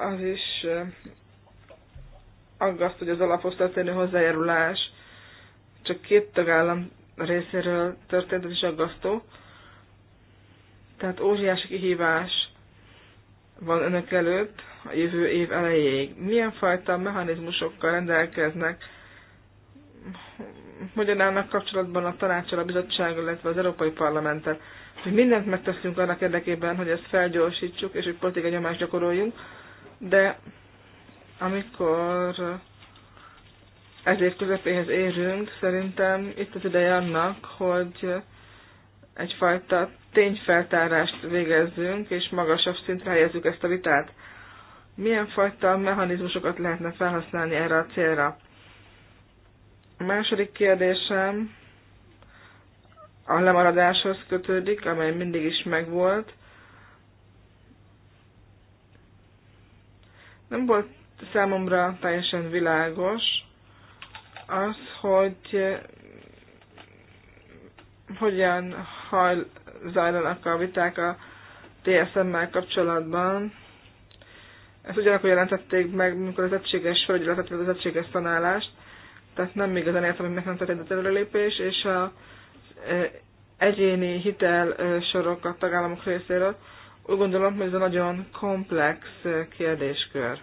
Speaker 3: Az is eh, aggaszt, hogy az alaphoz történő hozzájárulás csak két tagállam részéről történt, ez is aggasztó. Tehát óriási kihívás van önök előtt a jövő év elejéig. Milyen fajta mechanizmusokkal rendelkeznek, hogyan állnak kapcsolatban a tanácsal, a bizottság, illetve az Európai Parlamenttel, hogy mindent megteszünk annak érdekében, hogy ezt felgyorsítsuk, és hogy politikai nyomást gyakoroljunk, de amikor ez év közepéhez érünk, szerintem itt az ideje annak, hogy egyfajta tényfeltárást végezzünk, és magasabb szintre helyezzük ezt a vitát. Milyen fajta mechanizmusokat lehetne felhasználni erre a célra? A második kérdésem a lemaradáshoz kötődik, amely mindig is megvolt. Nem volt számomra teljesen világos, az, hogy eh, hogyan hajl, zajlanak a viták a TSM-mel kapcsolatban. Ezt ugyanakkor jelentették meg, amikor az egységes felügyeletet, vagy az egységes tanálást, tehát nem igazán értem, hogy nem történt a lépés, és a eh, egyéni hitel eh, sorok a tagállamok részéről. Úgy gondolom, hogy ez a nagyon komplex kérdéskör.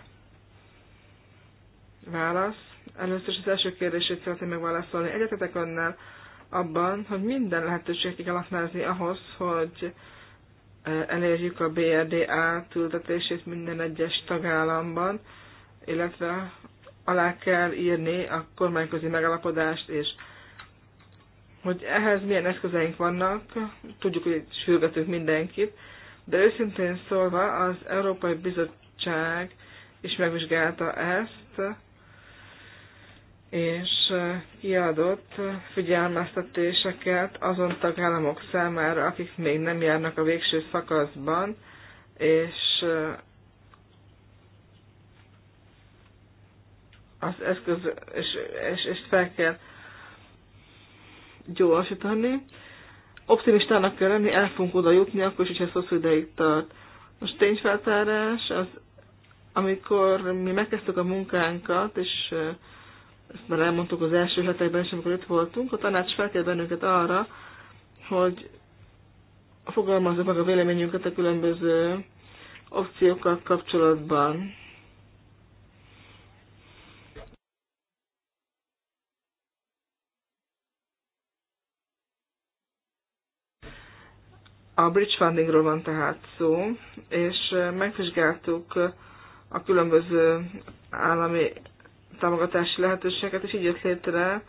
Speaker 3: Válasz. Először is az első kérdését szeretném megválaszolni. Egyetetek önnel abban, hogy minden lehetőséget kell aknázni ahhoz, hogy elérjük a BRDA tültetését minden egyes tagállamban, illetve alá kell írni a kormányközi megalapodást, és hogy ehhez milyen eszközeink vannak, tudjuk, hogy sürgetünk mindenkit, de őszintén szólva az Európai Bizottság is megvizsgálta ezt, és eh, kiadott figyelmeztetéseket azon tagállamok számára, akik még nem járnak a végső szakaszban, és eh, az eszköz, és, és, és fel kell gyorsítani. Optimistának kell lenni, el fogunk oda jutni, akkor is, hogyha hosszú ideig tart. Most tényfeltárás, az, amikor mi megkezdtük a munkánkat, és eh, ezt már elmondtuk az első hetekben is, amikor itt voltunk, a tanács felkér bennünket arra, hogy fogalmazza meg a véleményünket a különböző opciókkal kapcsolatban. A bridge fundingról van tehát szó, és megvizsgáltuk a különböző állami támogatási lehetőséget, és így jött létre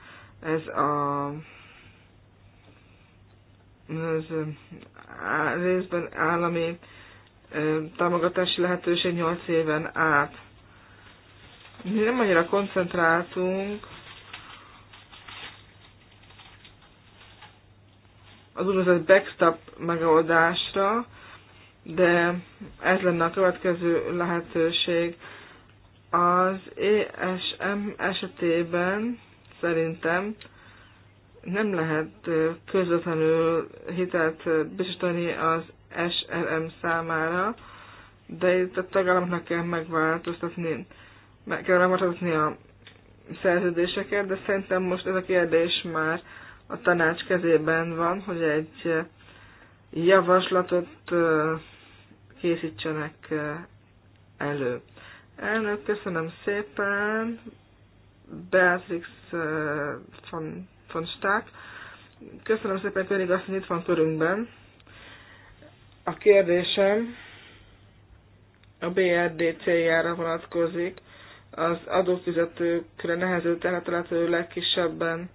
Speaker 3: ez a ez részben állami támogatási lehetőség 8 éven át. Mi nem annyira koncentráltunk az úgynevezett backstop megoldásra, de ez lenne a következő lehetőség az ESM esetében szerintem nem lehet közvetlenül hitelt biztosítani az SRM számára, de itt a tagállamoknak kell megváltoztatni, meg kell megváltoztatni a szerződéseket, de szerintem most ez a kérdés már a tanács kezében van, hogy egy javaslatot készítsenek elő. Elnök, köszönöm szépen. Beatrix eh, von, von Stark. Köszönöm szépen, König azt, hogy itt van körünkben. A kérdésem a BRD céljára vonatkozik. Az adófizetőkre nehező tehát a lehető legkisebben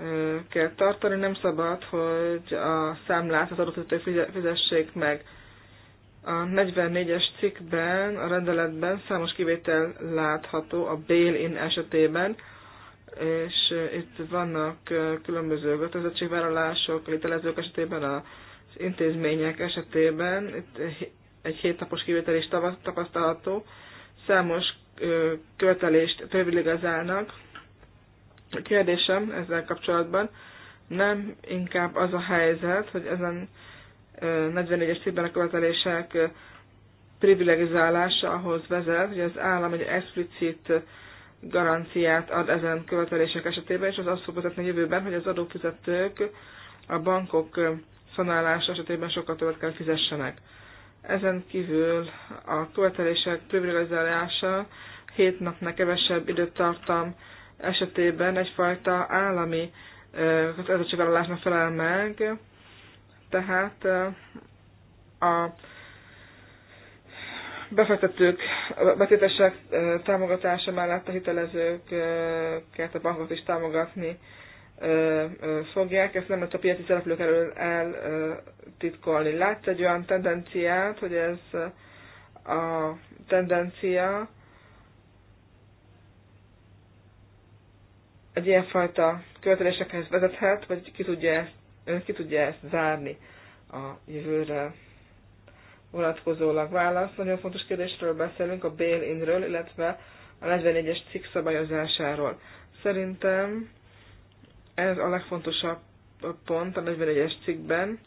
Speaker 3: eh, kell tartani. Nem szabad, hogy a számlát az adófizetők fizessék meg. A 44-es cikkben, a rendeletben számos kivétel látható a bail-in esetében, és itt vannak különböző kötelezettségvállalások, hitelezők esetében, az intézmények esetében, itt egy hétnapos kivétel is tapasztalható, számos követelést privilegizálnak. A kérdésem ezzel kapcsolatban nem inkább az a helyzet, hogy ezen 44-es cikkben a követelések privilegizálásához vezet, hogy az állam egy explicit garanciát ad ezen követelések esetében, és az azt fog vezetni a jövőben, hogy az adófizetők a bankok szanálása esetében sokkal többet kell fizessenek. Ezen kívül a követelések privilegizálása 7 napnak kevesebb időtartam esetében egyfajta állami kötelezettségvállalásnak felel meg, tehát a befektetők, a betétesek támogatása mellett a hitelezőket, a bankot is támogatni fogják, ezt nem lehet a piaci szereplők elől eltitkolni. Látsz egy olyan tendenciát, hogy ez a tendencia egy ilyenfajta követelésekhez vezethet, vagy ki tudja ezt ön ki tudja ezt zárni a jövőre vonatkozólag válasz. Nagyon fontos kérdésről beszélünk, a bail-inről, illetve a 44-es cikk szabályozásáról. Szerintem ez a legfontosabb pont a 41-es cikkben,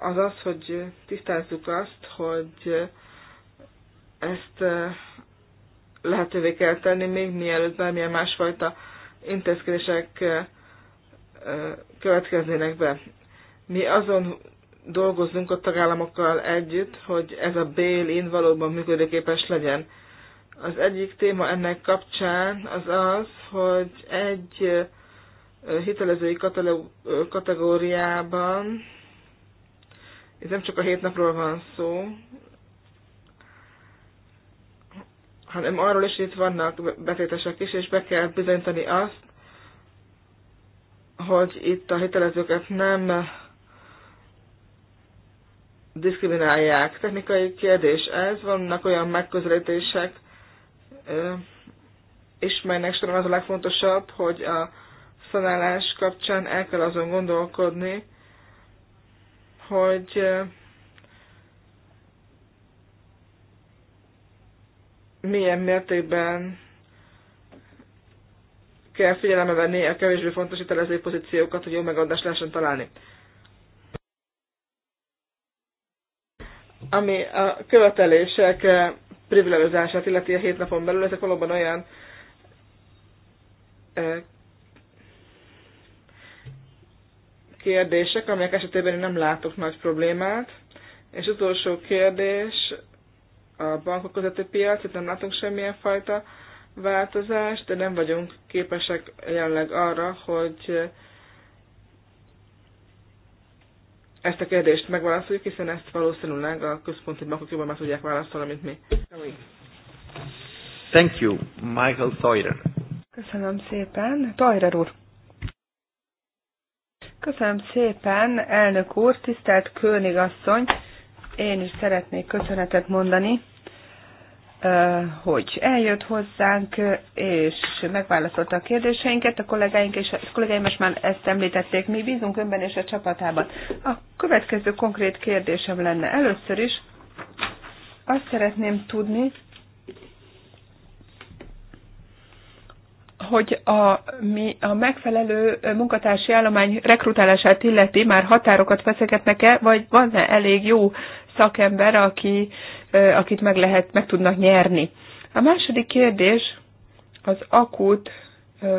Speaker 3: az az, hogy tisztázzuk azt, hogy ezt lehetővé kell tenni, még mielőtt bármilyen másfajta intézkedések következnének be. Mi azon dolgozunk a tagállamokkal együtt, hogy ez a bail-in valóban működőképes legyen. Az egyik téma ennek kapcsán az az, hogy egy hitelezői kategóriában, ez nem csak a hét napról van szó, hanem arról is, itt vannak betétesek is, és be kell bizonyítani azt, hogy itt a hitelezőket nem diszkriminálják. Technikai kérdés ez, vannak olyan megközelítések, és melynek során az a legfontosabb, hogy a szanálás kapcsán el kell azon gondolkodni, hogy milyen mértékben kell figyelembe venni a kevésbé fontos hitelező pozíciókat, hogy jó megoldást lehessen találni. Ami a követelések privilegizását illeti a hét napon belül, ezek valóban olyan kérdések, amelyek esetében én nem látok nagy problémát. És utolsó kérdés, a bankok közötti piac, itt nem látunk semmilyen fajta változást, de nem vagyunk képesek jelenleg arra, hogy ezt a kérdést megválaszoljuk, hiszen ezt valószínűleg a központi bankok jobban meg tudják válaszolni, mint mi.
Speaker 1: Thank you, Michael Sawyer.
Speaker 2: Köszönöm szépen. Thayer úr. Köszönöm szépen, elnök úr, tisztelt Königasszony. Én is szeretnék köszönetet mondani hogy eljött hozzánk, és megválaszolta a kérdéseinket. A kollégáink és a kollégáim is már ezt említették, mi bízunk önben és a csapatában. A következő konkrét kérdésem lenne először is, azt szeretném tudni, hogy a, mi a megfelelő munkatársi állomány rekrutálását illeti már határokat feszegetnek-e, vagy van-e elég jó szakember, aki, akit meg lehet, meg tudnak nyerni. A második kérdés az akut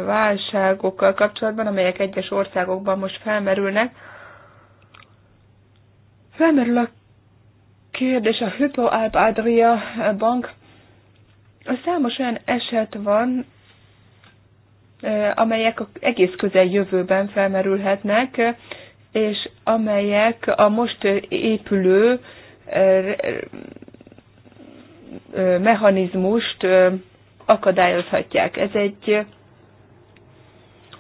Speaker 2: válságokkal kapcsolatban, amelyek egyes országokban most felmerülnek. Felmerül a kérdés a Hypo Alp Adria Bank. Számos olyan eset van, amelyek egész közel jövőben felmerülhetnek, és amelyek a most épülő mechanizmust akadályozhatják. Ez egy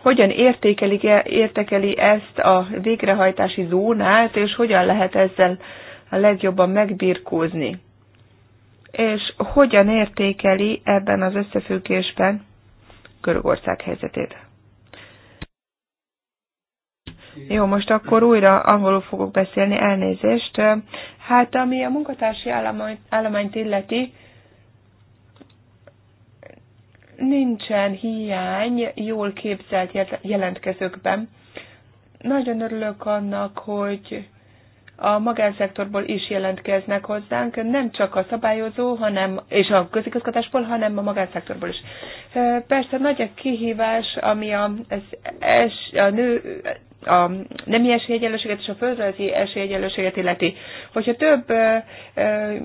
Speaker 2: hogyan értékelik, értekeli ezt a végrehajtási zónát, és hogyan lehet ezzel a legjobban megbirkózni. És hogyan értékeli ebben az összefüggésben Görögország helyzetét. Jó, most akkor újra angolul fogok beszélni, elnézést. Hát, ami a munkatársi állományt, illeti, nincsen hiány jól képzelt jelentkezőkben. Nagyon örülök annak, hogy a magánszektorból is jelentkeznek hozzánk, nem csak a szabályozó, hanem, és a közigazgatásból, hanem a magánszektorból is. Persze nagy a kihívás, ami a, ez, ez, a nő a nemi esélyegyenlőséget és a földrajzi esélyegyenlőséget illeti. Hogyha több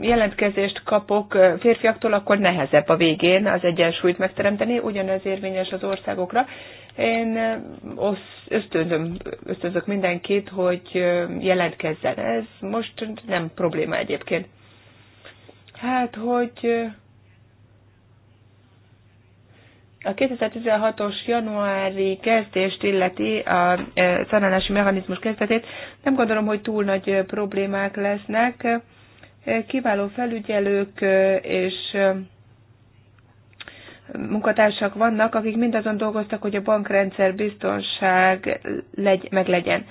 Speaker 2: jelentkezést kapok férfiaktól, akkor nehezebb a végén az egyensúlyt megteremteni, ugyanez érvényes az országokra. Én ösztönzöm, ösztönzök mindenkit, hogy jelentkezzen. Ez most nem probléma egyébként. Hát, hogy a 2016-os januári kezdést illeti a szanálási e, mechanizmus kezdetét nem gondolom, hogy túl nagy e, problémák lesznek. E, kiváló felügyelők és munkatársak vannak, akik mindazon dolgoztak, hogy a bankrendszer biztonság legy- meglegyen.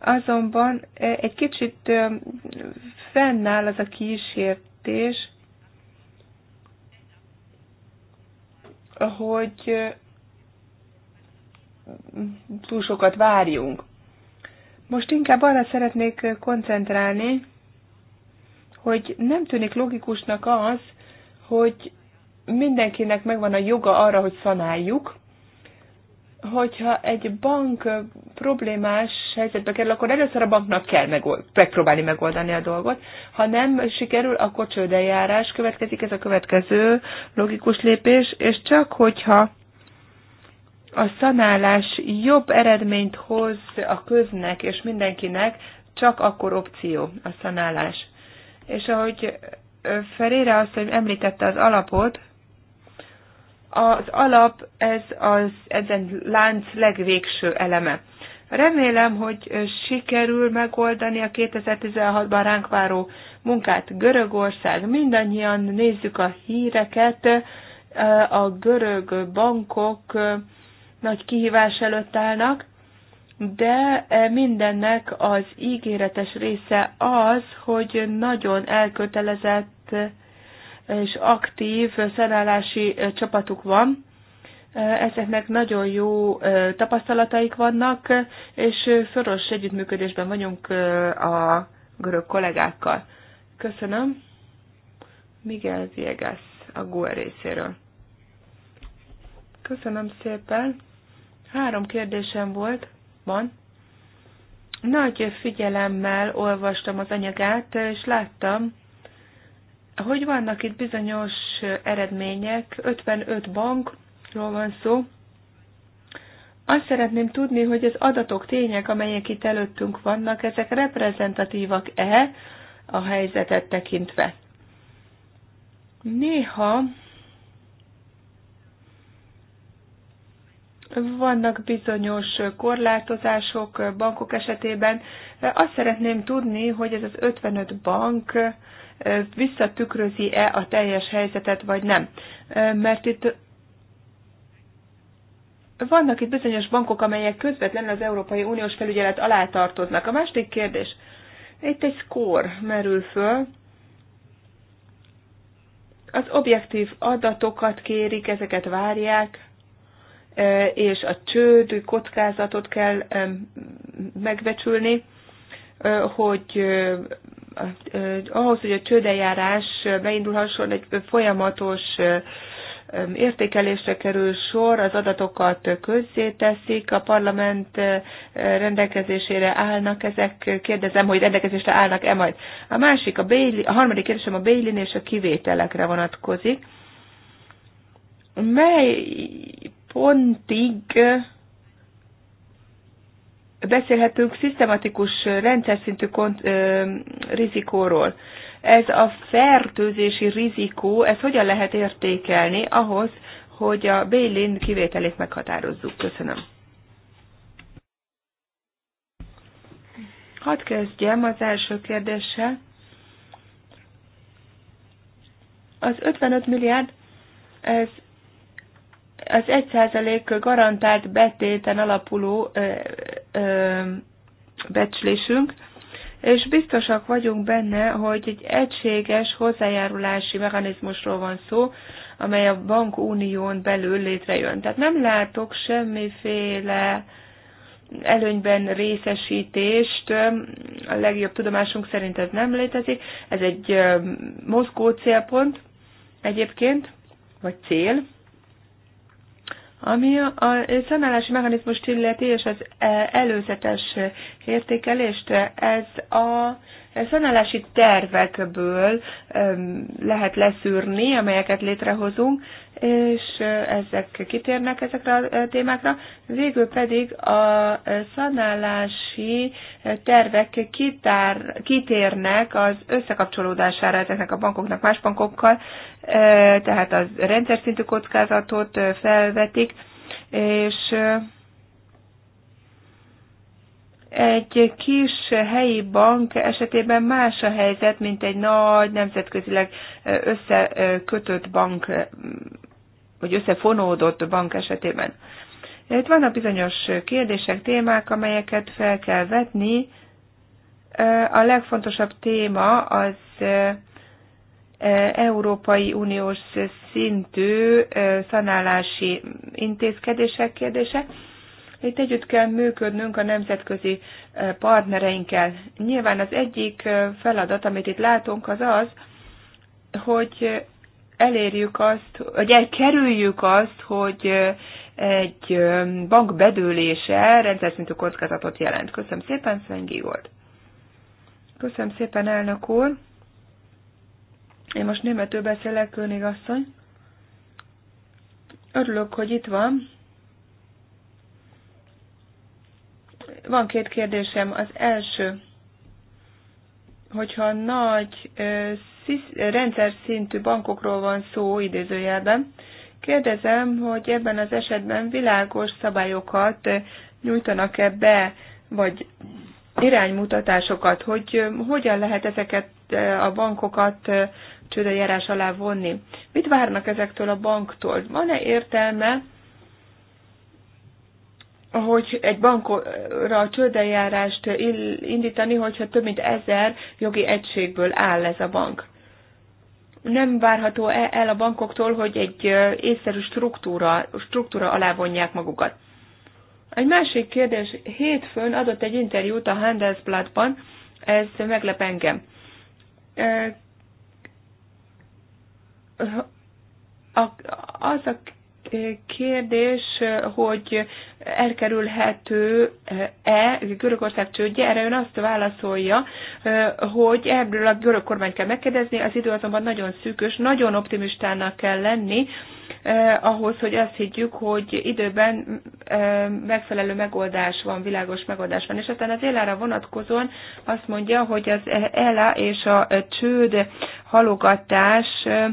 Speaker 2: Azonban egy kicsit fennáll az a kísértés, hogy túl sokat várjunk. Most inkább arra szeretnék koncentrálni, hogy nem tűnik logikusnak az, hogy mindenkinek megvan a joga arra, hogy szanáljuk, hogyha egy bank problémás helyzetbe kerül, akkor először a banknak kell megold, megpróbálni megoldani a dolgot. Ha nem sikerül, akkor csődeljárás következik, ez a következő logikus lépés, és csak hogyha a szanálás jobb eredményt hoz a köznek és mindenkinek, csak akkor opció a szanálás. És ahogy Ferére azt, hogy említette az alapot, az alap, ez az ezen lánc legvégső eleme. Remélem, hogy sikerül megoldani a 2016-ban ránk váró munkát Görögország. Mindannyian nézzük a híreket, a görög bankok nagy kihívás előtt állnak, de mindennek az ígéretes része az, hogy nagyon elkötelezett és aktív szerelási csapatuk van. Ezeknek nagyon jó tapasztalataik vannak, és szoros együttműködésben vagyunk a görög kollégákkal. Köszönöm. Miguel Viegas a GUE részéről. Köszönöm szépen. Három kérdésem volt, van. Nagy figyelemmel olvastam az anyagát, és láttam, hogy vannak itt bizonyos eredmények, 55 bankról van szó, azt szeretném tudni, hogy az adatok, tények, amelyek itt előttünk vannak, ezek reprezentatívak-e a helyzetet tekintve. Néha vannak bizonyos korlátozások bankok esetében. Azt szeretném tudni, hogy ez az 55 bank visszatükrözi-e a teljes helyzetet, vagy nem. Mert itt vannak itt bizonyos bankok, amelyek közvetlenül az Európai Uniós felügyelet alá tartoznak. A másik kérdés, itt egy szkór merül föl, az objektív adatokat kérik, ezeket várják, és a csődű kockázatot kell megbecsülni, hogy ahhoz, hogy a csődejárás beindulhasson, egy folyamatos értékelésre kerül sor, az adatokat teszik, a parlament rendelkezésére állnak ezek, kérdezem, hogy rendelkezésre állnak-e majd. A másik, a, Bailey, a harmadik kérdésem a Bailey és a kivételekre vonatkozik. Mely pontig beszélhetünk szisztematikus rendszer szintű kont, ö, rizikóról. Ez a fertőzési rizikó, ez hogyan lehet értékelni ahhoz, hogy a Bélin kivételét meghatározzuk? Köszönöm. Hadd kezdjem az első kérdéssel. Az 55 milliárd, ez az 1% garantált betéten alapuló ö, ö, becslésünk, és biztosak vagyunk benne, hogy egy egységes hozzájárulási mechanizmusról van szó, amely a bankunión belül létrejön. Tehát nem látok semmiféle előnyben részesítést, a legjobb tudomásunk szerint ez nem létezik, ez egy Moszkó célpont egyébként, vagy cél, ami a, a mechanizmust illeti és az e, előzetes értékelést, ez a szanálási tervekből lehet leszűrni, amelyeket létrehozunk, és ezek kitérnek ezekre a témákra. Végül pedig a szanálási tervek kitár, kitérnek az összekapcsolódására ezeknek a bankoknak más bankokkal, tehát az rendszer szintű kockázatot felvetik, és egy kis helyi bank esetében más a helyzet, mint egy nagy nemzetközileg összekötött bank, vagy összefonódott bank esetében. Itt vannak bizonyos kérdések, témák, amelyeket fel kell vetni. A legfontosabb téma az Európai Uniós szintű szanálási intézkedések kérdése. Itt együtt kell működnünk a nemzetközi eh, partnereinkkel. Nyilván az egyik eh, feladat, amit itt látunk, az az, hogy elérjük azt, hogy elkerüljük azt, hogy eh, egy bank bedőlése rendszer szintű kockázatot jelent. Köszönöm szépen, Szengi volt. Köszönöm szépen, elnök úr. Én most németül beszélek, König asszony. Örülök, hogy itt van. Van két kérdésem. Az első, hogyha nagy rendszer szintű bankokról van szó idézőjelben, kérdezem, hogy ebben az esetben világos szabályokat nyújtanak-e be, vagy iránymutatásokat, hogy hogyan lehet ezeket a bankokat csődöjárás alá vonni. Mit várnak ezektől a banktól? Van-e értelme hogy egy bankra csődeljárást indítani, hogyha több mint ezer jogi egységből áll ez a bank. Nem várható e-, el a bankoktól, hogy egy észszerű struktúra, struktúra alá vonják magukat. Egy másik kérdés. Hétfőn adott egy interjút a Handelsblattban, ez meglep engem. Az a kérdés, hogy elkerülhető-e Görögország csődje, erre ön azt válaszolja, hogy ebből a görög kormány kell megkérdezni, az idő azonban nagyon szűkös, nagyon optimistának kell lenni, eh, ahhoz, hogy azt higgyük, hogy időben eh, megfelelő megoldás van, világos megoldás van. És aztán az élára vonatkozóan azt mondja, hogy az ELA és a csőd halogatás eh,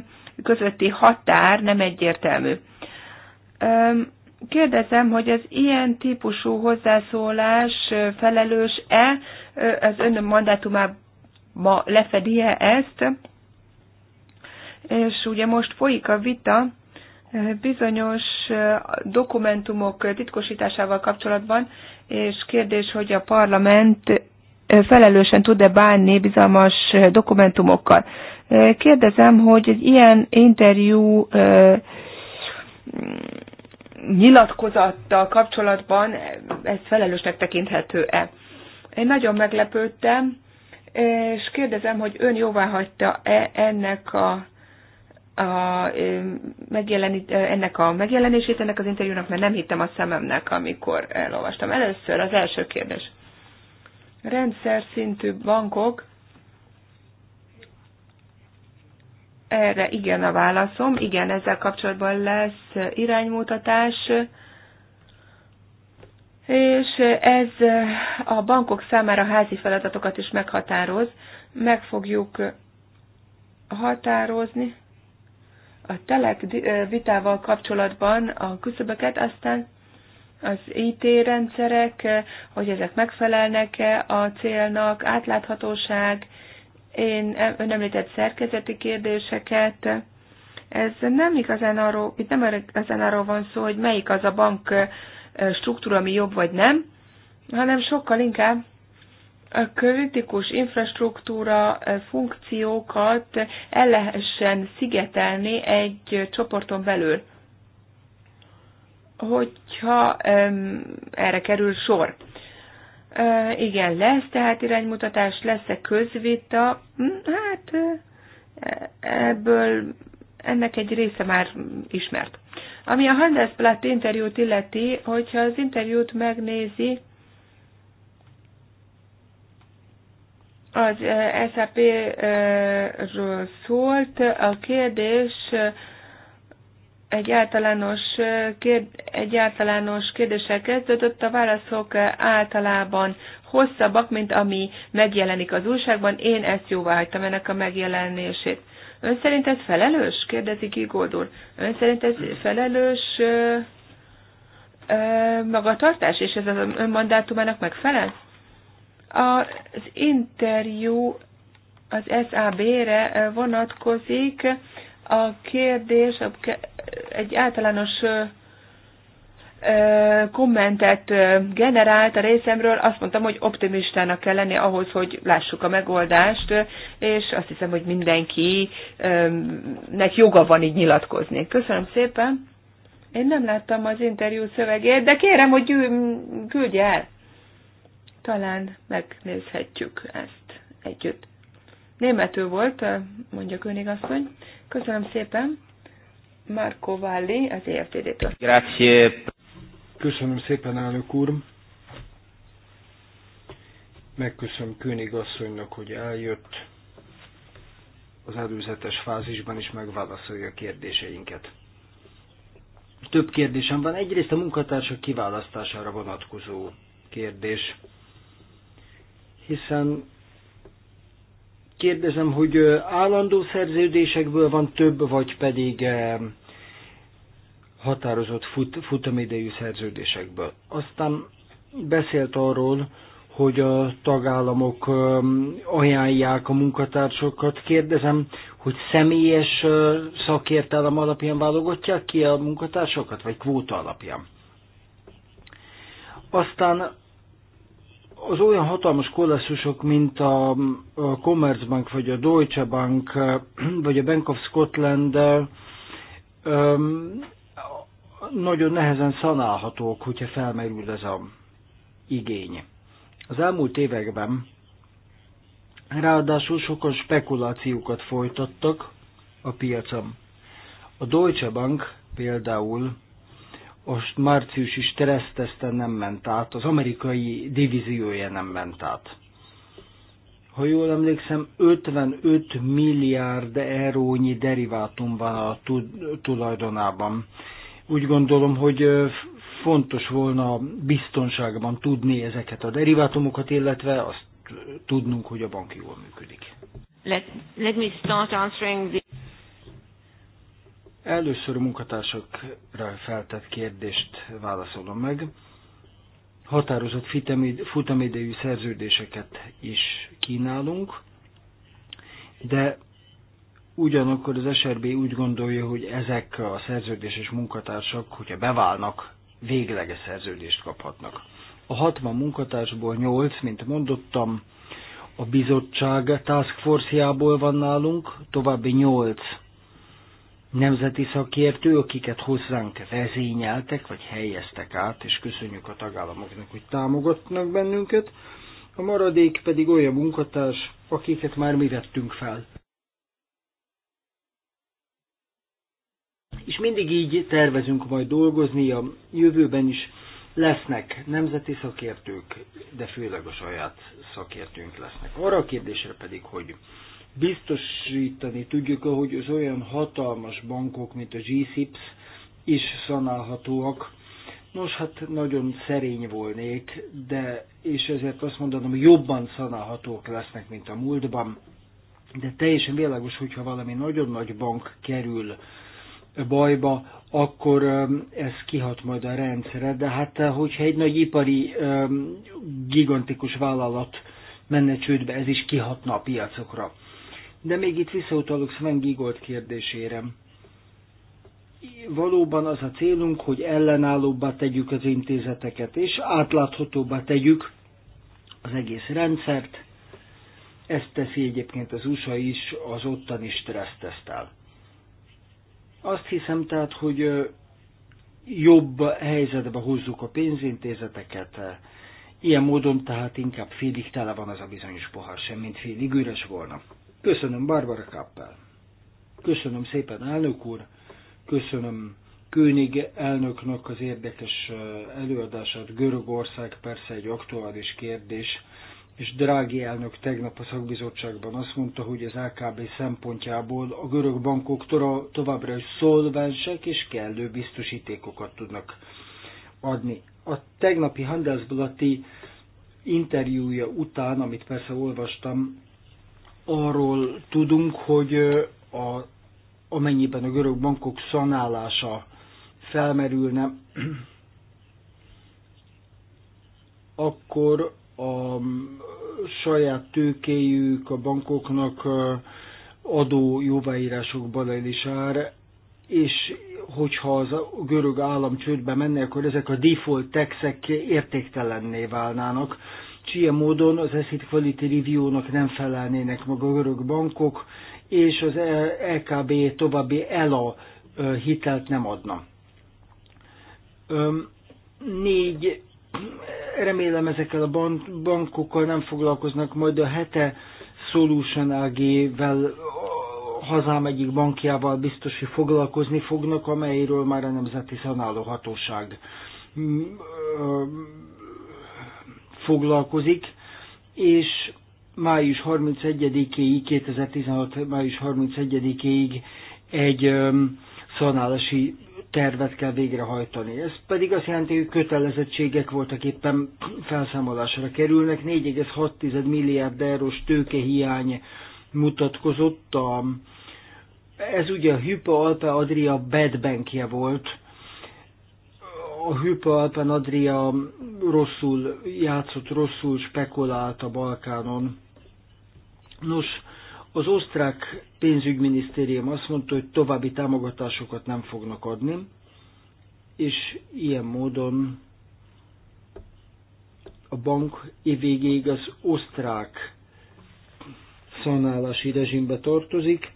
Speaker 2: közötti határ nem egyértelmű. Kérdezem, hogy az ilyen típusú hozzászólás felelős-e, az ön mandátumába lefedi-e ezt? És ugye most folyik a vita bizonyos dokumentumok titkosításával kapcsolatban, és kérdés, hogy a parlament felelősen tud-e bánni bizalmas dokumentumokkal. Kérdezem, hogy egy ilyen interjú nyilatkozattal kapcsolatban ez felelősnek tekinthető-e. Én nagyon meglepődtem, és kérdezem, hogy ön jóvá hagyta-e ennek a, a, megjelenít, ennek a megjelenését, ennek az interjúnak, mert nem hittem a szememnek, amikor elolvastam. Először az első kérdés. Rendszer szintű bankok Erre igen a válaszom, igen, ezzel kapcsolatban lesz iránymutatás, és ez a bankok számára házi feladatokat is meghatároz, meg fogjuk határozni a telek vitával kapcsolatban a küszöböket, aztán az IT rendszerek, hogy ezek megfelelnek-e a célnak, átláthatóság, én ön említett szerkezeti kérdéseket, ez nem igazán arról, itt nem igazán arról van szó, hogy melyik az a bank struktúra, ami jobb vagy nem, hanem sokkal inkább a kritikus infrastruktúra funkciókat el lehessen szigetelni egy csoporton belül, hogyha um, erre kerül sor igen, lesz tehát iránymutatás, lesz-e közvita? Hm, hát ebből ennek egy része már ismert. Ami a Handelsblatt interjút illeti, hogyha az interjút megnézi, az SAP-ről szólt, a kérdés egy általános, kérd, egy általános kérdéssel kezdődött, a válaszok általában hosszabbak, mint ami megjelenik az újságban. Én ezt jóvá hagytam ennek a megjelenését. Ön szerint ez felelős? kérdezi Gigold úr. Ön szerint ez felelős ö, ö, magatartás, és ez az ön mandátumának megfelel? Az interjú az SAB-re vonatkozik a kérdés egy általános kommentet generált a részemről, azt mondtam, hogy optimistának kell lenni ahhoz, hogy lássuk a megoldást, és azt hiszem, hogy mindenkinek joga van így nyilatkozni. Köszönöm szépen! Én nem láttam az interjú szövegét, de kérem, hogy küldje el. Talán megnézhetjük ezt együtt. Németül volt, mondja Königasszony. Köszönöm szépen. Marco Valli az
Speaker 5: EFTD-től. Grazie. Köszönöm szépen, elnök úr. Megköszönöm König asszonynak, hogy eljött az előzetes fázisban is megválaszolja a kérdéseinket. Több kérdésem van. Egyrészt a munkatársak kiválasztására vonatkozó kérdés, hiszen Kérdezem, hogy állandó szerződésekből van több, vagy pedig határozott fut, futamidejű szerződésekből. Aztán beszélt arról, hogy a tagállamok ajánlják a munkatársokat. Kérdezem, hogy személyes szakértelem alapján válogatják ki a munkatársokat, vagy kvóta alapján? Aztán az olyan hatalmas kolleszusok, mint a, a Commerzbank, vagy a Deutsche Bank, vagy a Bank of Scotland nagyon nehezen szanálhatók, hogyha felmerül ez a igény. Az elmúlt években ráadásul sokan spekulációkat folytattak a piacon. A Deutsche Bank például most március is stresszteszten nem ment át, az amerikai divíziója nem ment át. Ha jól emlékszem, 55 milliárd eurónyi derivátum van a tulajdonában. Úgy gondolom, hogy fontos volna biztonságban tudni ezeket a derivátumokat, illetve azt tudnunk, hogy a bank jól működik.
Speaker 2: Let, let me start answering the...
Speaker 5: Először a munkatársakra feltett kérdést válaszolom meg. Határozott futamidejű szerződéseket is kínálunk, de ugyanakkor az SRB úgy gondolja, hogy ezek a szerződéses munkatársak, hogyha beválnak, végleges szerződést kaphatnak. A 60 munkatársból 8, mint mondottam, a bizottság task force-jából van nálunk, további 8 nemzeti szakértő, akiket hozzánk vezényeltek, vagy helyeztek át, és köszönjük a tagállamoknak, hogy támogatnak bennünket. A maradék pedig olyan munkatárs, akiket már mi vettünk fel. És mindig így tervezünk majd dolgozni, a jövőben is lesznek nemzeti szakértők, de főleg a saját szakértőnk lesznek. Arra a kérdésre pedig, hogy biztosítani tudjuk, hogy az olyan hatalmas bankok, mint a GSIPS is szanálhatóak. Nos, hát nagyon szerény volnék, de és ezért azt mondanom, hogy jobban szanálhatók lesznek, mint a múltban. De teljesen világos, hogyha valami nagyon nagy bank kerül bajba, akkor ez kihat majd a rendszerre. De hát, eh, hogyha egy nagy ipari gigantikus vállalat menne csődbe, ez is kihatna a piacokra. De még itt visszautalok Sven Gigolt kérdésére. Valóban az a célunk, hogy ellenállóbbá tegyük az intézeteket, és átláthatóbbá tegyük az egész rendszert. Ezt teszi egyébként az USA is az ottani stressztesztel. Azt hiszem tehát, hogy jobb helyzetbe hozzuk a pénzintézeteket, Ilyen módon tehát inkább félig tele van az a bizonyos pohár, semmint félig üres volna. Köszönöm, Barbara Kappel. Köszönöm szépen, elnök úr. Köszönöm König elnöknek az érdekes eh, előadását. Görögország persze egy aktuális kérdés, és Drági elnök tegnap a szakbizottságban azt mondta, hogy az AKB szempontjából a görög bankok továbbra is szolvensek és kellő biztosítékokat tudnak adni. A tegnapi Handelsblatti interjúja után, amit persze olvastam, arról tudunk, hogy a, amennyiben a görög bankok szanálása felmerülne, akkor a saját tőkéjük a bankoknak adó jóváírások is ár, és hogyha az a görög állam csődbe menne, akkor ezek a default taxek értéktelenné válnának és ilyen módon az Asset Quality Review-nak nem felelnének meg a görög bankok, és az LKB további ELA hitelt nem adna. Négy, remélem ezekkel a bankokkal nem foglalkoznak, majd a hete Solution AG-vel hazám egyik bankjával biztos, hogy foglalkozni fognak, amelyről már a Nemzeti Szanáló Hatóság foglalkozik, és május 31 éig 2016. május 31 éig egy szanálási tervet kell végrehajtani. Ez pedig azt jelenti, hogy kötelezettségek voltak éppen felszámolásra kerülnek. 4,6 milliárd eurós tőkehiány mutatkozott. A, ez ugye a Hypo Alpe Adria bad bankje volt, a Hüpa Alpen Adria rosszul játszott, rosszul spekulált a Balkánon. Nos, az osztrák pénzügyminisztérium azt mondta, hogy további támogatásokat nem fognak adni, és ilyen módon a bank évvégéig az osztrák szanálási rezsimbe tartozik.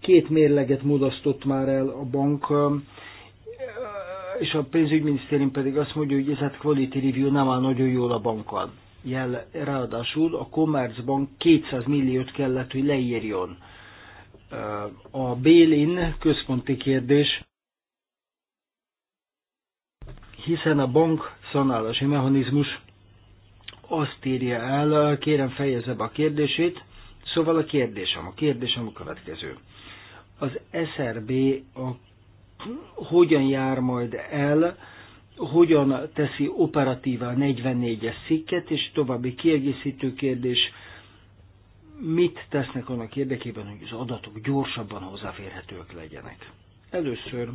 Speaker 5: Két mérleget mudasztott már el a bank és a pénzügyminisztérium pedig azt mondja, hogy ez a hát quality review nem áll nagyon jól a bankkal. Jel, ráadásul a Commerzbank 200 milliót kellett, hogy leírjon. A Bélin központi kérdés, hiszen a bank szanálási mechanizmus azt írja el, kérem fejezze be a kérdését, szóval a kérdésem, a kérdésem a következő. Az SRB a hogyan jár majd el, hogyan teszi operatívá a 44-es szikket, és további kiegészítő kérdés, mit tesznek annak érdekében, hogy az adatok gyorsabban hozzáférhetők legyenek. Először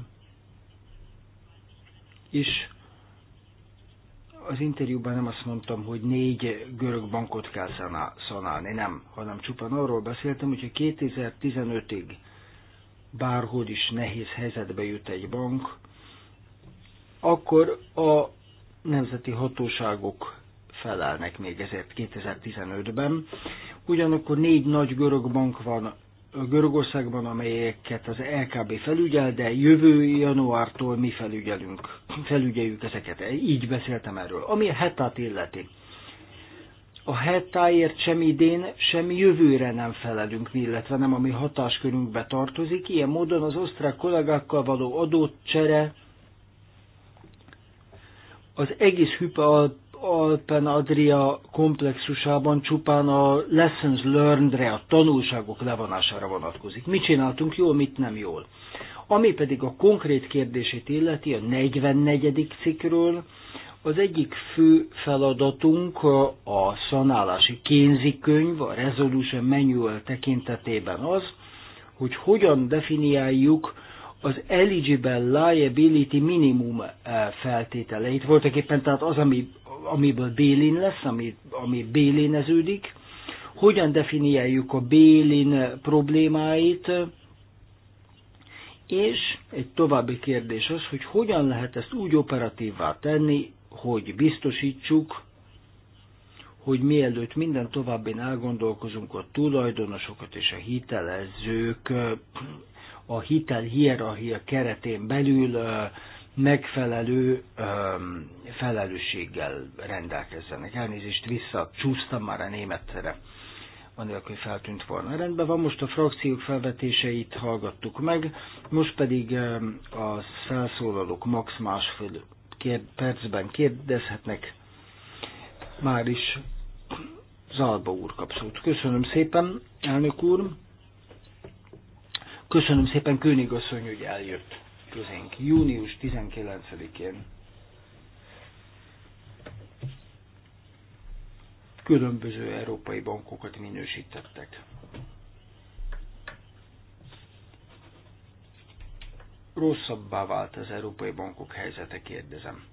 Speaker 5: is az interjúban nem azt mondtam, hogy négy görög bankot kell szanálni, nem, hanem csupán arról beszéltem, hogy 2015-ig bárhogy is nehéz helyzetbe jut egy bank, akkor a nemzeti hatóságok felelnek még ezért 2015-ben. Ugyanakkor négy nagy görög bank van Görögországban, amelyeket az LKB felügyel, de jövő januártól mi felügyelünk, felügyeljük ezeket. Így beszéltem erről. Ami a hetát illeti a hetáért sem idén, sem jövőre nem felelünk, illetve nem ami hatáskörünkbe tartozik. Ilyen módon az osztrák kollégákkal való adócsere az egész Hüpe Alpen Adria komplexusában csupán a lessons learned-re, a tanulságok levonására vonatkozik. Mit csináltunk jól, mit nem jól. Ami pedig a konkrét kérdését illeti, a 44. cikkről, az egyik fő feladatunk a szanálási kénzikönyv, a Resolution Manual tekintetében az, hogy hogyan definiáljuk az eligible liability minimum eh, feltételeit. Voltak éppen tehát az, ami, amiből bélin lesz, ami, ami béléneződik, hogyan definiáljuk a bélin problémáit, és egy további kérdés az, hogy hogyan lehet ezt úgy operatívvá tenni, hogy biztosítsuk, hogy mielőtt minden továbbin elgondolkozunk, a tulajdonosokat és a hitelezők a hitel hierarchia keretén belül megfelelő felelősséggel rendelkezzenek. Elnézést vissza, csúsztam már a németre, anélkül feltűnt volna. Rendben van, most a frakciók felvetéseit hallgattuk meg, most pedig a felszólalók max másfél kér, percben kérdezhetnek. Már is Zalba úr kap szót. Köszönöm szépen, elnök úr. Köszönöm szépen Königasszony, hogy eljött közénk. Június 19-én különböző európai bankokat minősítettek. rosszabbá vált az európai bankok helyzete, kérdezem.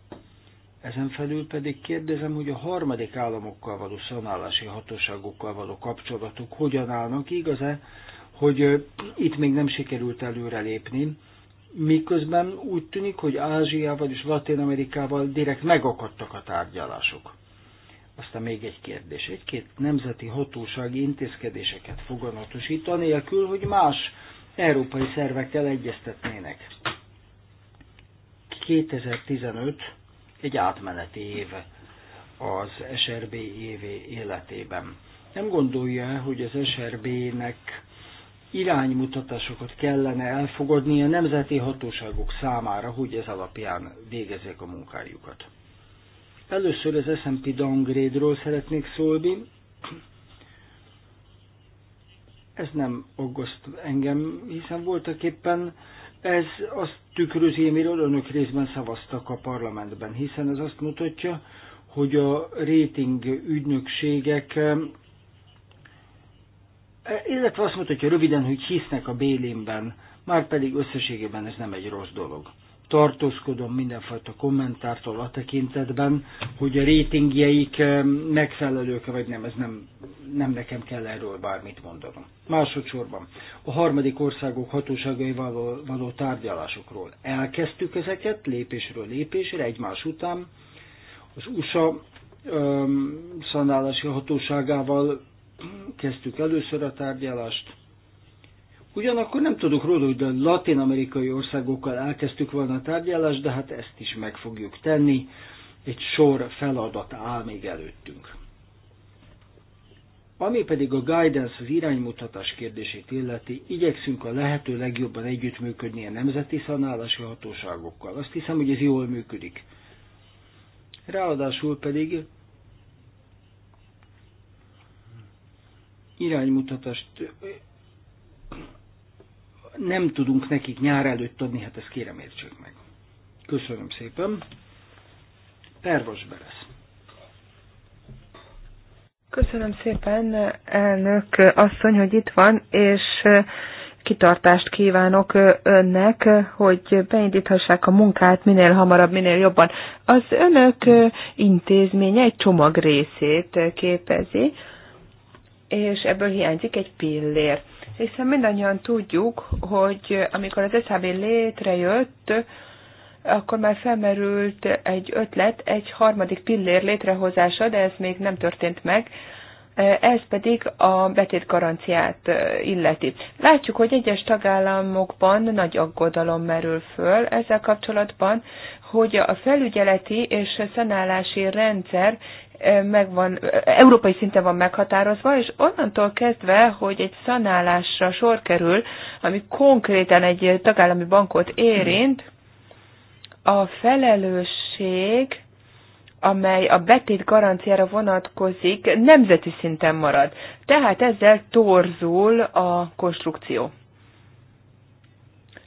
Speaker 5: Ezen felül pedig kérdezem, hogy a harmadik államokkal való szanálási hatóságokkal való kapcsolatok hogyan állnak, igaz-e, hogy itt még nem sikerült előrelépni, miközben úgy tűnik, hogy Ázsiával és Latin Amerikával direkt megakadtak a tárgyalások. Aztán még egy kérdés. Egy-két nemzeti hatósági intézkedéseket foganatosít, anélkül, hogy más európai szervekkel egyeztetnének. 2015 egy átmeneti év az SRB évé életében. Nem gondolja, hogy az SRB-nek iránymutatásokat kellene elfogadni a nemzeti hatóságok számára, hogy ez alapján végezzék a munkájukat. Először az S&P downgrade-ról szeretnék szólni, ez nem aggaszt engem, hiszen voltak éppen ez azt tükrözi, miről önök részben szavaztak a parlamentben, hiszen ez azt mutatja, hogy a rating ügynökségek, illetve azt mutatja röviden, hogy hisznek a bélénben, már pedig összességében ez nem egy rossz dolog tartózkodom mindenfajta kommentártól a tekintetben, hogy a rétingjeik eh, megfelelők vagy nem, ez nem, nem nekem kell erről bármit mondanom. Másodszorban a harmadik országok hatóságaival való, való tárgyalásokról. Elkezdtük ezeket lépésről lépésre egymás után. Az USA eh, szanálási hatóságával kezdtük először a tárgyalást, Ugyanakkor nem tudok róla, hogy a latin-amerikai országokkal elkezdtük volna a tárgyalást, de hát ezt is meg fogjuk tenni. Egy sor feladat áll még előttünk. Ami pedig a guidance, az iránymutatás kérdését illeti, igyekszünk a lehető legjobban együttműködni a nemzeti szanálási hatóságokkal. Azt hiszem, hogy ez jól működik. Ráadásul pedig iránymutatást nem tudunk nekik nyár előtt adni, hát ezt kérem értsék meg. Köszönöm szépen. Pervas Beres.
Speaker 2: Köszönöm szépen, elnök asszony, hogy itt van, és kitartást kívánok önnek, hogy beindíthassák a munkát minél hamarabb, minél jobban. Az önök intézménye egy csomag részét képezi, és ebből hiányzik egy pillér hiszen mindannyian tudjuk, hogy amikor az SHB létrejött, akkor már felmerült egy ötlet, egy harmadik pillér létrehozása, de ez még nem történt meg. Ez pedig a betét garanciát illeti. Látjuk, hogy egyes tagállamokban nagy aggodalom merül föl ezzel kapcsolatban, hogy a felügyeleti és szanálási rendszer megvan, európai szinten van meghatározva, és onnantól kezdve, hogy egy szanálásra sor kerül, ami konkrétan egy tagállami bankot érint, a felelősség, amely a betét garanciára vonatkozik, nemzeti szinten marad. Tehát ezzel torzul a konstrukció.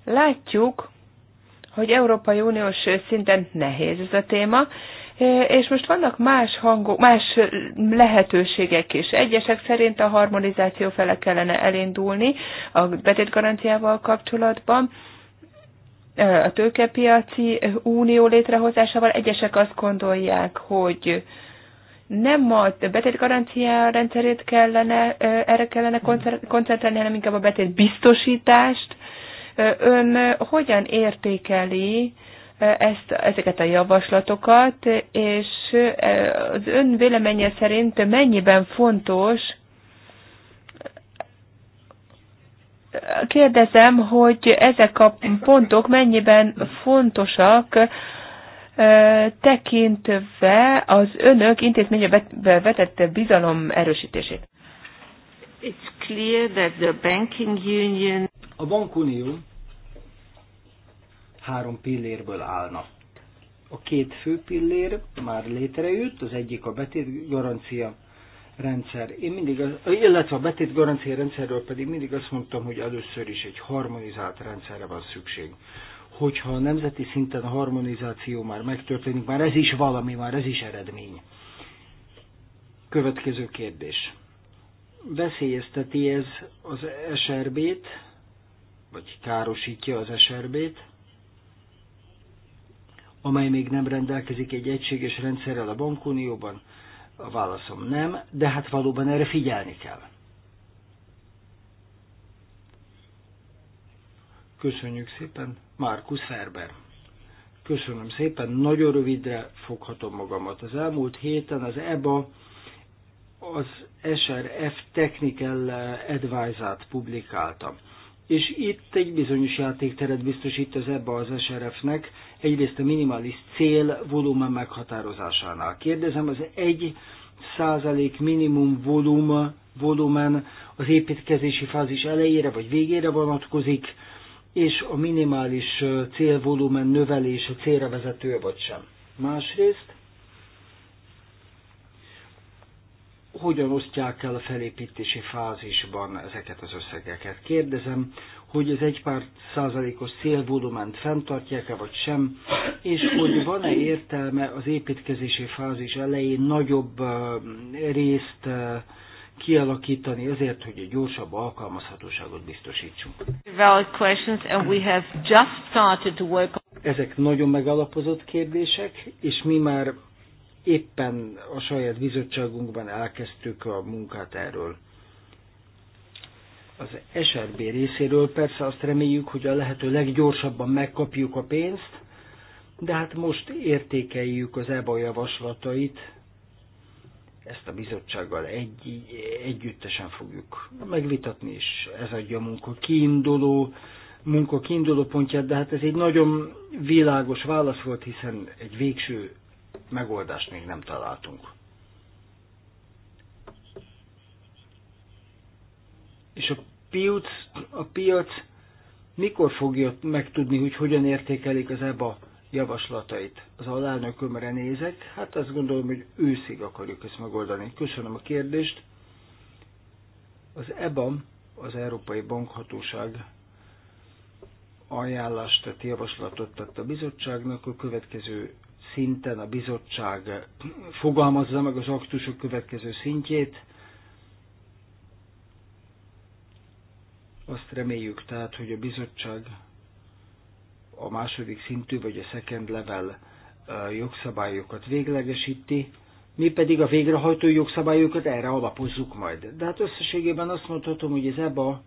Speaker 2: Látjuk, hogy Európai Uniós szinten nehéz ez a téma, E, és most vannak más hangok, más lehetőségek is. Egyesek szerint a harmonizáció fele kellene elindulni a betétgaranciával kapcsolatban e, a tőkepiaci unió létrehozásával egyesek azt gondolják, hogy nem a betét garancia rendszerét kellene, e, erre kellene koncentrálni, hanem inkább a betét biztosítást. Ön hogyan értékeli ezt, ezeket a javaslatokat, és e, az ön véleménye szerint mennyiben fontos, kérdezem, hogy ezek a pontok mennyiben fontosak, e, tekintve az önök intézménye vetett bizalom erősítését. It's clear that the banking
Speaker 5: union... A bankunió három pillérből állna. A két fő pillér már létrejött, az egyik a betét garancia rendszer. Én mindig, az, illetve a betét garancia rendszerről pedig mindig azt mondtam, hogy először is egy harmonizált rendszerre van szükség. Hogyha a nemzeti szinten a harmonizáció már megtörténik, már ez is valami, már ez is eredmény. Következő kérdés. Veszélyezteti ez az SRB-t, vagy károsítja az SRB-t? amely még nem rendelkezik egy egységes rendszerrel a bankunióban? A válaszom nem, de hát valóban erre figyelni kell. Köszönjük szépen, Markus Ferber. Köszönöm szépen, nagyon rövidre foghatom magamat. Az elmúlt héten az EBA az SRF Technical Advisor-t publikálta. És itt egy bizonyos játékteret biztosít az EBA az SRF-nek, egyrészt a minimális cél volumen meghatározásánál. Kérdezem, az egy százalék minimum volum, volumen az építkezési fázis elejére vagy végére vonatkozik, és a minimális célvolumen növelése célra vezető vagy sem. Másrészt, hogyan osztják el a felépítési fázisban ezeket az összegeket. Kérdezem, hogy az egy pár százalékos szélvolumánt fenntartják-e vagy sem, és hogy van-e értelme az építkezési fázis elején nagyobb részt kialakítani azért, hogy egy gyorsabb alkalmazhatóságot biztosítsunk. Ezek nagyon megalapozott kérdések, és mi már éppen a saját bizottságunkban elkezdtük a munkát erről. Az SRB részéről persze azt reméljük, hogy a lehető leggyorsabban megkapjuk a pénzt, de hát most értékeljük az EBA javaslatait, ezt a bizottsággal egy, együttesen fogjuk megvitatni, és ez adja a munka kiinduló, munka kiinduló pontját, de hát ez egy nagyon világos válasz volt, hiszen egy végső megoldást még nem találtunk. És a piac, a piac mikor fogja megtudni, hogy hogyan értékelik az EBA javaslatait? Az alelnökömre nézek, hát azt gondolom, hogy őszig akarjuk ezt megoldani. Köszönöm a kérdést. Az EBA, az Európai Bankhatóság ajánlást tehát javaslatot tett a bizottságnak, a következő szinten a bizottság fogalmazza meg az aktusok következő szintjét, Azt reméljük tehát, hogy a bizottság a második szintű vagy a second level jogszabályokat véglegesíti, mi pedig a végrehajtó jogszabályokat erre alapozzuk majd. De hát összességében azt mondhatom, hogy az EBA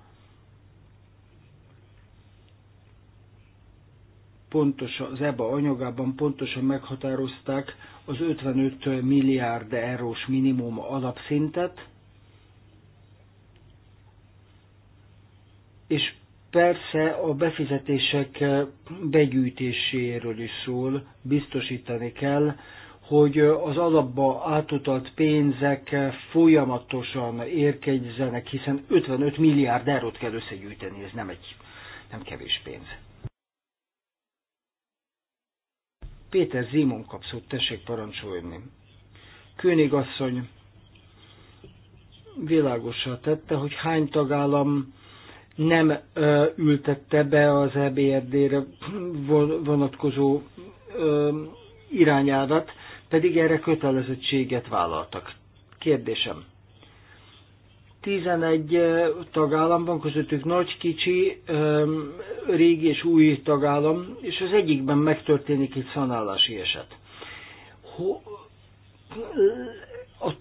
Speaker 5: pontos, az EBA anyagában pontosan meghatározták az 55 milliárd eurós minimum alapszintet, és persze a befizetések begyűjtéséről is szól, biztosítani kell, hogy az alapba átutalt pénzek folyamatosan érkezzenek, hiszen 55 milliárd eurót kell összegyűjteni, ez nem egy nem kevés pénz. Péter Zimon kapszót tessék parancsolni. Königasszony világosra tette, hogy hány tagállam nem ültette be az EBRD-re vonatkozó irányádat, pedig erre kötelezettséget vállaltak. Kérdésem. 11 tagállamban közöttük nagy, kicsi, régi és új tagállam, és az egyikben megtörténik egy szanálási eset. A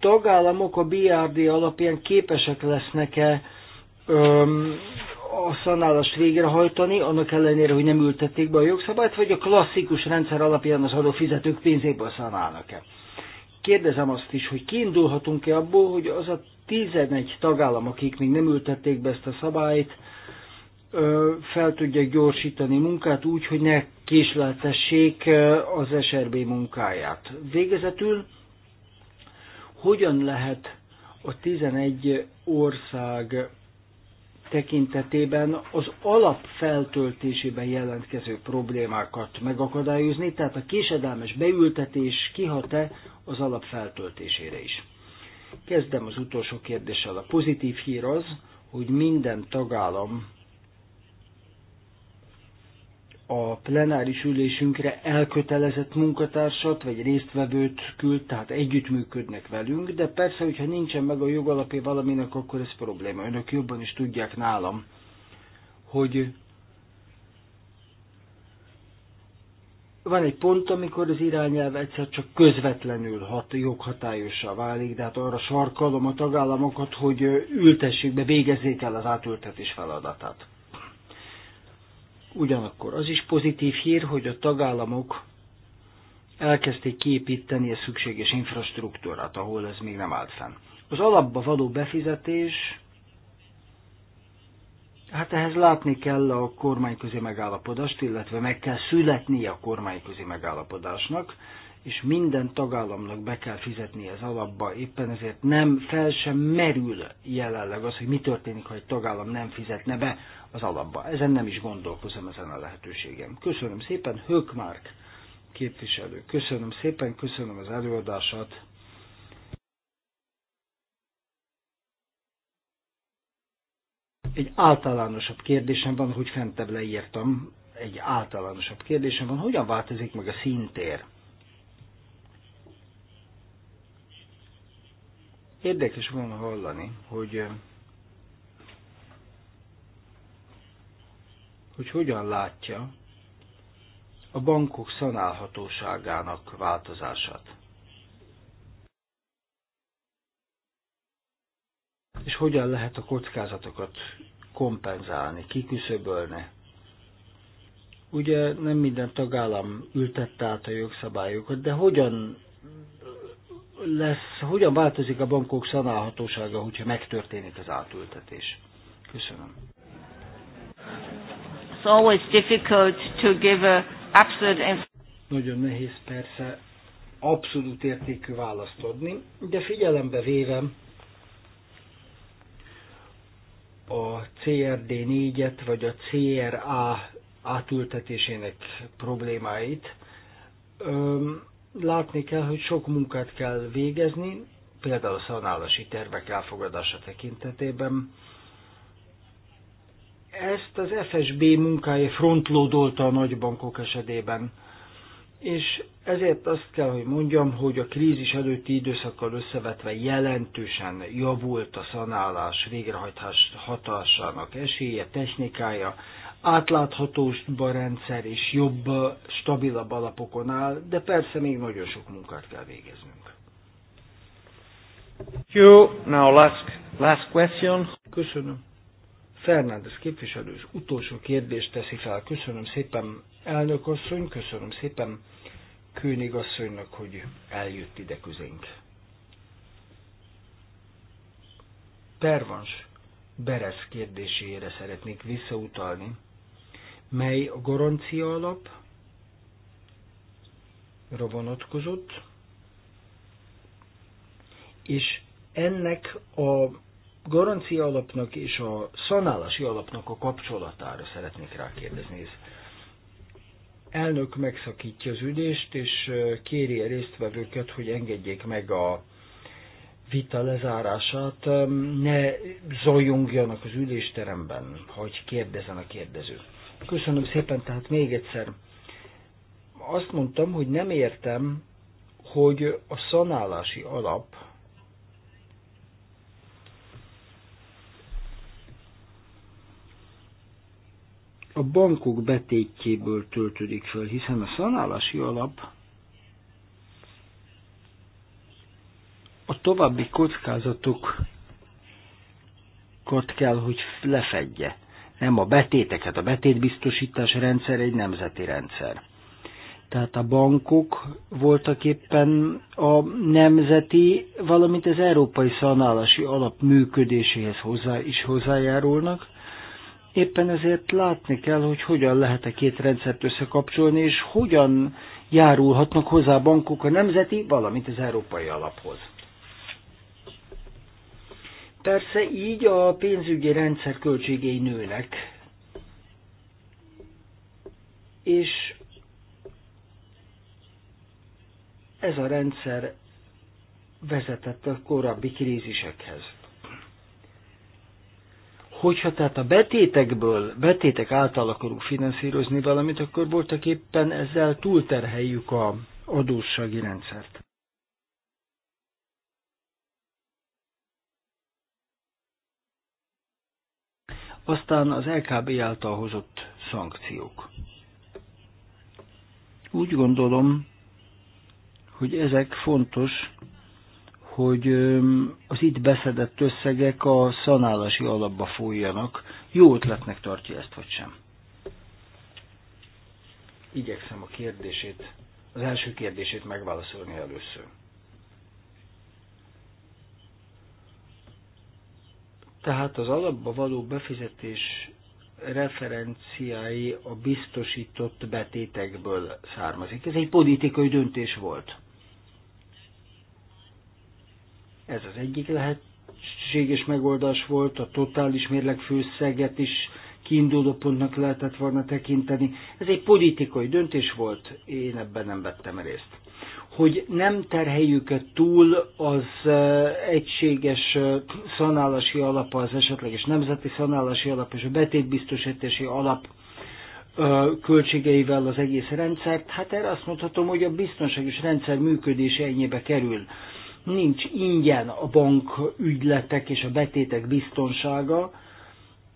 Speaker 5: tagállamok a BRD alapján képesek lesznek-e öm, a szanálást végrehajtani, annak ellenére, hogy nem ültették be a jogszabályt, vagy a klasszikus rendszer alapján az adófizetők pénzéből szanálnak-e. Kérdezem azt is, hogy kiindulhatunk-e abból, hogy az a 11 tagállam, akik még nem ültették be ezt a szabályt, fel tudják gyorsítani munkát úgy, hogy ne késleltessék az SRB munkáját. Végezetül, hogyan lehet a 11 ország tekintetében az alapfeltöltésében jelentkező problémákat megakadályozni, tehát a késedelmes beültetés kihat-e az alapfeltöltésére is. Kezdem az utolsó kérdéssel. A pozitív hír az, hogy minden tagállam a plenáris ülésünkre elkötelezett munkatársat vagy résztvevőt küld, tehát együttműködnek velünk, de persze, hogyha nincsen meg a jogalapja valaminek, akkor ez probléma. Önök jobban is tudják nálam, hogy van egy pont, amikor az irányelv egyszer csak közvetlenül hat, joghatályossá válik, de hát arra sarkalom a tagállamokat, hogy ültessék be, végezzék el az átültetés feladatát. Ugyanakkor az is pozitív hír, hogy a tagállamok elkezdték kiépíteni a szükséges infrastruktúrát, ahol ez még nem állt fenn. Az alapba való befizetés, hát ehhez látni kell a kormányközi megállapodást, illetve meg kell születnie a kormányközi megállapodásnak, és minden tagállamnak be kell fizetni az alapba, éppen ezért nem fel sem merül jelenleg az, hogy mi történik, ha egy tagállam nem fizetne be az alapba. Ezen nem is gondolkozom, ezen a lehetőségem. Köszönöm szépen, Hökmark képviselő. Köszönöm szépen, köszönöm az előadását. Egy általánosabb kérdésem van, hogy fentebb leírtam, egy általánosabb kérdésem van, hogyan változik meg a szintér Érdekes volna hallani, hogy hogy hogyan látja a bankok szanálhatóságának változását. És hogyan lehet a kockázatokat kompenzálni, kiküszöbölni. Ugye nem minden tagállam ültette át a jogszabályokat, de hogyan lesz, hogyan változik a bankok szanálhatósága, hogyha megtörténik az átültetés? Köszönöm. It's always difficult to give a
Speaker 2: absolute
Speaker 5: Nagyon nehéz persze abszolút értékű választ adni, de figyelembe véve a CRD4-et vagy a CRA átültetésének problémáit, látni kell, hogy sok munkát kell végezni, például a szanálasi tervek elfogadása tekintetében, ezt az FSB munkája frontlódolta a nagybankok esetében. És ezért azt kell, hogy mondjam, hogy a krízis előtti időszakkal összevetve jelentősen javult a szanálás végrehajtás hatásának esélye, technikája, átláthatóbb a rendszer és jobb, stabilabb alapokon áll, de persze még nagyon sok munkát kell végeznünk.
Speaker 1: Thank you. Now last, last question. Köszönöm.
Speaker 5: Fernández képviselő utolsó kérdést teszi fel. Köszönöm szépen, elnök asszony, köszönöm szépen König asszonynak, hogy eljött ide közénk. Pervans Beresz kérdésére szeretnék visszautalni, mely a garancia alap vonatkozott, és ennek a garancia alapnak és a szanálási alapnak a kapcsolatára szeretnék rákérdezni. Elnök megszakítja az ülést, és kéri a résztvevőket, hogy engedjék meg a vita lezárását, ne zajongjanak az ülésteremben, hogy kérdezen a kérdező. Köszönöm szépen, tehát még egyszer. Azt mondtam, hogy nem értem, hogy a szanálási alap a bankok betétjéből töltődik föl, hiszen a szanálási alap a további kockázatokat kell, hogy lefedje. Nem a betéteket, a betétbiztosítás rendszer egy nemzeti rendszer. Tehát a bankok voltak éppen a nemzeti, valamint az európai szanálási alap működéséhez hozzá is hozzájárulnak, Éppen ezért látni kell, hogy hogyan lehet a két rendszert összekapcsolni, és hogyan járulhatnak hozzá a bankok a nemzeti, valamint az európai alaphoz. Persze így a pénzügyi rendszer költségei nőnek, és ez a rendszer vezetett a korábbi krízisekhez. Hogyha tehát a betétekből, betétek által akarunk finanszírozni valamit, akkor voltak éppen ezzel túlterheljük a adóssági rendszert. Aztán az LKB által hozott szankciók. Úgy gondolom, hogy ezek fontos hogy az itt beszedett összegek a szanálási alapba folyjanak. Jó ötletnek tartja ezt, vagy sem? Igyekszem a kérdését, az első kérdését megválaszolni először. Tehát az alapba való befizetés referenciái a biztosított betétekből származik. Ez egy politikai döntés volt ez az egyik lehetséges megoldás volt, a totális mérleg főszeget is kiinduló pontnak lehetett volna tekinteni. Ez egy politikai döntés volt, én ebben nem vettem részt. Hogy nem terheljük -e túl az egységes szanálási alap, az esetleges nemzeti szanálási alap és a betétbiztosítási alap költségeivel az egész rendszert, hát erre azt mondhatom, hogy a biztonságos rendszer működése ennyibe kerül nincs ingyen a bank ügyletek és a betétek biztonsága,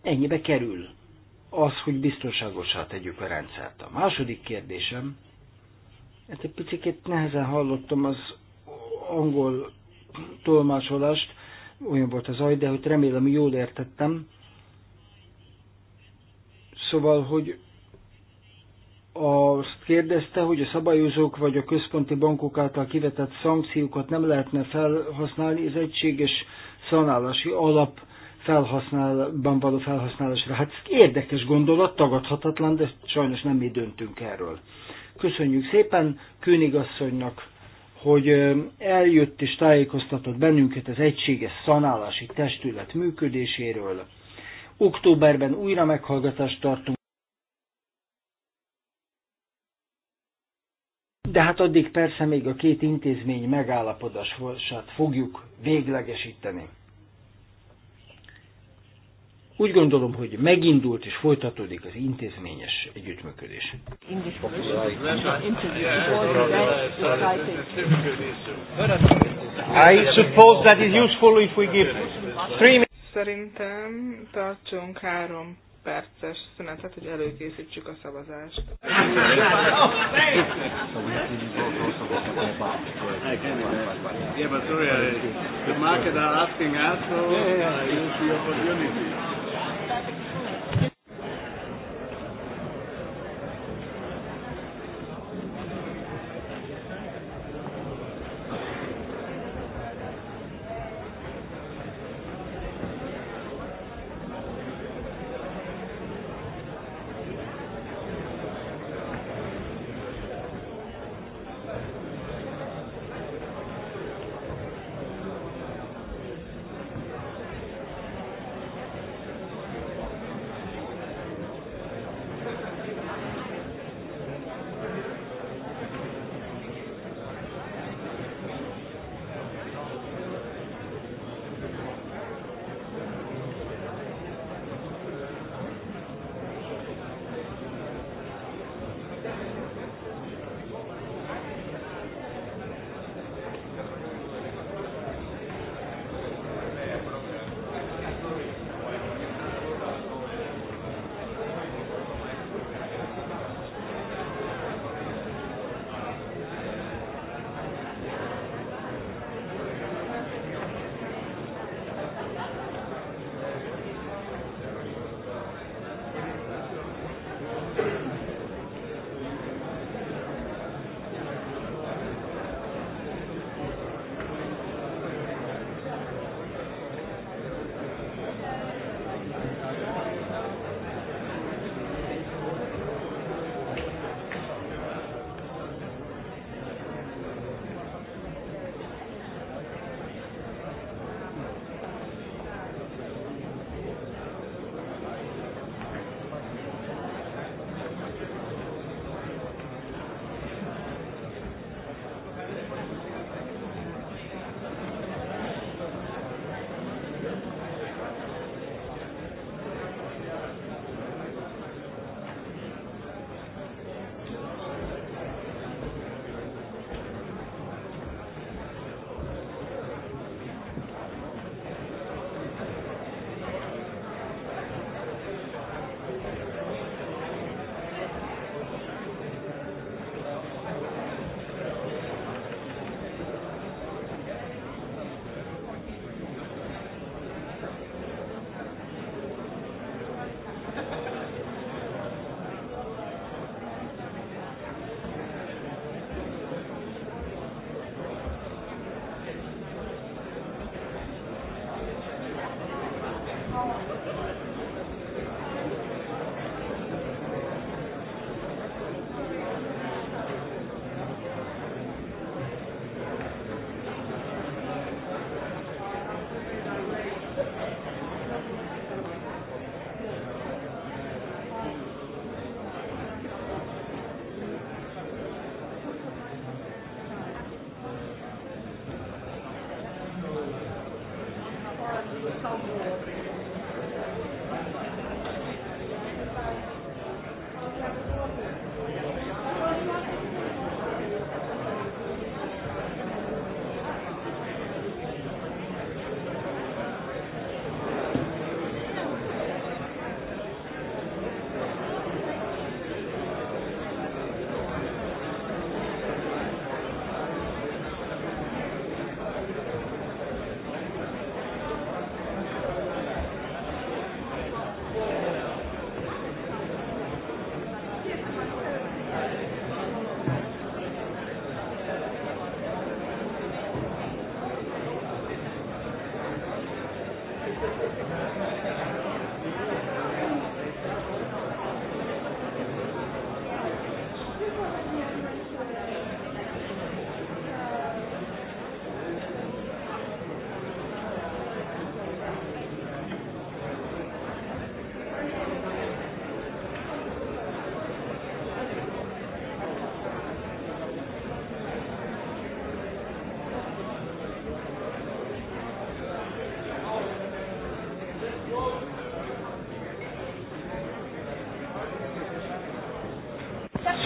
Speaker 5: ennyibe kerül az, hogy biztonságosá tegyük a rendszert. A második kérdésem, ezt hát egy picit nehezen hallottam az angol tolmácsolást, olyan volt az ajde, hogy remélem jól értettem. Szóval, hogy azt kérdezte, hogy a szabályozók vagy a központi bankok által kivetett szankciókat nem lehetne felhasználni az egységes szanálási alap felhasználban való felhasználásra. Hát ez érdekes gondolat, tagadhatatlan, de sajnos nem mi döntünk erről. Köszönjük szépen Kőnigasszonynak, hogy eljött és tájékoztatott bennünket az egységes szanálási testület működéséről. Októberben újra meghallgatást tartunk. de hát addig persze még a két intézmény megállapodását fogjuk véglegesíteni. Úgy gondolom, hogy megindult és folytatódik az intézményes együttműködés.
Speaker 6: I suppose that is useful if we give three
Speaker 3: Szerintem tartsunk három perces szünetet, hogy előkészítsük a szavazást. Yeah, but sorry, uh,
Speaker 6: the market are asking us so yeah, uh, yeah, yeah. for see opportunity.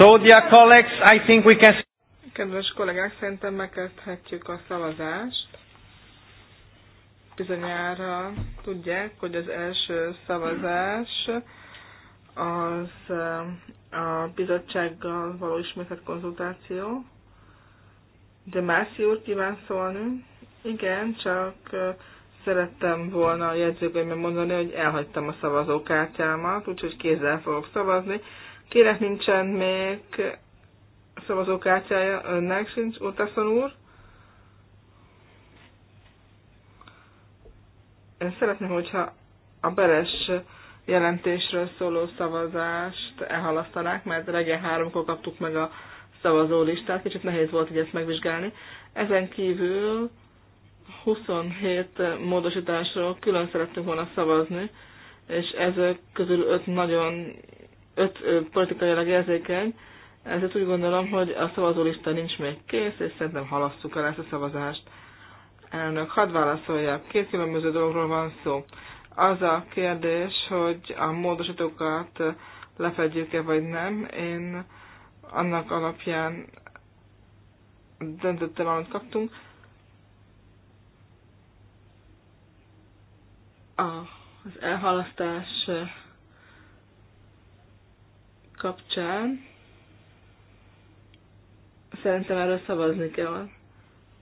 Speaker 1: So, dear colleagues,
Speaker 4: I
Speaker 3: think we can... Kedves kollégák, szerintem megkezdhetjük a szavazást. Bizonyára tudják, hogy az első szavazás az eh, a bizottsággal való ismételt konzultáció. De Mászi úr kíván szólni. Igen, csak eh, szerettem volna a jegyzőkönyvben mondani, hogy elhagytam a szavazókártyámat, úgyhogy kézzel fogok szavazni Kinek nincsen még szavazókártyája, önnek sincs, Utaszon úr. Én szeretném, hogyha a beres jelentésről szóló szavazást elhalasztanák, mert reggel háromkor kaptuk meg a szavazó listát, kicsit nehéz volt hogy ezt megvizsgálni. Ezen kívül 27 módosításról külön szerettünk volna szavazni, és ezek közül öt nagyon öt politikailag érzékeny, ezért úgy gondolom, hogy a szavazólista nincs még kész, és szerintem halasszuk el ezt a szavazást. Elnök, hadd válaszolják, Két különböző dologról van szó. Az a kérdés, hogy a módosítókat lefedjük-e vagy nem. Én annak alapján döntöttem, amit kaptunk. Az elhalasztás kapcsán szerintem erre szavazni kell.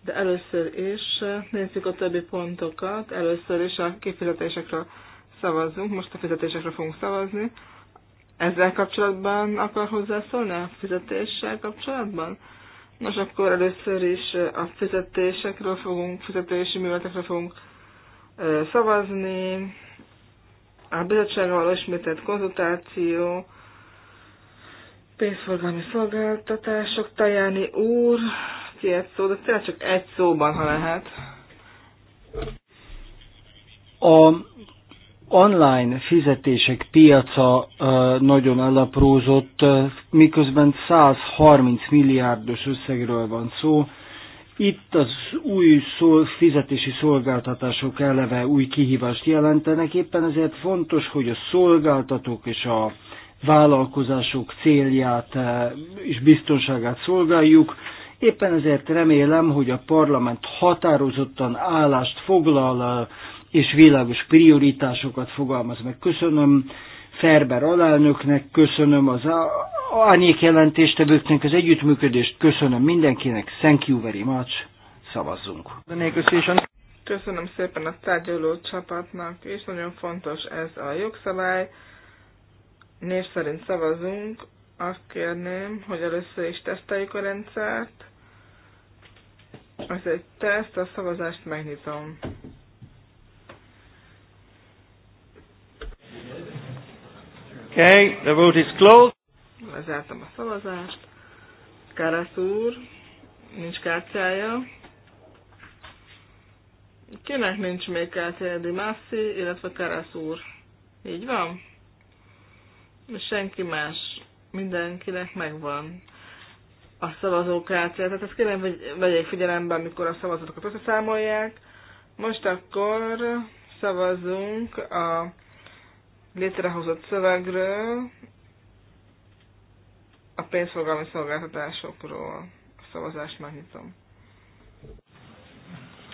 Speaker 3: De először is eh, nézzük a többi pontokat, először is a kifizetésekről szavazunk, most a fizetésekről fogunk szavazni. Ezzel kapcsolatban akar hozzászólni a fizetéssel kapcsolatban? Nos, akkor először is eh, a fizetésekről fogunk, fizetési műveletekről fogunk eh, szavazni, a bizottsággal ismételt konzultáció, pénzforgalmi szolgáltatások, Tajáni úr, két szó, de tényleg csak egy szóban, ha lehet.
Speaker 5: A online fizetések piaca nagyon elaprózott, miközben 130 milliárdos összegről van szó. Itt az új szol, fizetési szolgáltatások eleve új kihívást jelentenek, éppen ezért fontos, hogy a szolgáltatók és a vállalkozások célját eh, és biztonságát szolgáljuk. Éppen ezért remélem, hogy a parlament határozottan állást foglal eh, és világos prioritásokat fogalmaz meg. Köszönöm Ferber alelnöknek, köszönöm az árnyék jelentéstevőknek az együttműködést, köszönöm mindenkinek, thank you very much, szavazzunk.
Speaker 3: Köszönöm szépen a tárgyaló csapatnak, és nagyon fontos ez a jogszabály név szerint szavazunk, azt kérném, hogy először is teszteljük a rendszert. Ez egy teszt, a szavazást megnyitom.
Speaker 1: Okay, the vote is closed.
Speaker 3: Lezártam a szavazást. Karasz úr, nincs kártyája. Kinek nincs még kártyája? Dimassi, illetve Karasz úr. Így van? senki más, mindenkinek megvan a szavazókártya. Tehát ezt kérem, hogy vegyék figyelembe, amikor a szavazatokat összeszámolják. Most akkor szavazunk a létrehozott szövegről, a pénzforgalmi szolgáltatásokról. A szavazást megnyitom.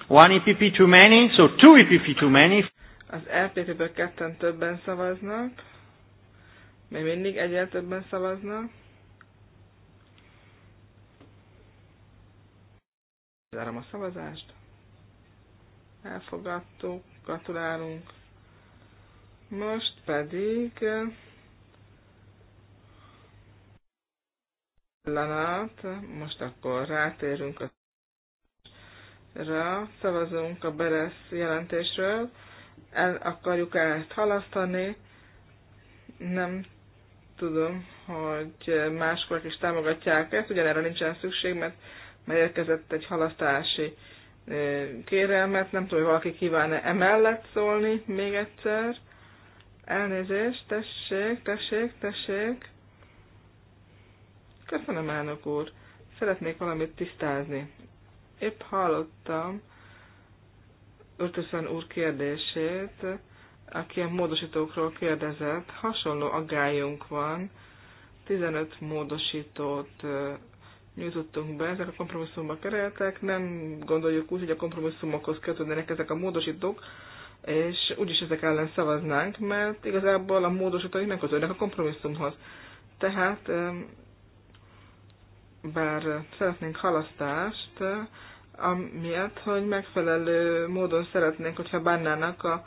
Speaker 1: One EPP too many, so two EPP too many.
Speaker 3: Az EPP-ből ketten többen szavaznak. Még mindig egyre többen szavaznak. Zárom a szavazást. Elfogadtuk, gratulálunk. Most pedig Lanát, most akkor rátérünk a ra szavazunk a Beresz jelentésről, el akarjuk ezt halasztani, nem tudom, hogy máskor is támogatják ezt, ugyanerre nincsen szükség, mert megérkezett egy halasztási kérelmet, nem tudom, hogy valaki kíván-e emellett szólni még egyszer. Elnézést, tessék, tessék, tessék. Köszönöm, elnök úr. Szeretnék valamit tisztázni. Épp hallottam Örtösen úr kérdését, aki a módosítókról kérdezett, hasonló aggályunk van. 15 módosítót nyújtottunk be, ezek a kompromisszumba kereltek, nem gondoljuk úgy, hogy a kompromisszumokhoz kötődnek ezek a módosítók, és úgyis ezek ellen szavaznánk, mert igazából a módosítói nem kötődnek a kompromisszumhoz. Tehát, bár szeretnénk halasztást, amiatt, hogy megfelelő módon szeretnénk, hogyha bánnának a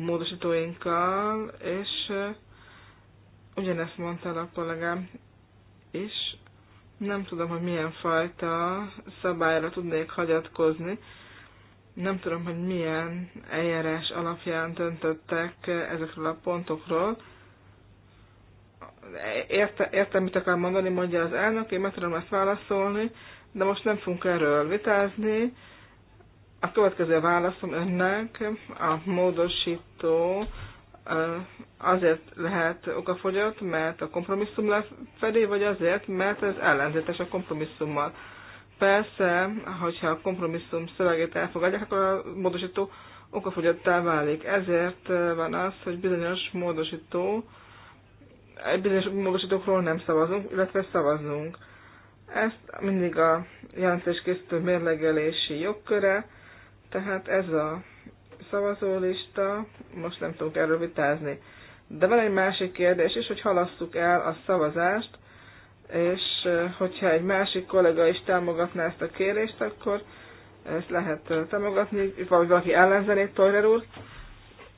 Speaker 3: módosítóinkkal, és eh, ugyanezt mondta a kollégám és Nem tudom, hogy milyen fajta szabályra tudnék hagyatkozni. Nem tudom, hogy milyen eljárás alapján döntöttek ezekről a pontokról. Érte, értem, mit akar mondani, mondja az elnök, én meg tudom ezt válaszolni, de most nem fogunk erről vitázni a következő válaszom önnek, a módosító azért lehet okafogyott, mert a kompromisszum lefedé, vagy azért, mert ez ellentétes a kompromisszummal. Persze, hogyha a kompromisszum szövegét elfogadják, akkor a módosító okafogyottá válik. Ezért van az, hogy bizonyos módosító, bizonyos módosítókról nem szavazunk, illetve szavazunk. Ezt mindig a jelentéskészítő mérlegelési jogköre, tehát ez a szavazólista, most nem tudunk erről vitázni. De van egy másik kérdés is, hogy halasszuk el a szavazást, és hogyha egy másik kollega is támogatná ezt a kérést, akkor ezt lehet támogatni, vagy valaki ellenzené, Toyer úr.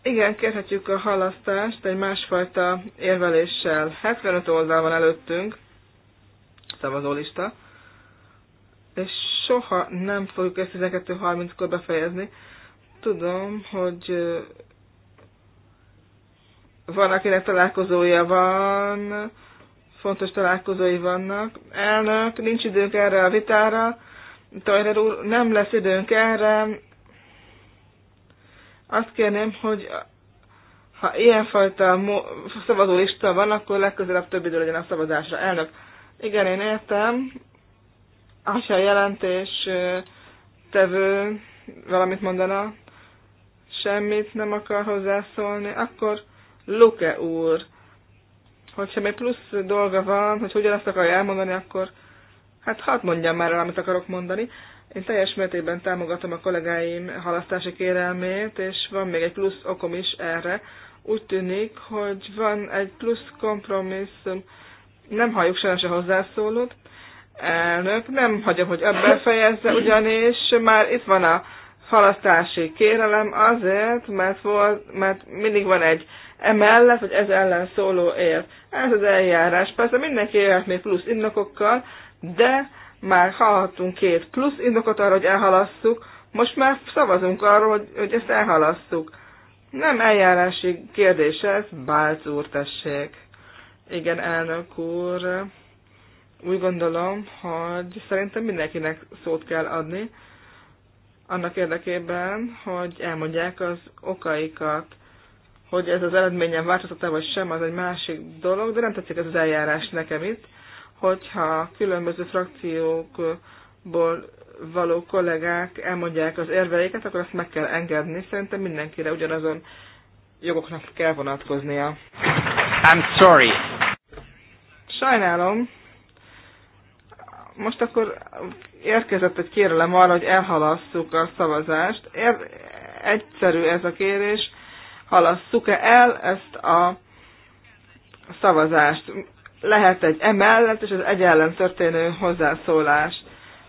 Speaker 3: Igen, kérhetjük a halasztást egy másfajta érveléssel. 75 oldal van előttünk, szavazólista, és soha nem fogjuk ezt 12.30-kor befejezni. Tudom, hogy van, akinek találkozója van, fontos találkozói vannak. Elnök, nincs időnk erre a vitára. Tajner úr, nem lesz időnk erre. Azt kérném, hogy ha ilyenfajta szavazólista van, akkor legközelebb több idő legyen a szavazásra. Elnök, igen, én értem, azt a jelentés tevő valamit mondana, semmit nem akar hozzászólni, akkor Luke úr, hogyha még plusz dolga van, hogy hogyan azt akarja elmondani, akkor hát hadd mondjam már el, amit akarok mondani. Én teljes mértékben támogatom a kollégáim halasztási kérelmét, és van még egy plusz okom is erre. Úgy tűnik, hogy van egy plusz kompromisszum, nem halljuk sem se hozzászólót, elnök. Nem hagyom, hogy ebbe fejezze, ugyanis már itt van a halasztási kérelem azért, mert, volt, mert mindig van egy emellett, vagy ez ellen szóló ér. Ez az eljárás. Persze mindenki élt még plusz indokokkal, de már hallhattunk két plusz indokot arra, hogy elhalasszuk, most már szavazunk arról, hogy, hogy ezt elhalasszuk. Nem eljárási kérdés ez, Bálc úr, tessék. Igen, elnök úr úgy gondolom, hogy szerintem mindenkinek szót kell adni, annak érdekében, hogy elmondják az okaikat, hogy ez az eredményen változtat-e vagy sem, az egy másik dolog, de nem tetszik ez az eljárás nekem itt, hogyha különböző frakciókból való kollégák elmondják az érveiket, akkor azt meg kell engedni. Szerintem mindenkire ugyanazon jogoknak kell vonatkoznia.
Speaker 1: I'm sorry.
Speaker 3: Sajnálom most akkor érkezett egy kérelem arra, hogy elhalasszuk a szavazást. Ér, egyszerű ez a kérés, halasszuk-e el ezt a szavazást. Lehet egy emellett és az egy ellen történő hozzászólás.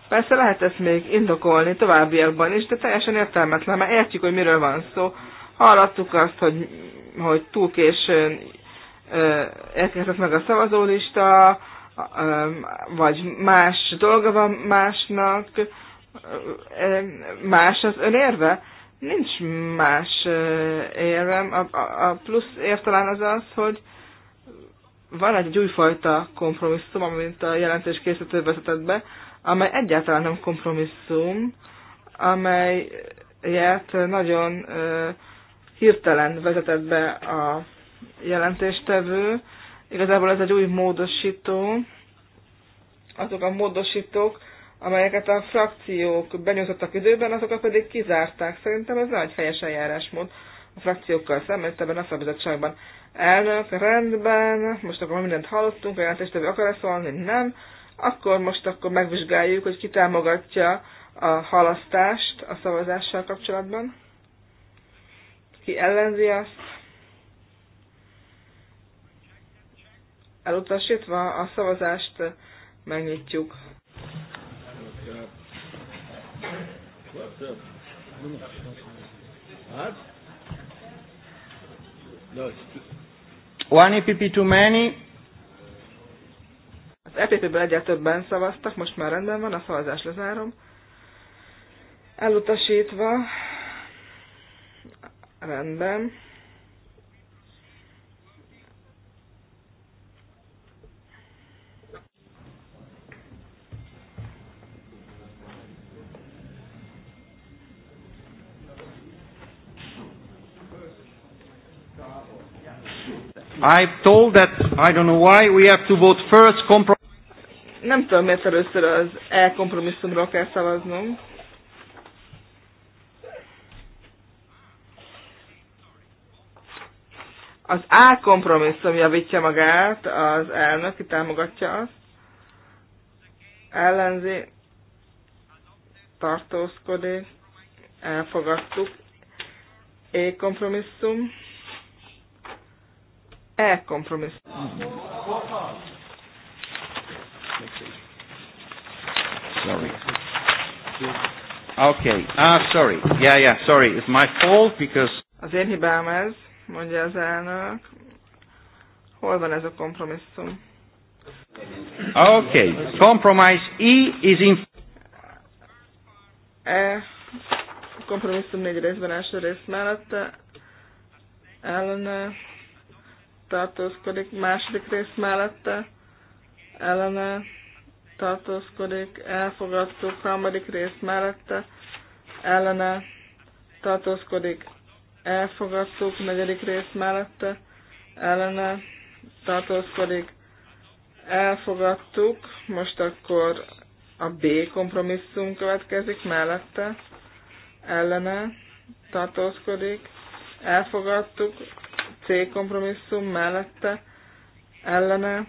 Speaker 3: Persze lehet ezt még indokolni továbbiakban is, de teljesen értelmetlen, mert értjük, hogy miről van szó. Hallattuk azt, hogy, hogy túl későn érkezett meg a szavazólista, vagy más dolga van másnak, más az önérve? Nincs más érvem. A, plusz ér talán az az, hogy van egy újfajta kompromisszum, amit a jelentés készítő vezetett be, amely egyáltalán nem kompromisszum, amelyet nagyon hirtelen vezetett be a jelentéstevő, Igazából ez egy új módosító. Azok a módosítók, amelyeket a frakciók benyújtottak időben, azokat pedig kizárták. Szerintem ez nagy helyes eljárásmód a frakciókkal szemben, ebben a szabadságban. Elnök, rendben, most akkor mindent hallottunk, a jelentéstevő akar -e szólni? Nem. Akkor most akkor megvizsgáljuk, hogy ki támogatja a halasztást a szavazással kapcsolatban. Ki ellenzi azt? elutasítva, a szavazást megnyitjuk.
Speaker 1: One EPP too many.
Speaker 4: Az
Speaker 3: EPP-ből egyre többen szavaztak, most már rendben van, a szavazás lezárom. Elutasítva. Rendben.
Speaker 1: I told that, I don't know why, we have to vote first compromise.
Speaker 3: Nem tudom, miért először az elkompromisszumra kell szavaznom. Az A kompromisszum javítja magát, az elnök ki támogatja azt. Ellenzi tartózkodik, elfogadtuk. E kompromisszum. E kompromiss.
Speaker 1: Sorry. Okay. Ah, sorry. Yeah, yeah, sorry. It's my fault because...
Speaker 3: Az én hibám ez, mondja az elnök. Hol van ez a kompromisszum?
Speaker 1: Okay. Compromise E is in...
Speaker 3: E kompromisszum négy részben első rész mellett ellene tartózkodik, második rész mellette ellene tartózkodik, elfogadtuk, harmadik rész mellette ellene tartózkodik, elfogadtuk, negyedik rész mellette ellene tartózkodik, elfogadtuk, most akkor a B kompromisszum következik mellette, ellene tartózkodik, elfogadtuk, C kompromisszum mellette ellene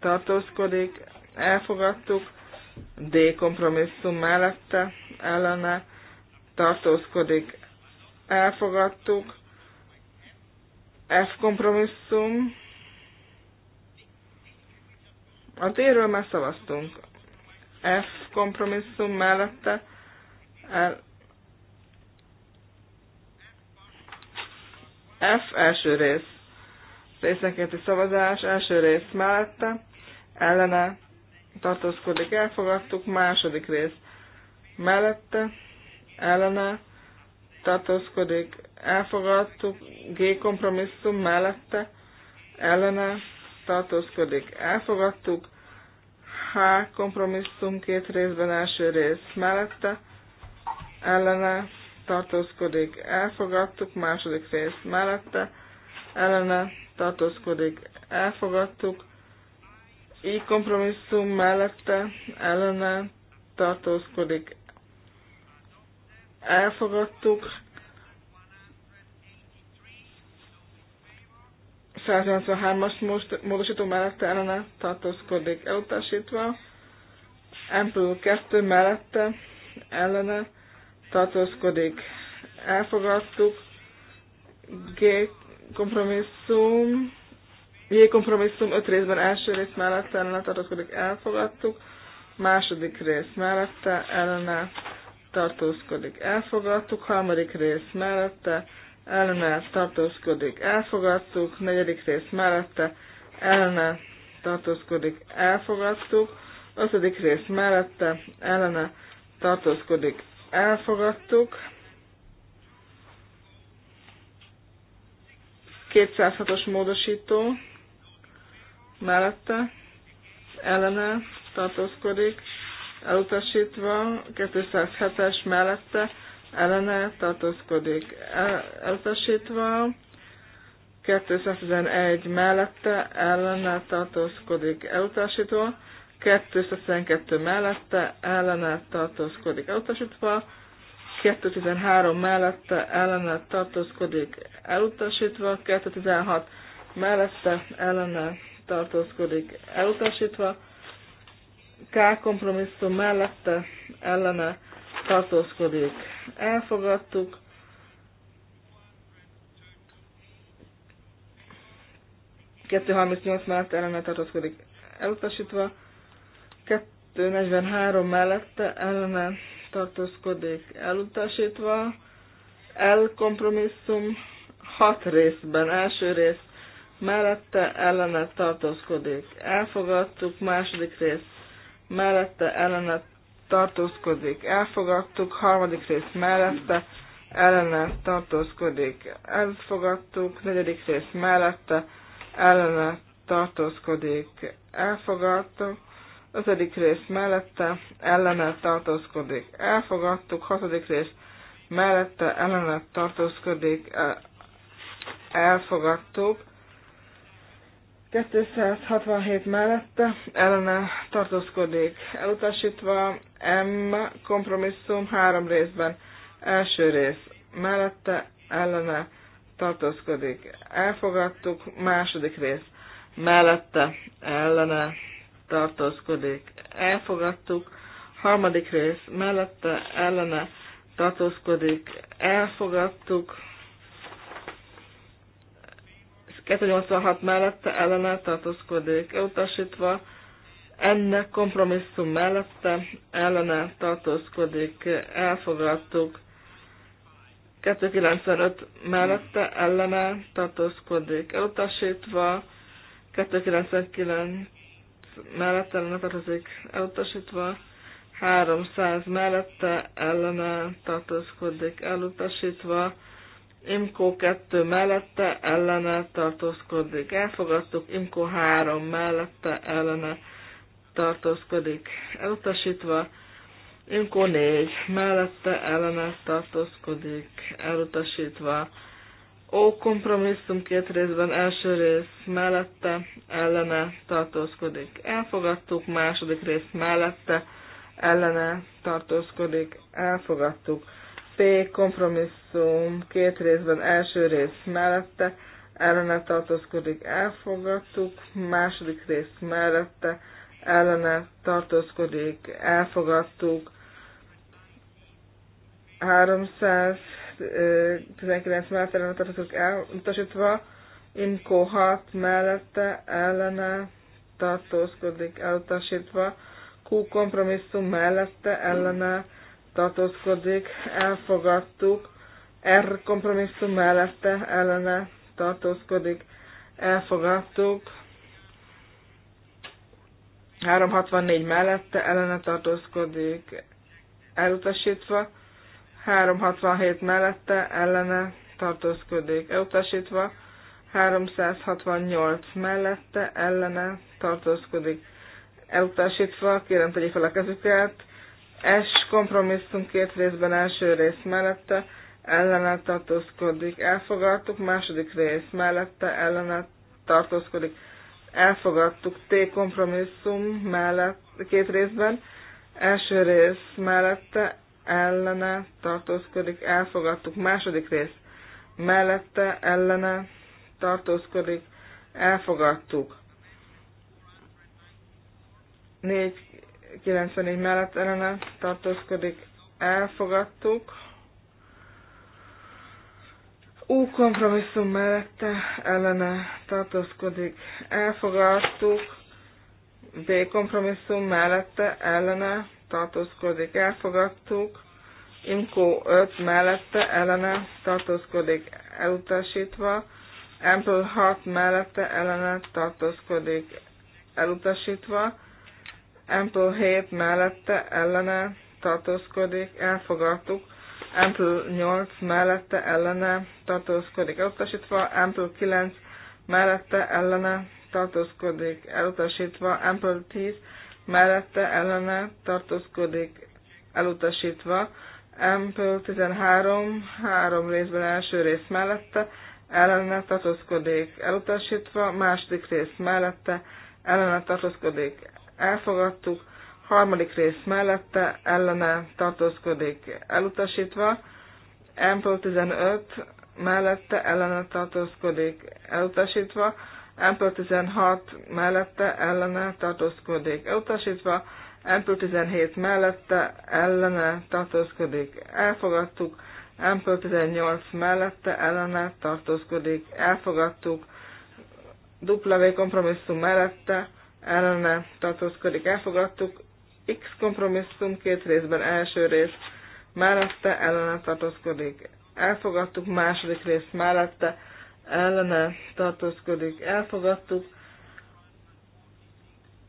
Speaker 3: tartózkodik, elfogadtuk, D kompromisszum mellette ellene tartózkodik, elfogadtuk, F kompromisszum, a D-ről már szavaztunk, F kompromisszum mellette el, F első rész. Részenkénti szavazás első rész mellette, ellene tartózkodik, elfogadtuk, második rész mellette, ellene tartózkodik, elfogadtuk, G kompromisszum mellette, ellene tartózkodik, elfogadtuk, H kompromisszum két részben első rész mellette, ellene tartózkodik, elfogadtuk, második rész mellette, ellene tartózkodik, elfogadtuk, így kompromisszum mellette, ellene tartózkodik, elfogadtuk, 183-as módosító mellette ellene tartózkodik elutasítva, Ample 2 mellette ellene tartózkodik, elfogadtuk. G kompromisszum, J kompromisszum öt részben első rész mellette ellene tartózkodik, elfogadtuk. Második rész mellette ellene tartózkodik, elfogadtuk. Harmadik rész mellette ellene tartózkodik, elfogadtuk. Negyedik rész mellette ellene tartózkodik, elfogadtuk. Ötödik rész mellette ellene tartózkodik, elfogadtuk. 206-os módosító mellette ellene tartózkodik, elutasítva 207-es mellette ellene tartózkodik, El, elutasítva 211 mellette ellene tartózkodik, elutasítva 212 mellette ellene tartózkodik elutasítva, 213 mellette ellene tartózkodik elutasítva, 216 mellette ellene tartózkodik elutasítva, K kompromisszum mellette ellene tartózkodik. Elfogadtuk. Kettő mellett ellene tartózkodik elutasítva. 243 mellett ellene tartózkodik elutasítva. Elkompromisszum 6 részben, első rész mellette ellene tartózkodik. Elfogadtuk, második rész mellette ellene tartózkodik. Elfogadtuk, harmadik rész mellette ellene tartózkodik. Elfogadtuk, negyedik rész mellette ellene tartózkodik. Elfogadtuk, ötödik rész mellette ellene tartózkodik. Elfogadtuk, hatodik rész mellette ellene tartózkodik. E, elfogadtuk. 267 mellette ellene tartózkodik. Elutasítva M kompromisszum három részben. Első rész mellette ellene tartózkodik. Elfogadtuk. Második rész mellette ellene tartózkodik, elfogadtuk, harmadik rész mellette ellene tartózkodik, elfogadtuk, 286 mellette ellene tartózkodik, elutasítva, ennek kompromisszum mellette ellene tartózkodik, elfogadtuk, 295 mellette ellene tartózkodik, elutasítva, 299 mellette ellene tartozik elutasítva, 300 mellette ellene tartózkodik elutasítva, Imko 2 mellette ellene tartózkodik elfogadtuk, Imko 3 mellette ellene tartózkodik elutasítva, Imko 4 mellette ellene tartózkodik elutasítva, Ó kompromisszum két részben, első rész mellette, ellene tartózkodik. Elfogadtuk, második rész mellette, ellene tartózkodik. Elfogadtuk. P kompromisszum két részben, első rész mellette, ellene tartózkodik. Elfogadtuk, második rész mellette, ellene tartózkodik. Elfogadtuk. 300 19 mellett ellene tartozók elutasítva, Imko 6 mellette ellene tartózkodik elutasítva, Q kompromisszum mellette ellene tartózkodik, elfogadtuk, R kompromisszum mellette ellene tartózkodik, elfogadtuk, 364 mellette ellene tartózkodik, elutasítva, 367 mellette ellene tartózkodik elutasítva, 368 mellette ellene tartózkodik elutasítva, kérem tegyék fel a kezüket, S kompromisszum két részben első rész mellette ellene tartózkodik elfogadtuk, második rész mellette ellene tartózkodik elfogadtuk, T kompromisszum mellett két részben, első rész mellette ellene tartózkodik, elfogadtuk. Második rész mellette, ellene tartózkodik, elfogadtuk. 494 mellett ellene tartózkodik, elfogadtuk. Ú kompromisszum mellette ellene tartózkodik, elfogadtuk. B kompromisszum mellette ellene tartózkodik, elfogadtuk. Imkó 5 mellette ellene tartózkodik, elutasítva. Ample 6 mellette ellene tartózkodik, elutasítva. Ample 7 mellette ellene tartózkodik, elfogadtuk. Ample 8 mellette ellene tartózkodik, elutasítva. Ample 9 mellette ellene tartózkodik, elutasítva. Ample 10 mellette ellene, mellette ellene tartózkodik elutasítva, Ampel 13, három részben első rész mellette, ellene tartózkodik elutasítva, második rész mellette, ellene tartózkodik elfogadtuk, harmadik rész mellette, ellene tartózkodik elutasítva, Ampel 15, mellette ellene tartózkodik elutasítva, Ample 16 mellette ellene tartózkodik elutasítva, Ample 17 mellette ellene tartózkodik elfogadtuk, Ample 18 mellette ellene tartózkodik elfogadtuk, W kompromisszum mellette ellene tartózkodik elfogadtuk, X kompromisszum két részben első rész mellette ellene tartózkodik elfogadtuk, második rész mellette ellene tartózkodik, elfogadtuk.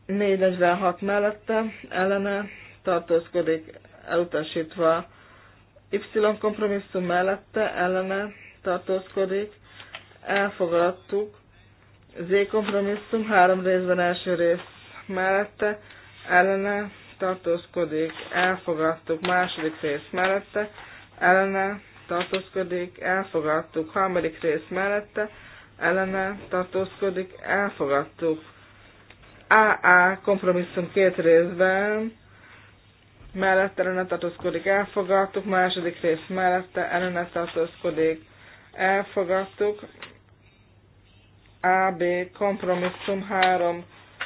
Speaker 3: 46 mellette ellene tartózkodik, elutasítva. Y kompromisszum mellette ellene tartózkodik, elfogadtuk. Z kompromisszum három részben első rész mellette ellene tartózkodik, elfogadtuk második rész mellette, ellene tartózkodik, elfogadtuk. Harmadik rész mellette, ellene tartózkodik, elfogadtuk. AA kompromisszum két részben, mellette ellene tartózkodik, elfogadtuk. Második rész mellette ellene tartózkodik, elfogadtuk. AB kompromisszum három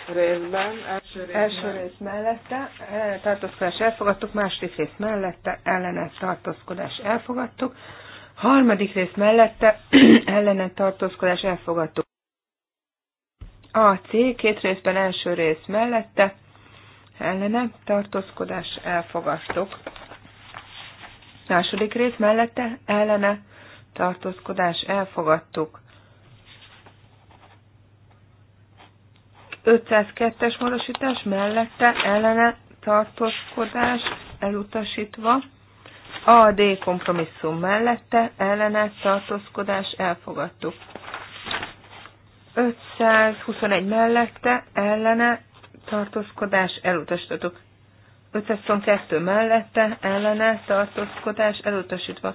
Speaker 3: részben, első rész, első rész mellette, eh, tartózkodás
Speaker 2: elfogadtuk, második rész mellette, ellene tartózkodás elfogadtuk, harmadik rész mellette, ellene tartózkodás elfogadtuk. A C két részben első rész mellette, ellene tartózkodás elfogadtuk. Második rész mellette, ellene tartózkodás elfogadtuk. 502-es módosítás mellette ellene tartózkodás elutasítva, AD kompromisszum mellette ellene tartózkodás elfogadtuk. 521 mellette ellene tartózkodás elutasítottuk. 522 mellette ellene tartózkodás elutasítva.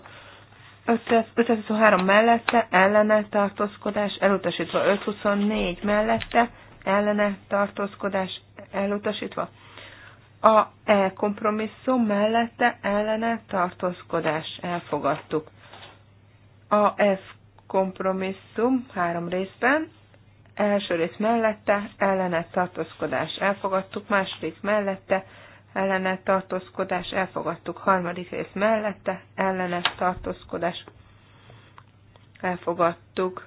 Speaker 2: 523 mellette ellene tartózkodás elutasítva. 524 mellette ellene tartózkodás elutasítva. A e kompromisszum mellette ellene tartózkodás elfogadtuk. A F kompromisszum három részben, első rész mellette ellene tartózkodás elfogadtuk, második mellette ellene tartózkodás elfogadtuk, harmadik rész mellette ellene tartózkodás elfogadtuk.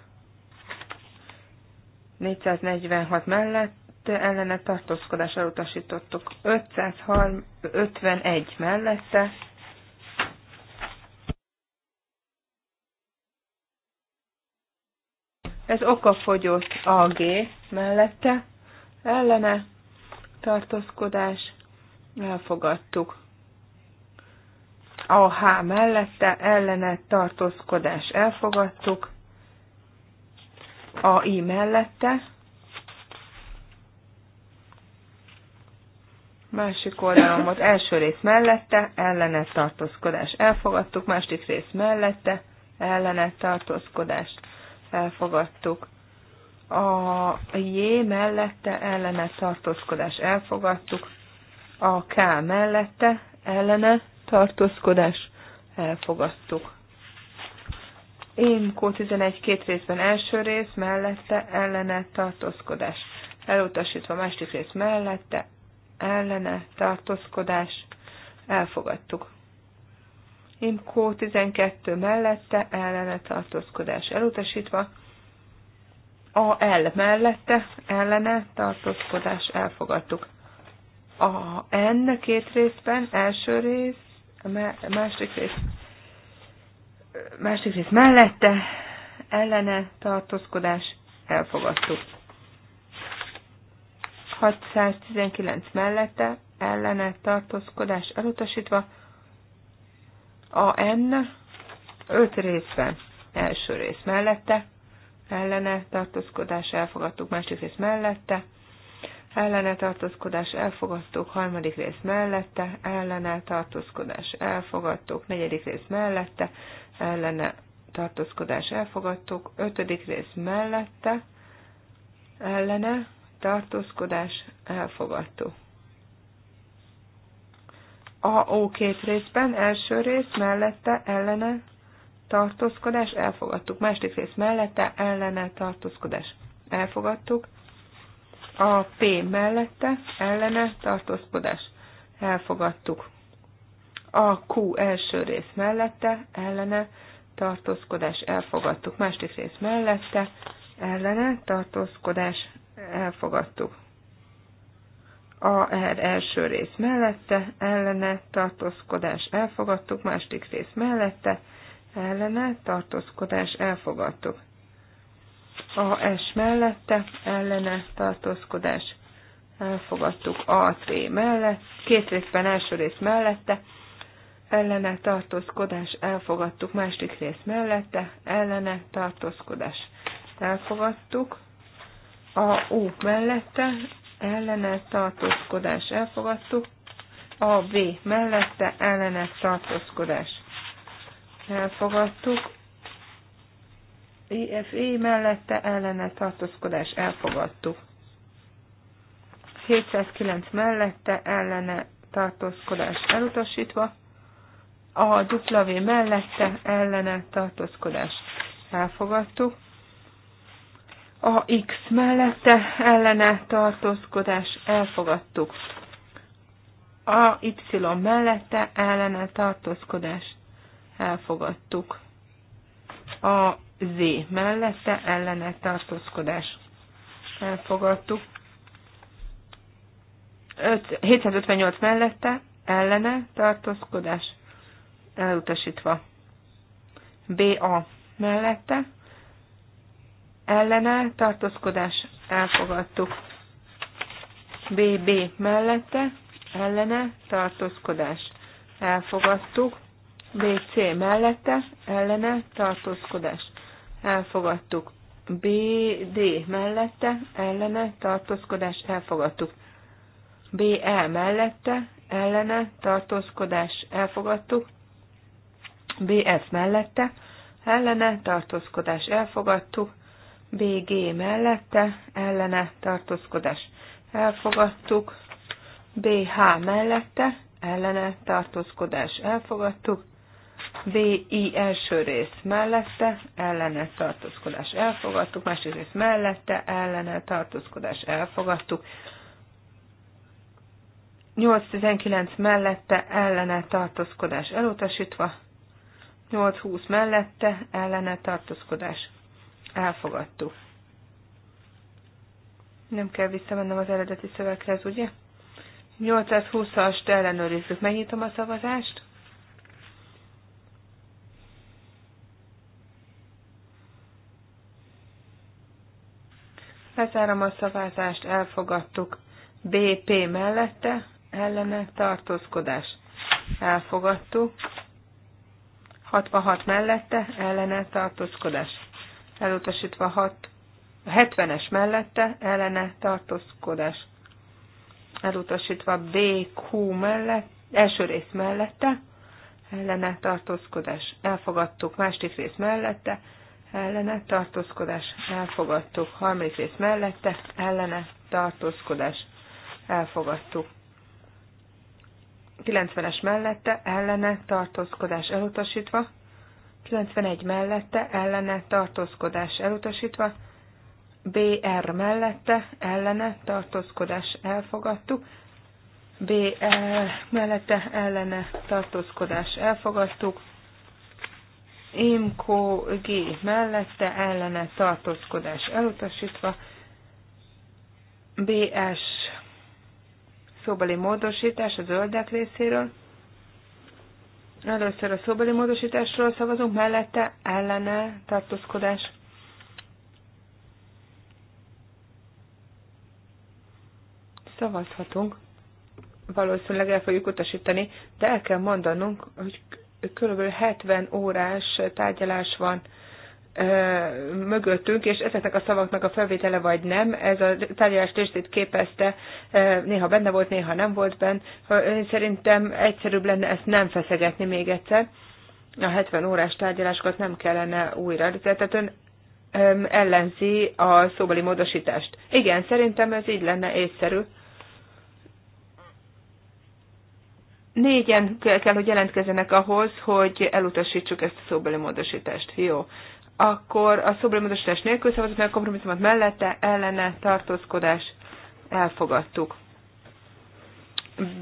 Speaker 2: 446 mellett ellene tartózkodás elutasítottuk. 551 mellette Ez okafogyott AG mellette ellene tartózkodás elfogadtuk. AH mellette ellene tartózkodás elfogadtuk. AI mellette, másik oldalon volt első rész mellette, ellenet tartózkodás elfogadtuk, másik rész mellette, ellenet tartózkodást elfogadtuk. A J mellette ellene tartózkodás elfogadtuk, a K mellette ellene tartózkodás elfogadtuk. Én Imkó 11 két részben első rész, mellette ellene tartózkodás. Elutasítva másik rész mellette ellene tartózkodás. Elfogadtuk. Én Imkó 12 mellette ellene tartózkodás. Elutasítva. A L mellette ellene tartózkodás. Elfogadtuk. A N két részben első rész, a rész másik rész mellette, ellene tartózkodás elfogadtuk. 619 mellette, ellene tartózkodás elutasítva, A N 5 részben, első rész mellette, ellene tartózkodás elfogadtuk, másik rész mellette, ellene tartózkodás elfogadtuk, harmadik rész mellette, ellene tartózkodás elfogadtuk, negyedik rész mellette, ellene tartózkodás elfogadtuk, ötödik rész mellette, ellene tartózkodás elfogadtuk. AO két részben, első rész mellette, ellene tartózkodás elfogadtuk, második rész mellette, ellene tartózkodás elfogadtuk, a P mellette ellene tartózkodás elfogadtuk. A Q első rész mellette ellene tartózkodás elfogadtuk. Másik rész mellette ellene tartózkodás elfogadtuk. A R első rész mellette ellene tartózkodás elfogadtuk. Másik rész mellette ellene tartózkodás elfogadtuk a S mellette ellene tartózkodás elfogadtuk a T mellett, két részben első rész mellette, ellene tartózkodás elfogadtuk, másik rész mellette, ellene tartózkodás elfogadtuk, a U mellette, ellene tartózkodás elfogadtuk, a V mellette, ellene tartózkodás elfogadtuk, EFE e mellette ellene tartózkodás elfogadtuk. 709 mellette ellene tartózkodás elutasítva, a W mellette ellene tartózkodás elfogadtuk, a X mellette ellene tartózkodás elfogadtuk, a Y mellette ellene tartózkodás elfogadtuk, a Z mellette ellene tartózkodás. Elfogadtuk. 5, 758 mellette ellene tartózkodás. Elutasítva. BA mellette ellene tartózkodás. Elfogadtuk. BB mellette ellene tartózkodás. Elfogadtuk. BC mellette ellene tartózkodás elfogadtuk. B, D mellette, ellene, tartózkodás, elfogadtuk. B, E mellette, ellene, tartózkodás, elfogadtuk. B, F mellette, ellene, tartózkodás, elfogadtuk. B, G mellette, ellene, tartózkodás, elfogadtuk. B, H mellette, ellene, tartózkodás, elfogadtuk. BI első rész mellette, ellene tartózkodás elfogadtuk, másik rész mellette, ellene tartózkodás elfogadtuk, 8-19 mellette, ellene tartózkodás elutasítva, 8-20 mellette, ellene tartózkodás elfogadtuk. Nem kell visszamennem az eredeti szöveghez, ugye? 820-ast ellenőrizzük. Megnyitom a szavazást. Lezárom a szavazást, elfogadtuk. BP mellette, ellene tartózkodás. Elfogadtuk. 66 mellette, ellene tartózkodás. Elutasítva 6, 70-es mellette, ellene tartózkodás. Elutasítva BQ mellett, első rész mellette, ellene tartózkodás. Elfogadtuk második rész mellette, ellene tartózkodás elfogadtuk. Harmadik rész mellette ellene tartózkodás elfogadtuk. 90-es mellette ellene tartózkodás elutasítva, 91 mellette ellene tartózkodás elutasítva, BR mellette ellene tartózkodás elfogadtuk, BL e mellette ellene tartózkodás elfogadtuk, Imko G mellette ellene tartózkodás elutasítva, BS szóbeli módosítás a zöldek részéről. Először a szóbeli módosításról szavazunk, mellette ellene tartózkodás. Szavazhatunk. Valószínűleg el fogjuk utasítani, de el kell mondanunk, hogy kb. 70 órás tárgyalás van mögöttünk, és ezeknek a szavaknak a felvétele vagy nem, ez a tárgyalás részét képezte, néha benne volt, néha nem volt benne. Szerintem egyszerűbb lenne ezt nem feszegetni még egyszer. A 70 órás tárgyalásokat nem kellene újra. Tehát ön ellenzi a szóbeli módosítást. Igen, szerintem ez így lenne észszerű. négyen kell, hogy jelentkezzenek ahhoz, hogy elutasítsuk ezt a szóbeli módosítást. Jó. Akkor a szóbeli módosítás nélkül szavazunk a kompromisszumot mellette, ellene, tartózkodás, elfogadtuk.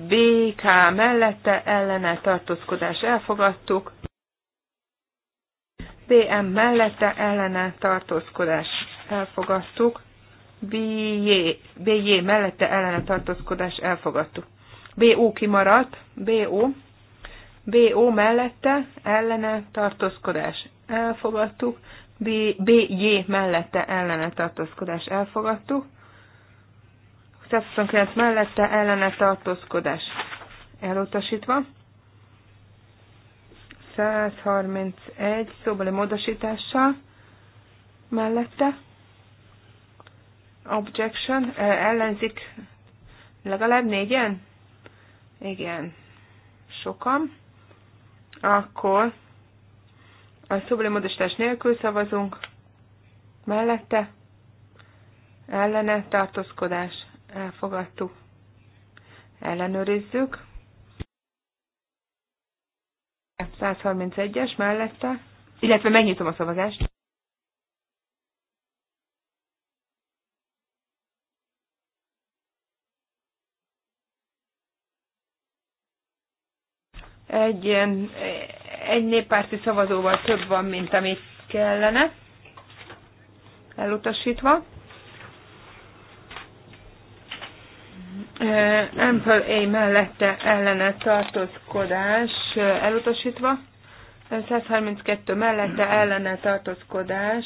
Speaker 2: BK mellette, ellene, tartózkodás, elfogadtuk. BM mellette, ellene, tartózkodás, elfogadtuk. BJ, BJ mellette, ellene, tartózkodás, elfogadtuk. BO kimaradt, BO, BO mellette ellene tartózkodás elfogadtuk, BJ mellette ellene tartózkodás elfogadtuk, 129 mellette ellene tartózkodás elutasítva, 131 szóbeli módosítással mellette, objection, ellenzik legalább négyen? igen, sokan, akkor a szublimodistás nélkül szavazunk, mellette, ellene, tartózkodás, elfogadtuk, ellenőrizzük, 131-es mellette, illetve megnyitom a szavazást. egy, egy néppárti szavazóval több van, mint amit kellene. Elutasítva. Ample A mellette ellene tartózkodás elutasítva. 132 mellette ellene tartózkodás,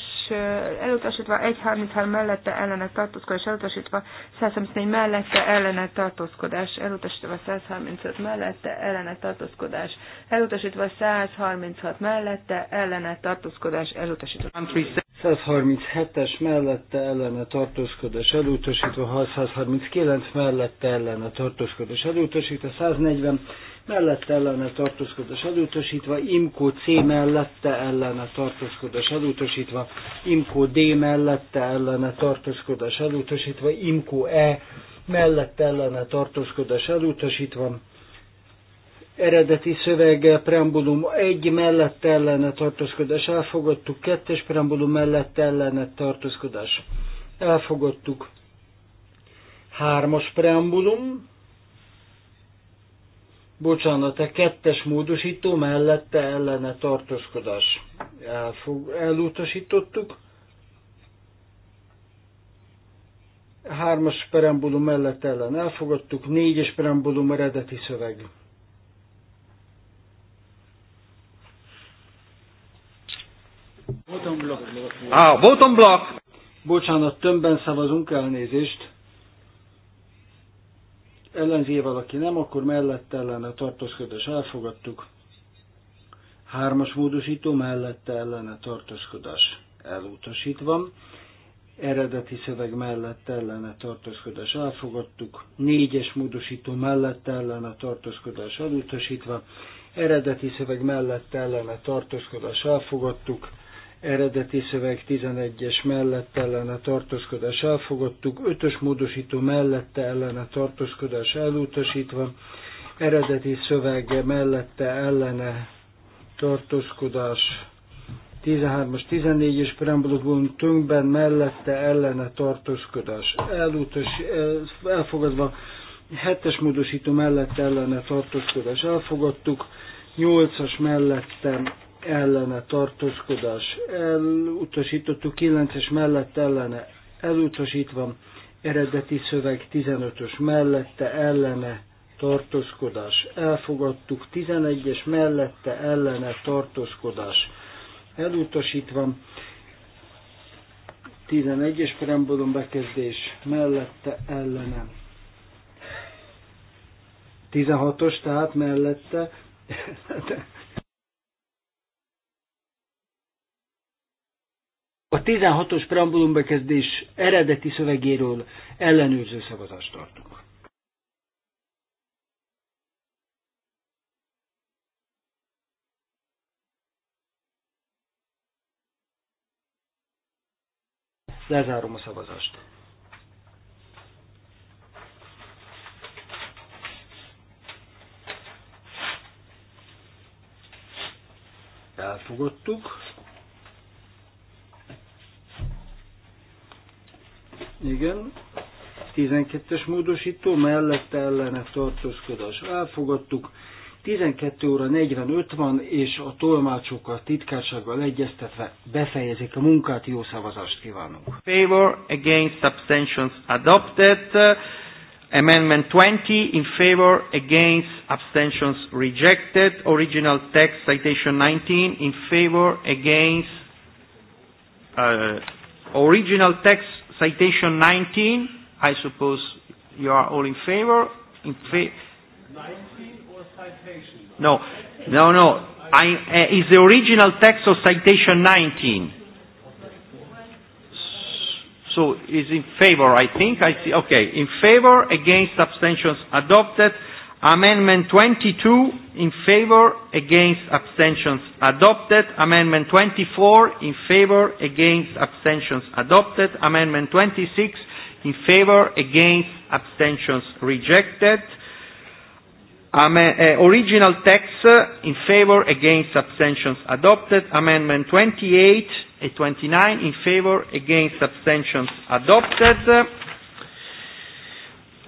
Speaker 2: elutasítva 133 mellette ellene tartózkodás, elutasítva 134 mellette ellene tartózkodás, elutasítva 135 mellette ellene tartózkodás, elutasítva 136 mellette ellene tartózkodás, elutasítva
Speaker 5: 137-es mellette ellene tartózkodás, elutasítva 639 mellette ellene tartózkodás, elutasítva 140 mellette ellene tartózkodás elutasítva, Imkó C mellette ellene tartózkodás elutasítva, Imkó D mellette ellene tartózkodás elutasítva, Imkó E mellette ellene tartózkodás elutasítva, eredeti szöveg preambulum 1 mellett ellene tartózkodás elfogadtuk, 2 preambulum mellett ellene tartózkodás elfogadtuk, 3 preambulum bocsánat, a kettes módosító mellette ellene tartózkodás. Elfog,
Speaker 1: elutasítottuk.
Speaker 5: Hármas perembulum mellett ellen elfogadtuk, négyes perembulum eredeti szöveg.
Speaker 6: Ah, bottom block!
Speaker 5: Bocsánat, tömbben szavazunk, elnézést ellenzi valaki nem, akkor mellett ellene tartózkodás elfogadtuk. Hármas módosító mellette ellene tartózkodás elutasítva. Eredeti szöveg mellett ellene tartózkodás elfogadtuk. Négyes módosító mellett ellene tartózkodás elutasítva. Eredeti szöveg mellett ellene tartózkodás elfogadtuk eredeti szöveg 11-es mellette ellene tartózkodás elfogadtuk, 5-ös módosító mellette ellene tartózkodás elutasítva, eredeti szöveg mellette ellene tartózkodás 13-as, 14-es preambulumban tönkben mellette ellene tartózkodás elutas, eh, elfogadva, 7-es módosító mellette ellene tartózkodás elfogadtuk, 8-as mellette ellene tartózkodás elutasítottuk, 9-es mellette ellene elutasítva, eredeti szöveg 15-ös mellette ellene tartózkodás elfogadtuk, 11-es mellette ellene tartózkodás elutasítva, 11-es preambulum bekezdés mellette ellene. 16-os tehát mellette A 16-os preambulum bekezdés eredeti szövegéről ellenőrző
Speaker 4: szavazást tartunk.
Speaker 5: Lezárom a szavazást. Elfogadtuk. Igen. 12-es módosító mellette ellene tartózkodás. Elfogadtuk. 12 óra 45 van, és a tolmácsokkal, titkársággal egyeztetve befejezik a munkát, jó szavazást kívánunk.
Speaker 1: Favor against abstentions adopted. Amendment 20 in favor against abstentions rejected. Original text citation 19 in favor against uh, original text Citation 19, I suppose you are all in favor. In fa
Speaker 6: 19 or citation?
Speaker 1: No, no, no. I, uh, is the original text of citation 19. So is in favor, I think. I see. Okay, in favor, against abstentions adopted. Amendment 22 in favor against abstentions adopted. Amendment 24 in favor against abstentions adopted. Amendment 26 in favor against abstentions rejected. Am uh, eh, original text uh, in favor against abstentions adopted. Amendment 28 and 29 in favor against abstentions adopted.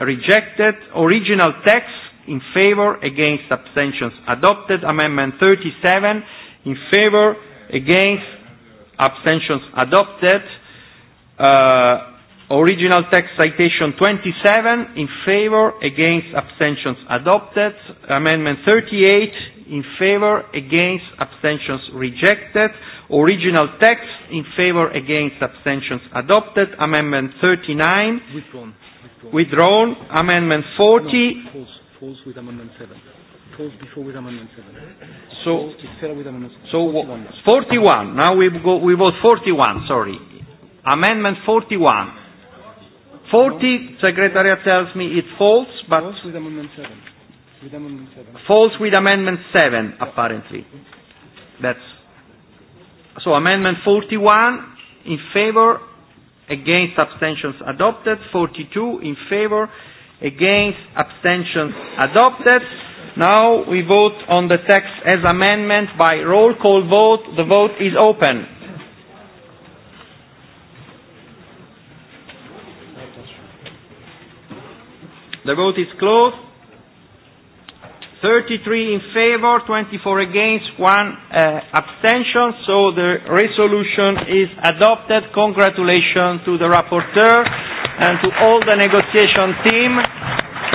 Speaker 1: rejected. Original text in favor, against abstentions adopted. Amendment 37 in favor, against abstentions adopted. Uh, original text citation 27 in favor, against abstentions adopted. Amendment 38 in favor, against abstentions rejected. Original text in favor, against abstentions adopted. Amendment 39. Which one? Withdrawn. Amendment 40.
Speaker 5: No, with Amendment 7. False before with Amendment 7. So, with amendment so 41.
Speaker 1: 41. Now we go. We vote 41. Sorry. Amendment 41. 40. Secretary tells me it's false, but false with Amendment 7.
Speaker 5: With amendment 7.
Speaker 1: False with Amendment 7, apparently. That's so. Amendment 41 in favour against abstentions adopted 42 in favor against abstentions adopted now we vote on the text as amendment by roll call vote the vote is open the vote is closed 33 in favor, 24 against, one uh, abstention. So the resolution is adopted. Congratulations to the rapporteur and to all the negotiation team.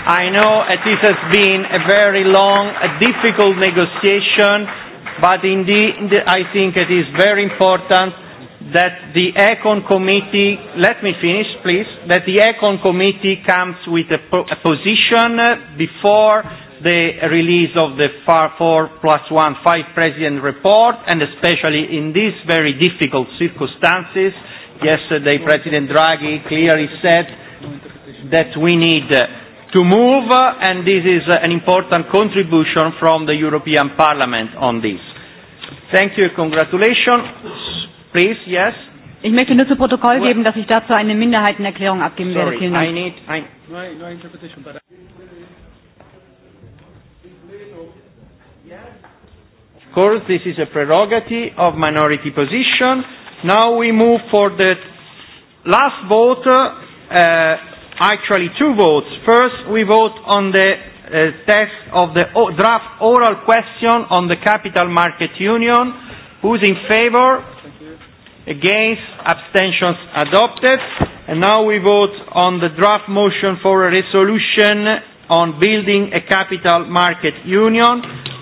Speaker 1: I know that this has been a very long, a difficult negotiation, but indeed I think it is very important that the ECON committee, let me finish please, that the ECON committee comes with a, po a position before the release of the FAR 4 plus 1 5 President report, and especially in these very difficult circumstances, yesterday President Draghi clearly said that we need uh, to move, uh, and this is uh, an important contribution from the European Parliament on this. Thank you, congratulations. Please, yes. Ich möchte nur zu Protokoll geben,
Speaker 6: dass ich dazu eine Minderheitenerklärung abgeben Sorry, werde. Vielen Dank. I need, I... No, no interpretation, but Of
Speaker 1: course, this is a prerogative of minority position. Now we move for the last vote, uh, actually two votes. First, we vote on the uh, text of the o- draft oral question on the Capital Market Union. Who's in favor? Against? Abstentions adopted. And now we vote on the draft motion for a resolution on building a capital market union.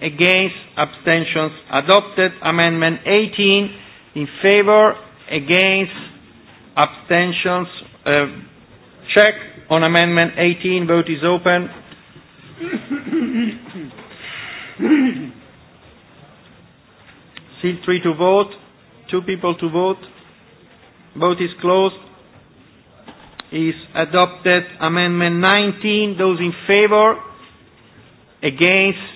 Speaker 1: against abstentions adopted. Amendment 18 in favor against abstentions. Uh, check on Amendment 18. Vote is open. Seal three to vote. Two people to vote. Vote is closed. Is adopted. Amendment 19. Those in favor. Against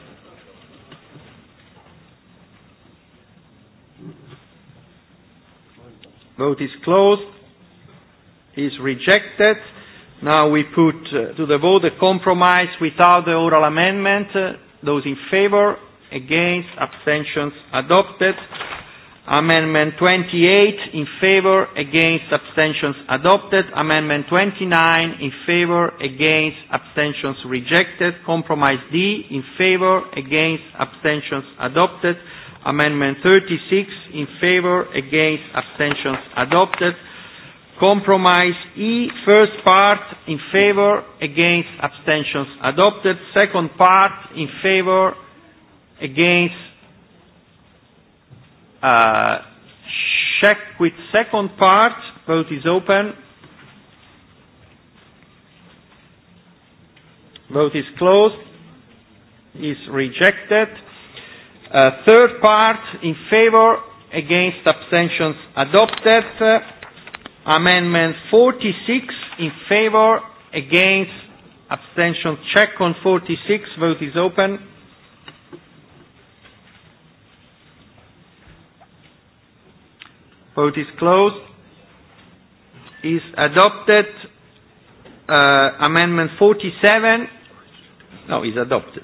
Speaker 1: Vote is closed. Is rejected. Now we put uh, to the vote the compromise without the oral amendment. Uh, those in favor, against, abstentions adopted. Amendment 28 in favor, against, abstentions adopted. Amendment 29 in favor, against, abstentions rejected. Compromise D in favor, against, abstentions adopted. Amendment 36 in favor, against, abstentions adopted. Compromise E, first part in favor, against, abstentions adopted. Second part in favor, against, uh, check with second part. Vote is open. Vote is closed. Is rejected. Uh, third part, in favor, against abstentions adopted. Uh, amendment 46, in favor, against abstention check on 46. Vote is open. Vote is closed. Is adopted. Uh, amendment 47. No, is adopted.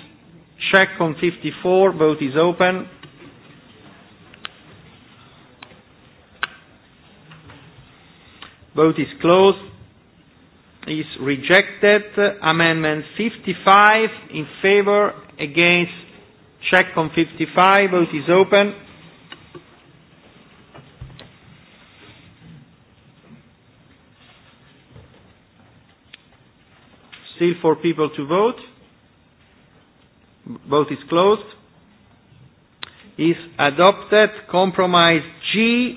Speaker 1: Check on 54. Vote is open. Vote is closed. Is rejected. Amendment 55 in favor, against. Check on 55. Vote is open. Still for people to vote. Vote is closed. Is adopted. Compromise G,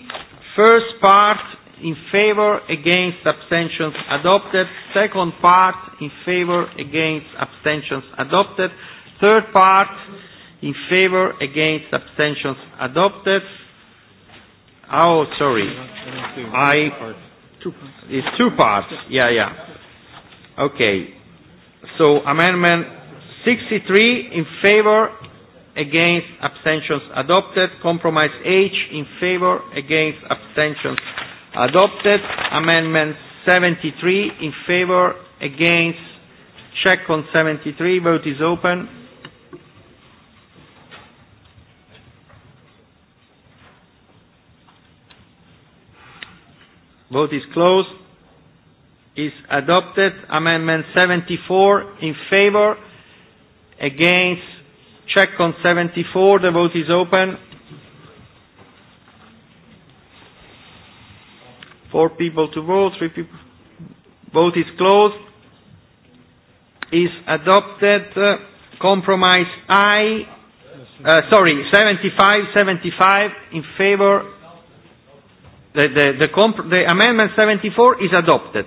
Speaker 1: first part in favor against abstentions adopted. Second part in favor against abstentions adopted. Third part in favor against abstentions adopted. Oh, sorry. I. It's two parts. Yeah, yeah. Okay. So amendment 63 in favor, against abstentions adopted. Compromise H in favor, against abstentions adopted. Amendment 73 in favor, against. Check on 73. Vote is open. Vote is closed. Is adopted. Amendment 74 in favor against, check on 74, the vote is open. Four people to vote, three people. Vote is closed. Is adopted. Uh, compromise I. Uh, sorry, 75, 75 in favor. The, the, the, comp- the amendment 74 is adopted.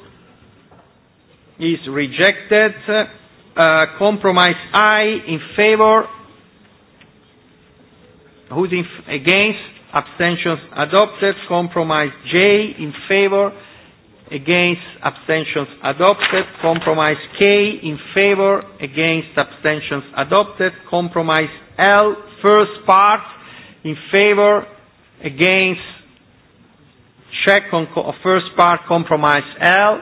Speaker 1: is rejected. Uh, compromise I in favor. Who's in f- against? Abstentions adopted. Compromise J in favor. Against abstentions adopted. Compromise K in favor. Against abstentions adopted. Compromise L first part in favor. Against check on co- first part compromise L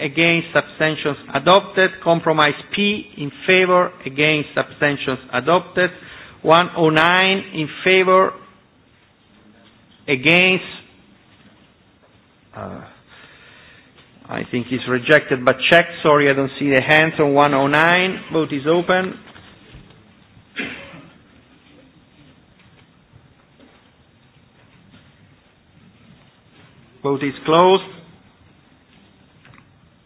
Speaker 1: against abstentions adopted. Compromise P in favor against abstentions adopted. 109 in favor against. Uh, I think it's rejected, but check. Sorry, I don't see the hands on 109. Vote is open. Vote is closed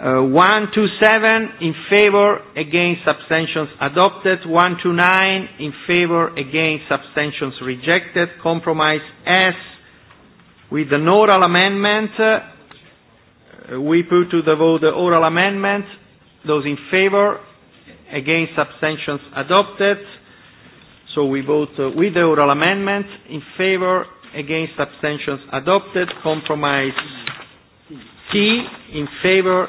Speaker 1: Uh, 127 in favor against abstentions adopted 129 in favor against abstentions rejected compromise S with the oral amendment uh, we put to the vote the oral amendment those in favor against abstentions adopted so we vote uh, with the oral amendment in favor against abstentions adopted compromise T in favor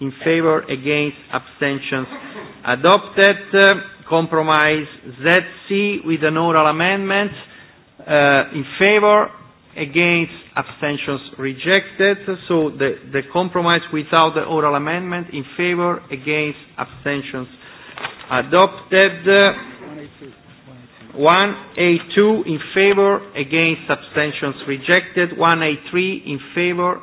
Speaker 1: in favor against abstentions adopted uh, compromise ZC with an oral amendment uh, in favor against abstentions rejected so the, the compromise without the oral amendment in favor against abstentions adopted uh, 1A2 in favor against abstentions rejected 1A3 in favor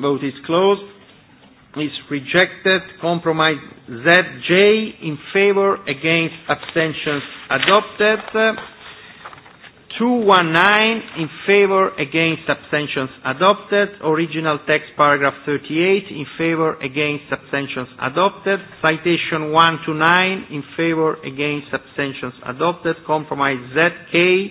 Speaker 1: Vote is closed. Is rejected. Compromise ZJ in favor against abstentions adopted. 219 in favor against abstentions adopted. Original text paragraph 38 in favor against abstentions adopted. Citation 1 to 9 in favor against abstentions adopted. Compromise ZK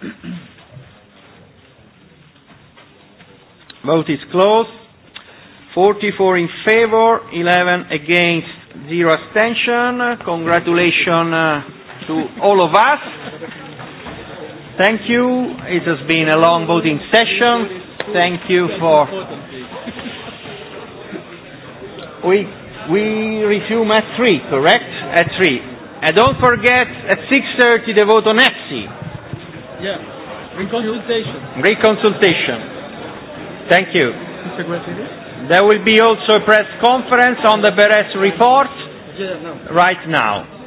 Speaker 1: Vote is closed. 44 in favor, 11 against, zero abstention. Congratulations uh, to all of us. Thank you. It has been a long voting session. Thank you for. We, we resume at 3, correct? At 3. And don't forget, at 6.30 the vote on Etsy.
Speaker 6: Yeah. Reconsultation.
Speaker 1: Reconsultation. Thank you. There will be also a press conference on the Beres report
Speaker 6: yeah,
Speaker 4: no.
Speaker 1: right now.